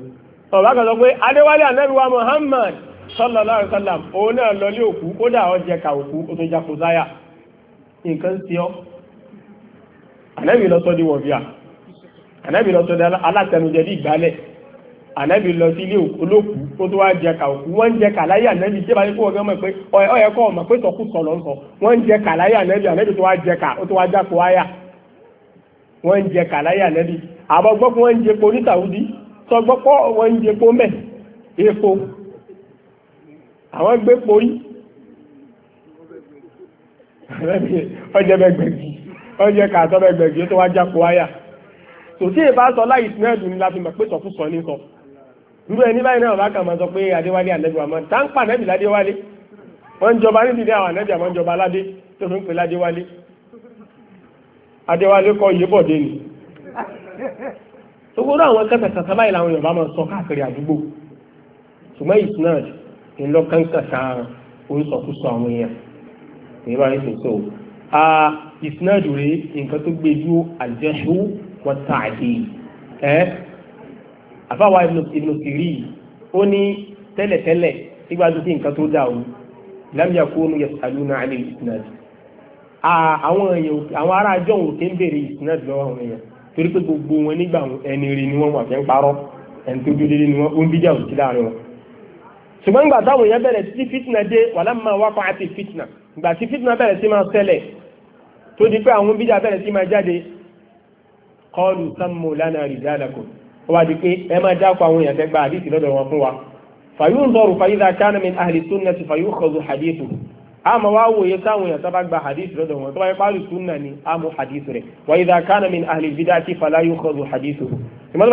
ọ̀bá kan sọ pé adéwálé anábíwá Muhammad sallallahu alaihi wasallam òun náà lọlé òkú kódà ọjẹ ka òkú ó tó já kó záyà nǹkan sí ọ anábì lọ sọ di wọ̀bíà anábì lọ sọ di alátẹnujẹ bí ìgbálẹ̀ ànábì lọ sí ilé olókù ó tó wá jẹ ká òkú wọ́n ń jẹ ká láyé ànábì tí ìbáraẹni kó wọ́n mọ̀ pé ọ̀yẹ́ kọ́ ọ̀mọ̀ pé sọ̀kú sọ̀ lọ́ sọ wọ́n ń jẹ ká láyé ànábì ànábì tó wá jẹ ká ó tó wá jáko áyà wọ́n ń jẹ ká láyé ànábì àbọ̀ gbọ́ pé ń jẹ epo ní Saudi sọ gbọ́ pé wọ́n ń jẹ epo mẹ́ epo àwọn gbé porí ọjọ́ bẹ́gbẹ̀gì ọjọ́ kàtọ́ bẹ́gbẹ̀gì ó tó wá jáko áyà tòsí ìbá sọ láì sinẹ́ẹ̀dù ni la fi mọ̀ pé sọ̀kú sọ ní sọ irú ẹni báyìí náà bá kà máa sọ pé adéwálé ànẹ́bí àmọ́ tá ń pa ànẹ́bí ládéwálé wọ́n ń jọba níbi ní àwọn ànẹ́bí àmọ́ jọba aládé tó fi ń pè ládéwálé adéwálé kọ́ Yèbọ̀dé ni gbogbo àwọn kàtàkàtà báyìí làwọn Yorùbá máa sọ káàkiri àdúgbò ṣùgbọ́n isnad ńlọ kánkàtà oríṣọkúsọ àwọn èèyàn èyí báyìí sì so isnad rèé nǹkan tó gbé ju àjẹsù wọ́n tààdé ẹ́ àfáwà ìlòkìrí ó ní tẹ́lẹ̀tẹ́lẹ̀ sígbájú sí nǹkan tó dà ó lámìyà kó nu yẹsàlú náà alẹ́ ìsinad àwọn èèyàn àwọn ará àjọ òun kì í béèrè ìsinad lọ́wọ́ àwọn èèyàn torí pé gbogbo wọn nígbà ẹni rí ni wọ́n wà fẹ́ ń parọ́ ẹni tó dúdú ni wọ́n ń bíjà òsì láàrin wọn. ṣùgbọ́n nígbà táwọn èèyàn bẹ̀rẹ̀ sí fitna dé wàhálà máa wá pa àti fitna ìgbà tí fitna bẹ̀rẹ̀ sí máa ṣẹlẹ̀ tó di pé àwọn bíjà bẹ̀rẹ̀ sí máa jáde kọlu sammu lana ó wá di pé ẹ máa dákọ̀ àwọn èèyàn tẹ́gbà àdìsí lọ́dọ̀ wọn fún wa fàyú ń sọ̀rọ̀ fàyú dá kánà min ahli sunna ti fàyú kọ̀ọ̀dù hadithu àmọ́ wá wòye sáwọn èèyàn tó bá gba hadith lọ́dọ̀ wọn tó bá yẹ pàálù sunna ni àmọ́ hadith rẹ̀ wa idha kánà min ahli bídà ti fàlá yóò kọ̀ọ̀dù hadithu ìmọ̀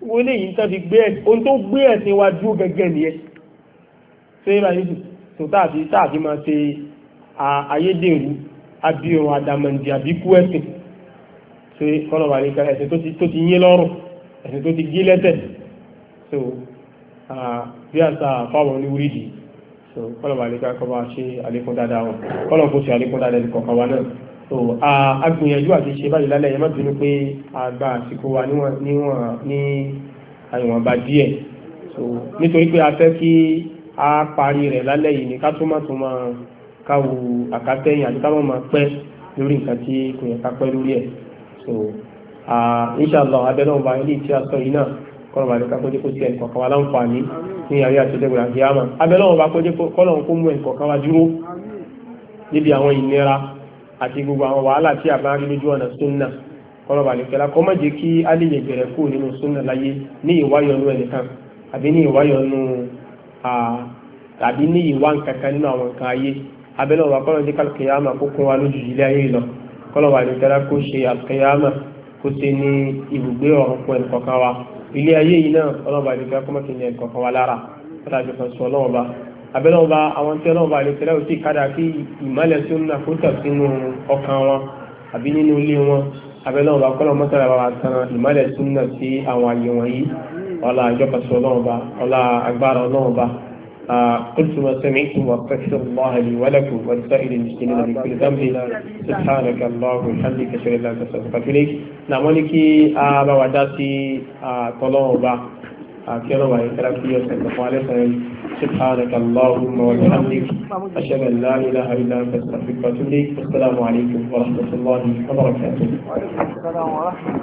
wo lè yìí tán fi gbé ẹ̀ ohun tó gbé ẹ̀sìn wa dúró gẹ́gẹ́ nìyẹn ṣé ìlà yìí tó tààfi tààfi máa ṣe ayédèrú àbí irun àdàmọ̀ǹdì àbí kú ẹ̀sìn ṣe kọ́nà wà ní ká ẹ̀sìn tó ti yín lọ́rùn ẹ̀sìn tó ti gé lẹ́tẹ̀ so bí àṣà fáwọn oníwúrídì so kọ́nà wà ní ká kọ́ bá ṣe àlékún dáadáa wọn kọ́nà kó ṣe àlékún dáadáa ní kọ̀ọ̀kan wa náà so agbìyànjú àti ṣe báyìí lálẹ́ yẹn má bínú pé àgbà àsìkò wa níwọ̀n ní àyọ̀nba díẹ̀ so nítorí pé a fẹ́ kí a parí rẹ̀ lálẹ́ yìí ní ká tó má tó máa káwo àkátẹ́yìn àti káwọn máa pẹ́ lórí nǹkan tí kò yẹ ká pẹ́ lórí ẹ̀ so inṣàlá abẹ́rẹ́ ọba ilé tí a sọ yìí náà kọ́nà bàdé ká kójé kó sí ẹnìkọ̀ọ̀kan wa láǹfààní ní àríyá tó dẹ́gbẹ̀rẹ̀ àti àmà abẹ́rẹ́ ọba kójé kọ́nà kó mú ẹnìkọ̀ọ̀kan wa dúró níbi àwọn ìnira àti gbogbo àwọn wàhálà tí a bá rí lójú ọ̀nà súnà kọlọ̀bà nìkẹ́lá kọ́ má jẹ́ kí a lè yẹ bẹ̀rẹ̀ kú nínú súnà láyé ní ìwáyọnu ẹnìkan àbí ní ìwáyọnu àbí ní ìwá nkankan nínú àwọn nǹkan ayé abẹ́lẹ̀ wà kọ́lọ̀ jẹ́ kó kún wa lójú ilé ayé lọ kọlọ̀bà nìkẹ́lá kó ṣe àkìyàmà kó ṣe ní ibùgbé ọ̀run fún ẹnìkọ̀kan wa ilé ayé yìí náà kọlọ̀bà kó abẹ́lẹ́ ọba àwọn tí ọlọ́ọ̀ba àlẹ́kẹ́lẹ́ ò sì kádà kí ìmọ̀lẹ̀ tí ó ń nà sínú ọkàn wọn àbí nínú ilé wọn abẹ́lẹ́ kọ́lọ̀ mọ́tàlá bàbá tan ìmọ̀lẹ̀ tí ó ń nà sí àwọn àyè wọ̀nyí ọlá àjọpọ̀sọ ọlọ́ọ̀ba ọlá agbára ọlọ́ọ̀ba قلت سمعتم واستغفر الله لي ولكم ولسائر المسلمين من كل ذنب سبحانك اللهم وبحمدك اشهد ان لا اله الا انت استغفرك نعم ولك ابا وداتي طلوبه آخره وهي كرافية المخالفة سبحانك اللهم وبحمدك أشهد أن لا إله إلا أنت أستغفرك وأتوب إليك السلام عليكم ورحمة الله وبركاته.
وعليكم السلام ورحمة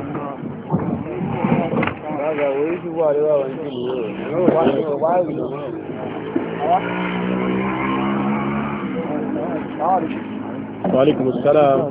الله. وعليكم السلام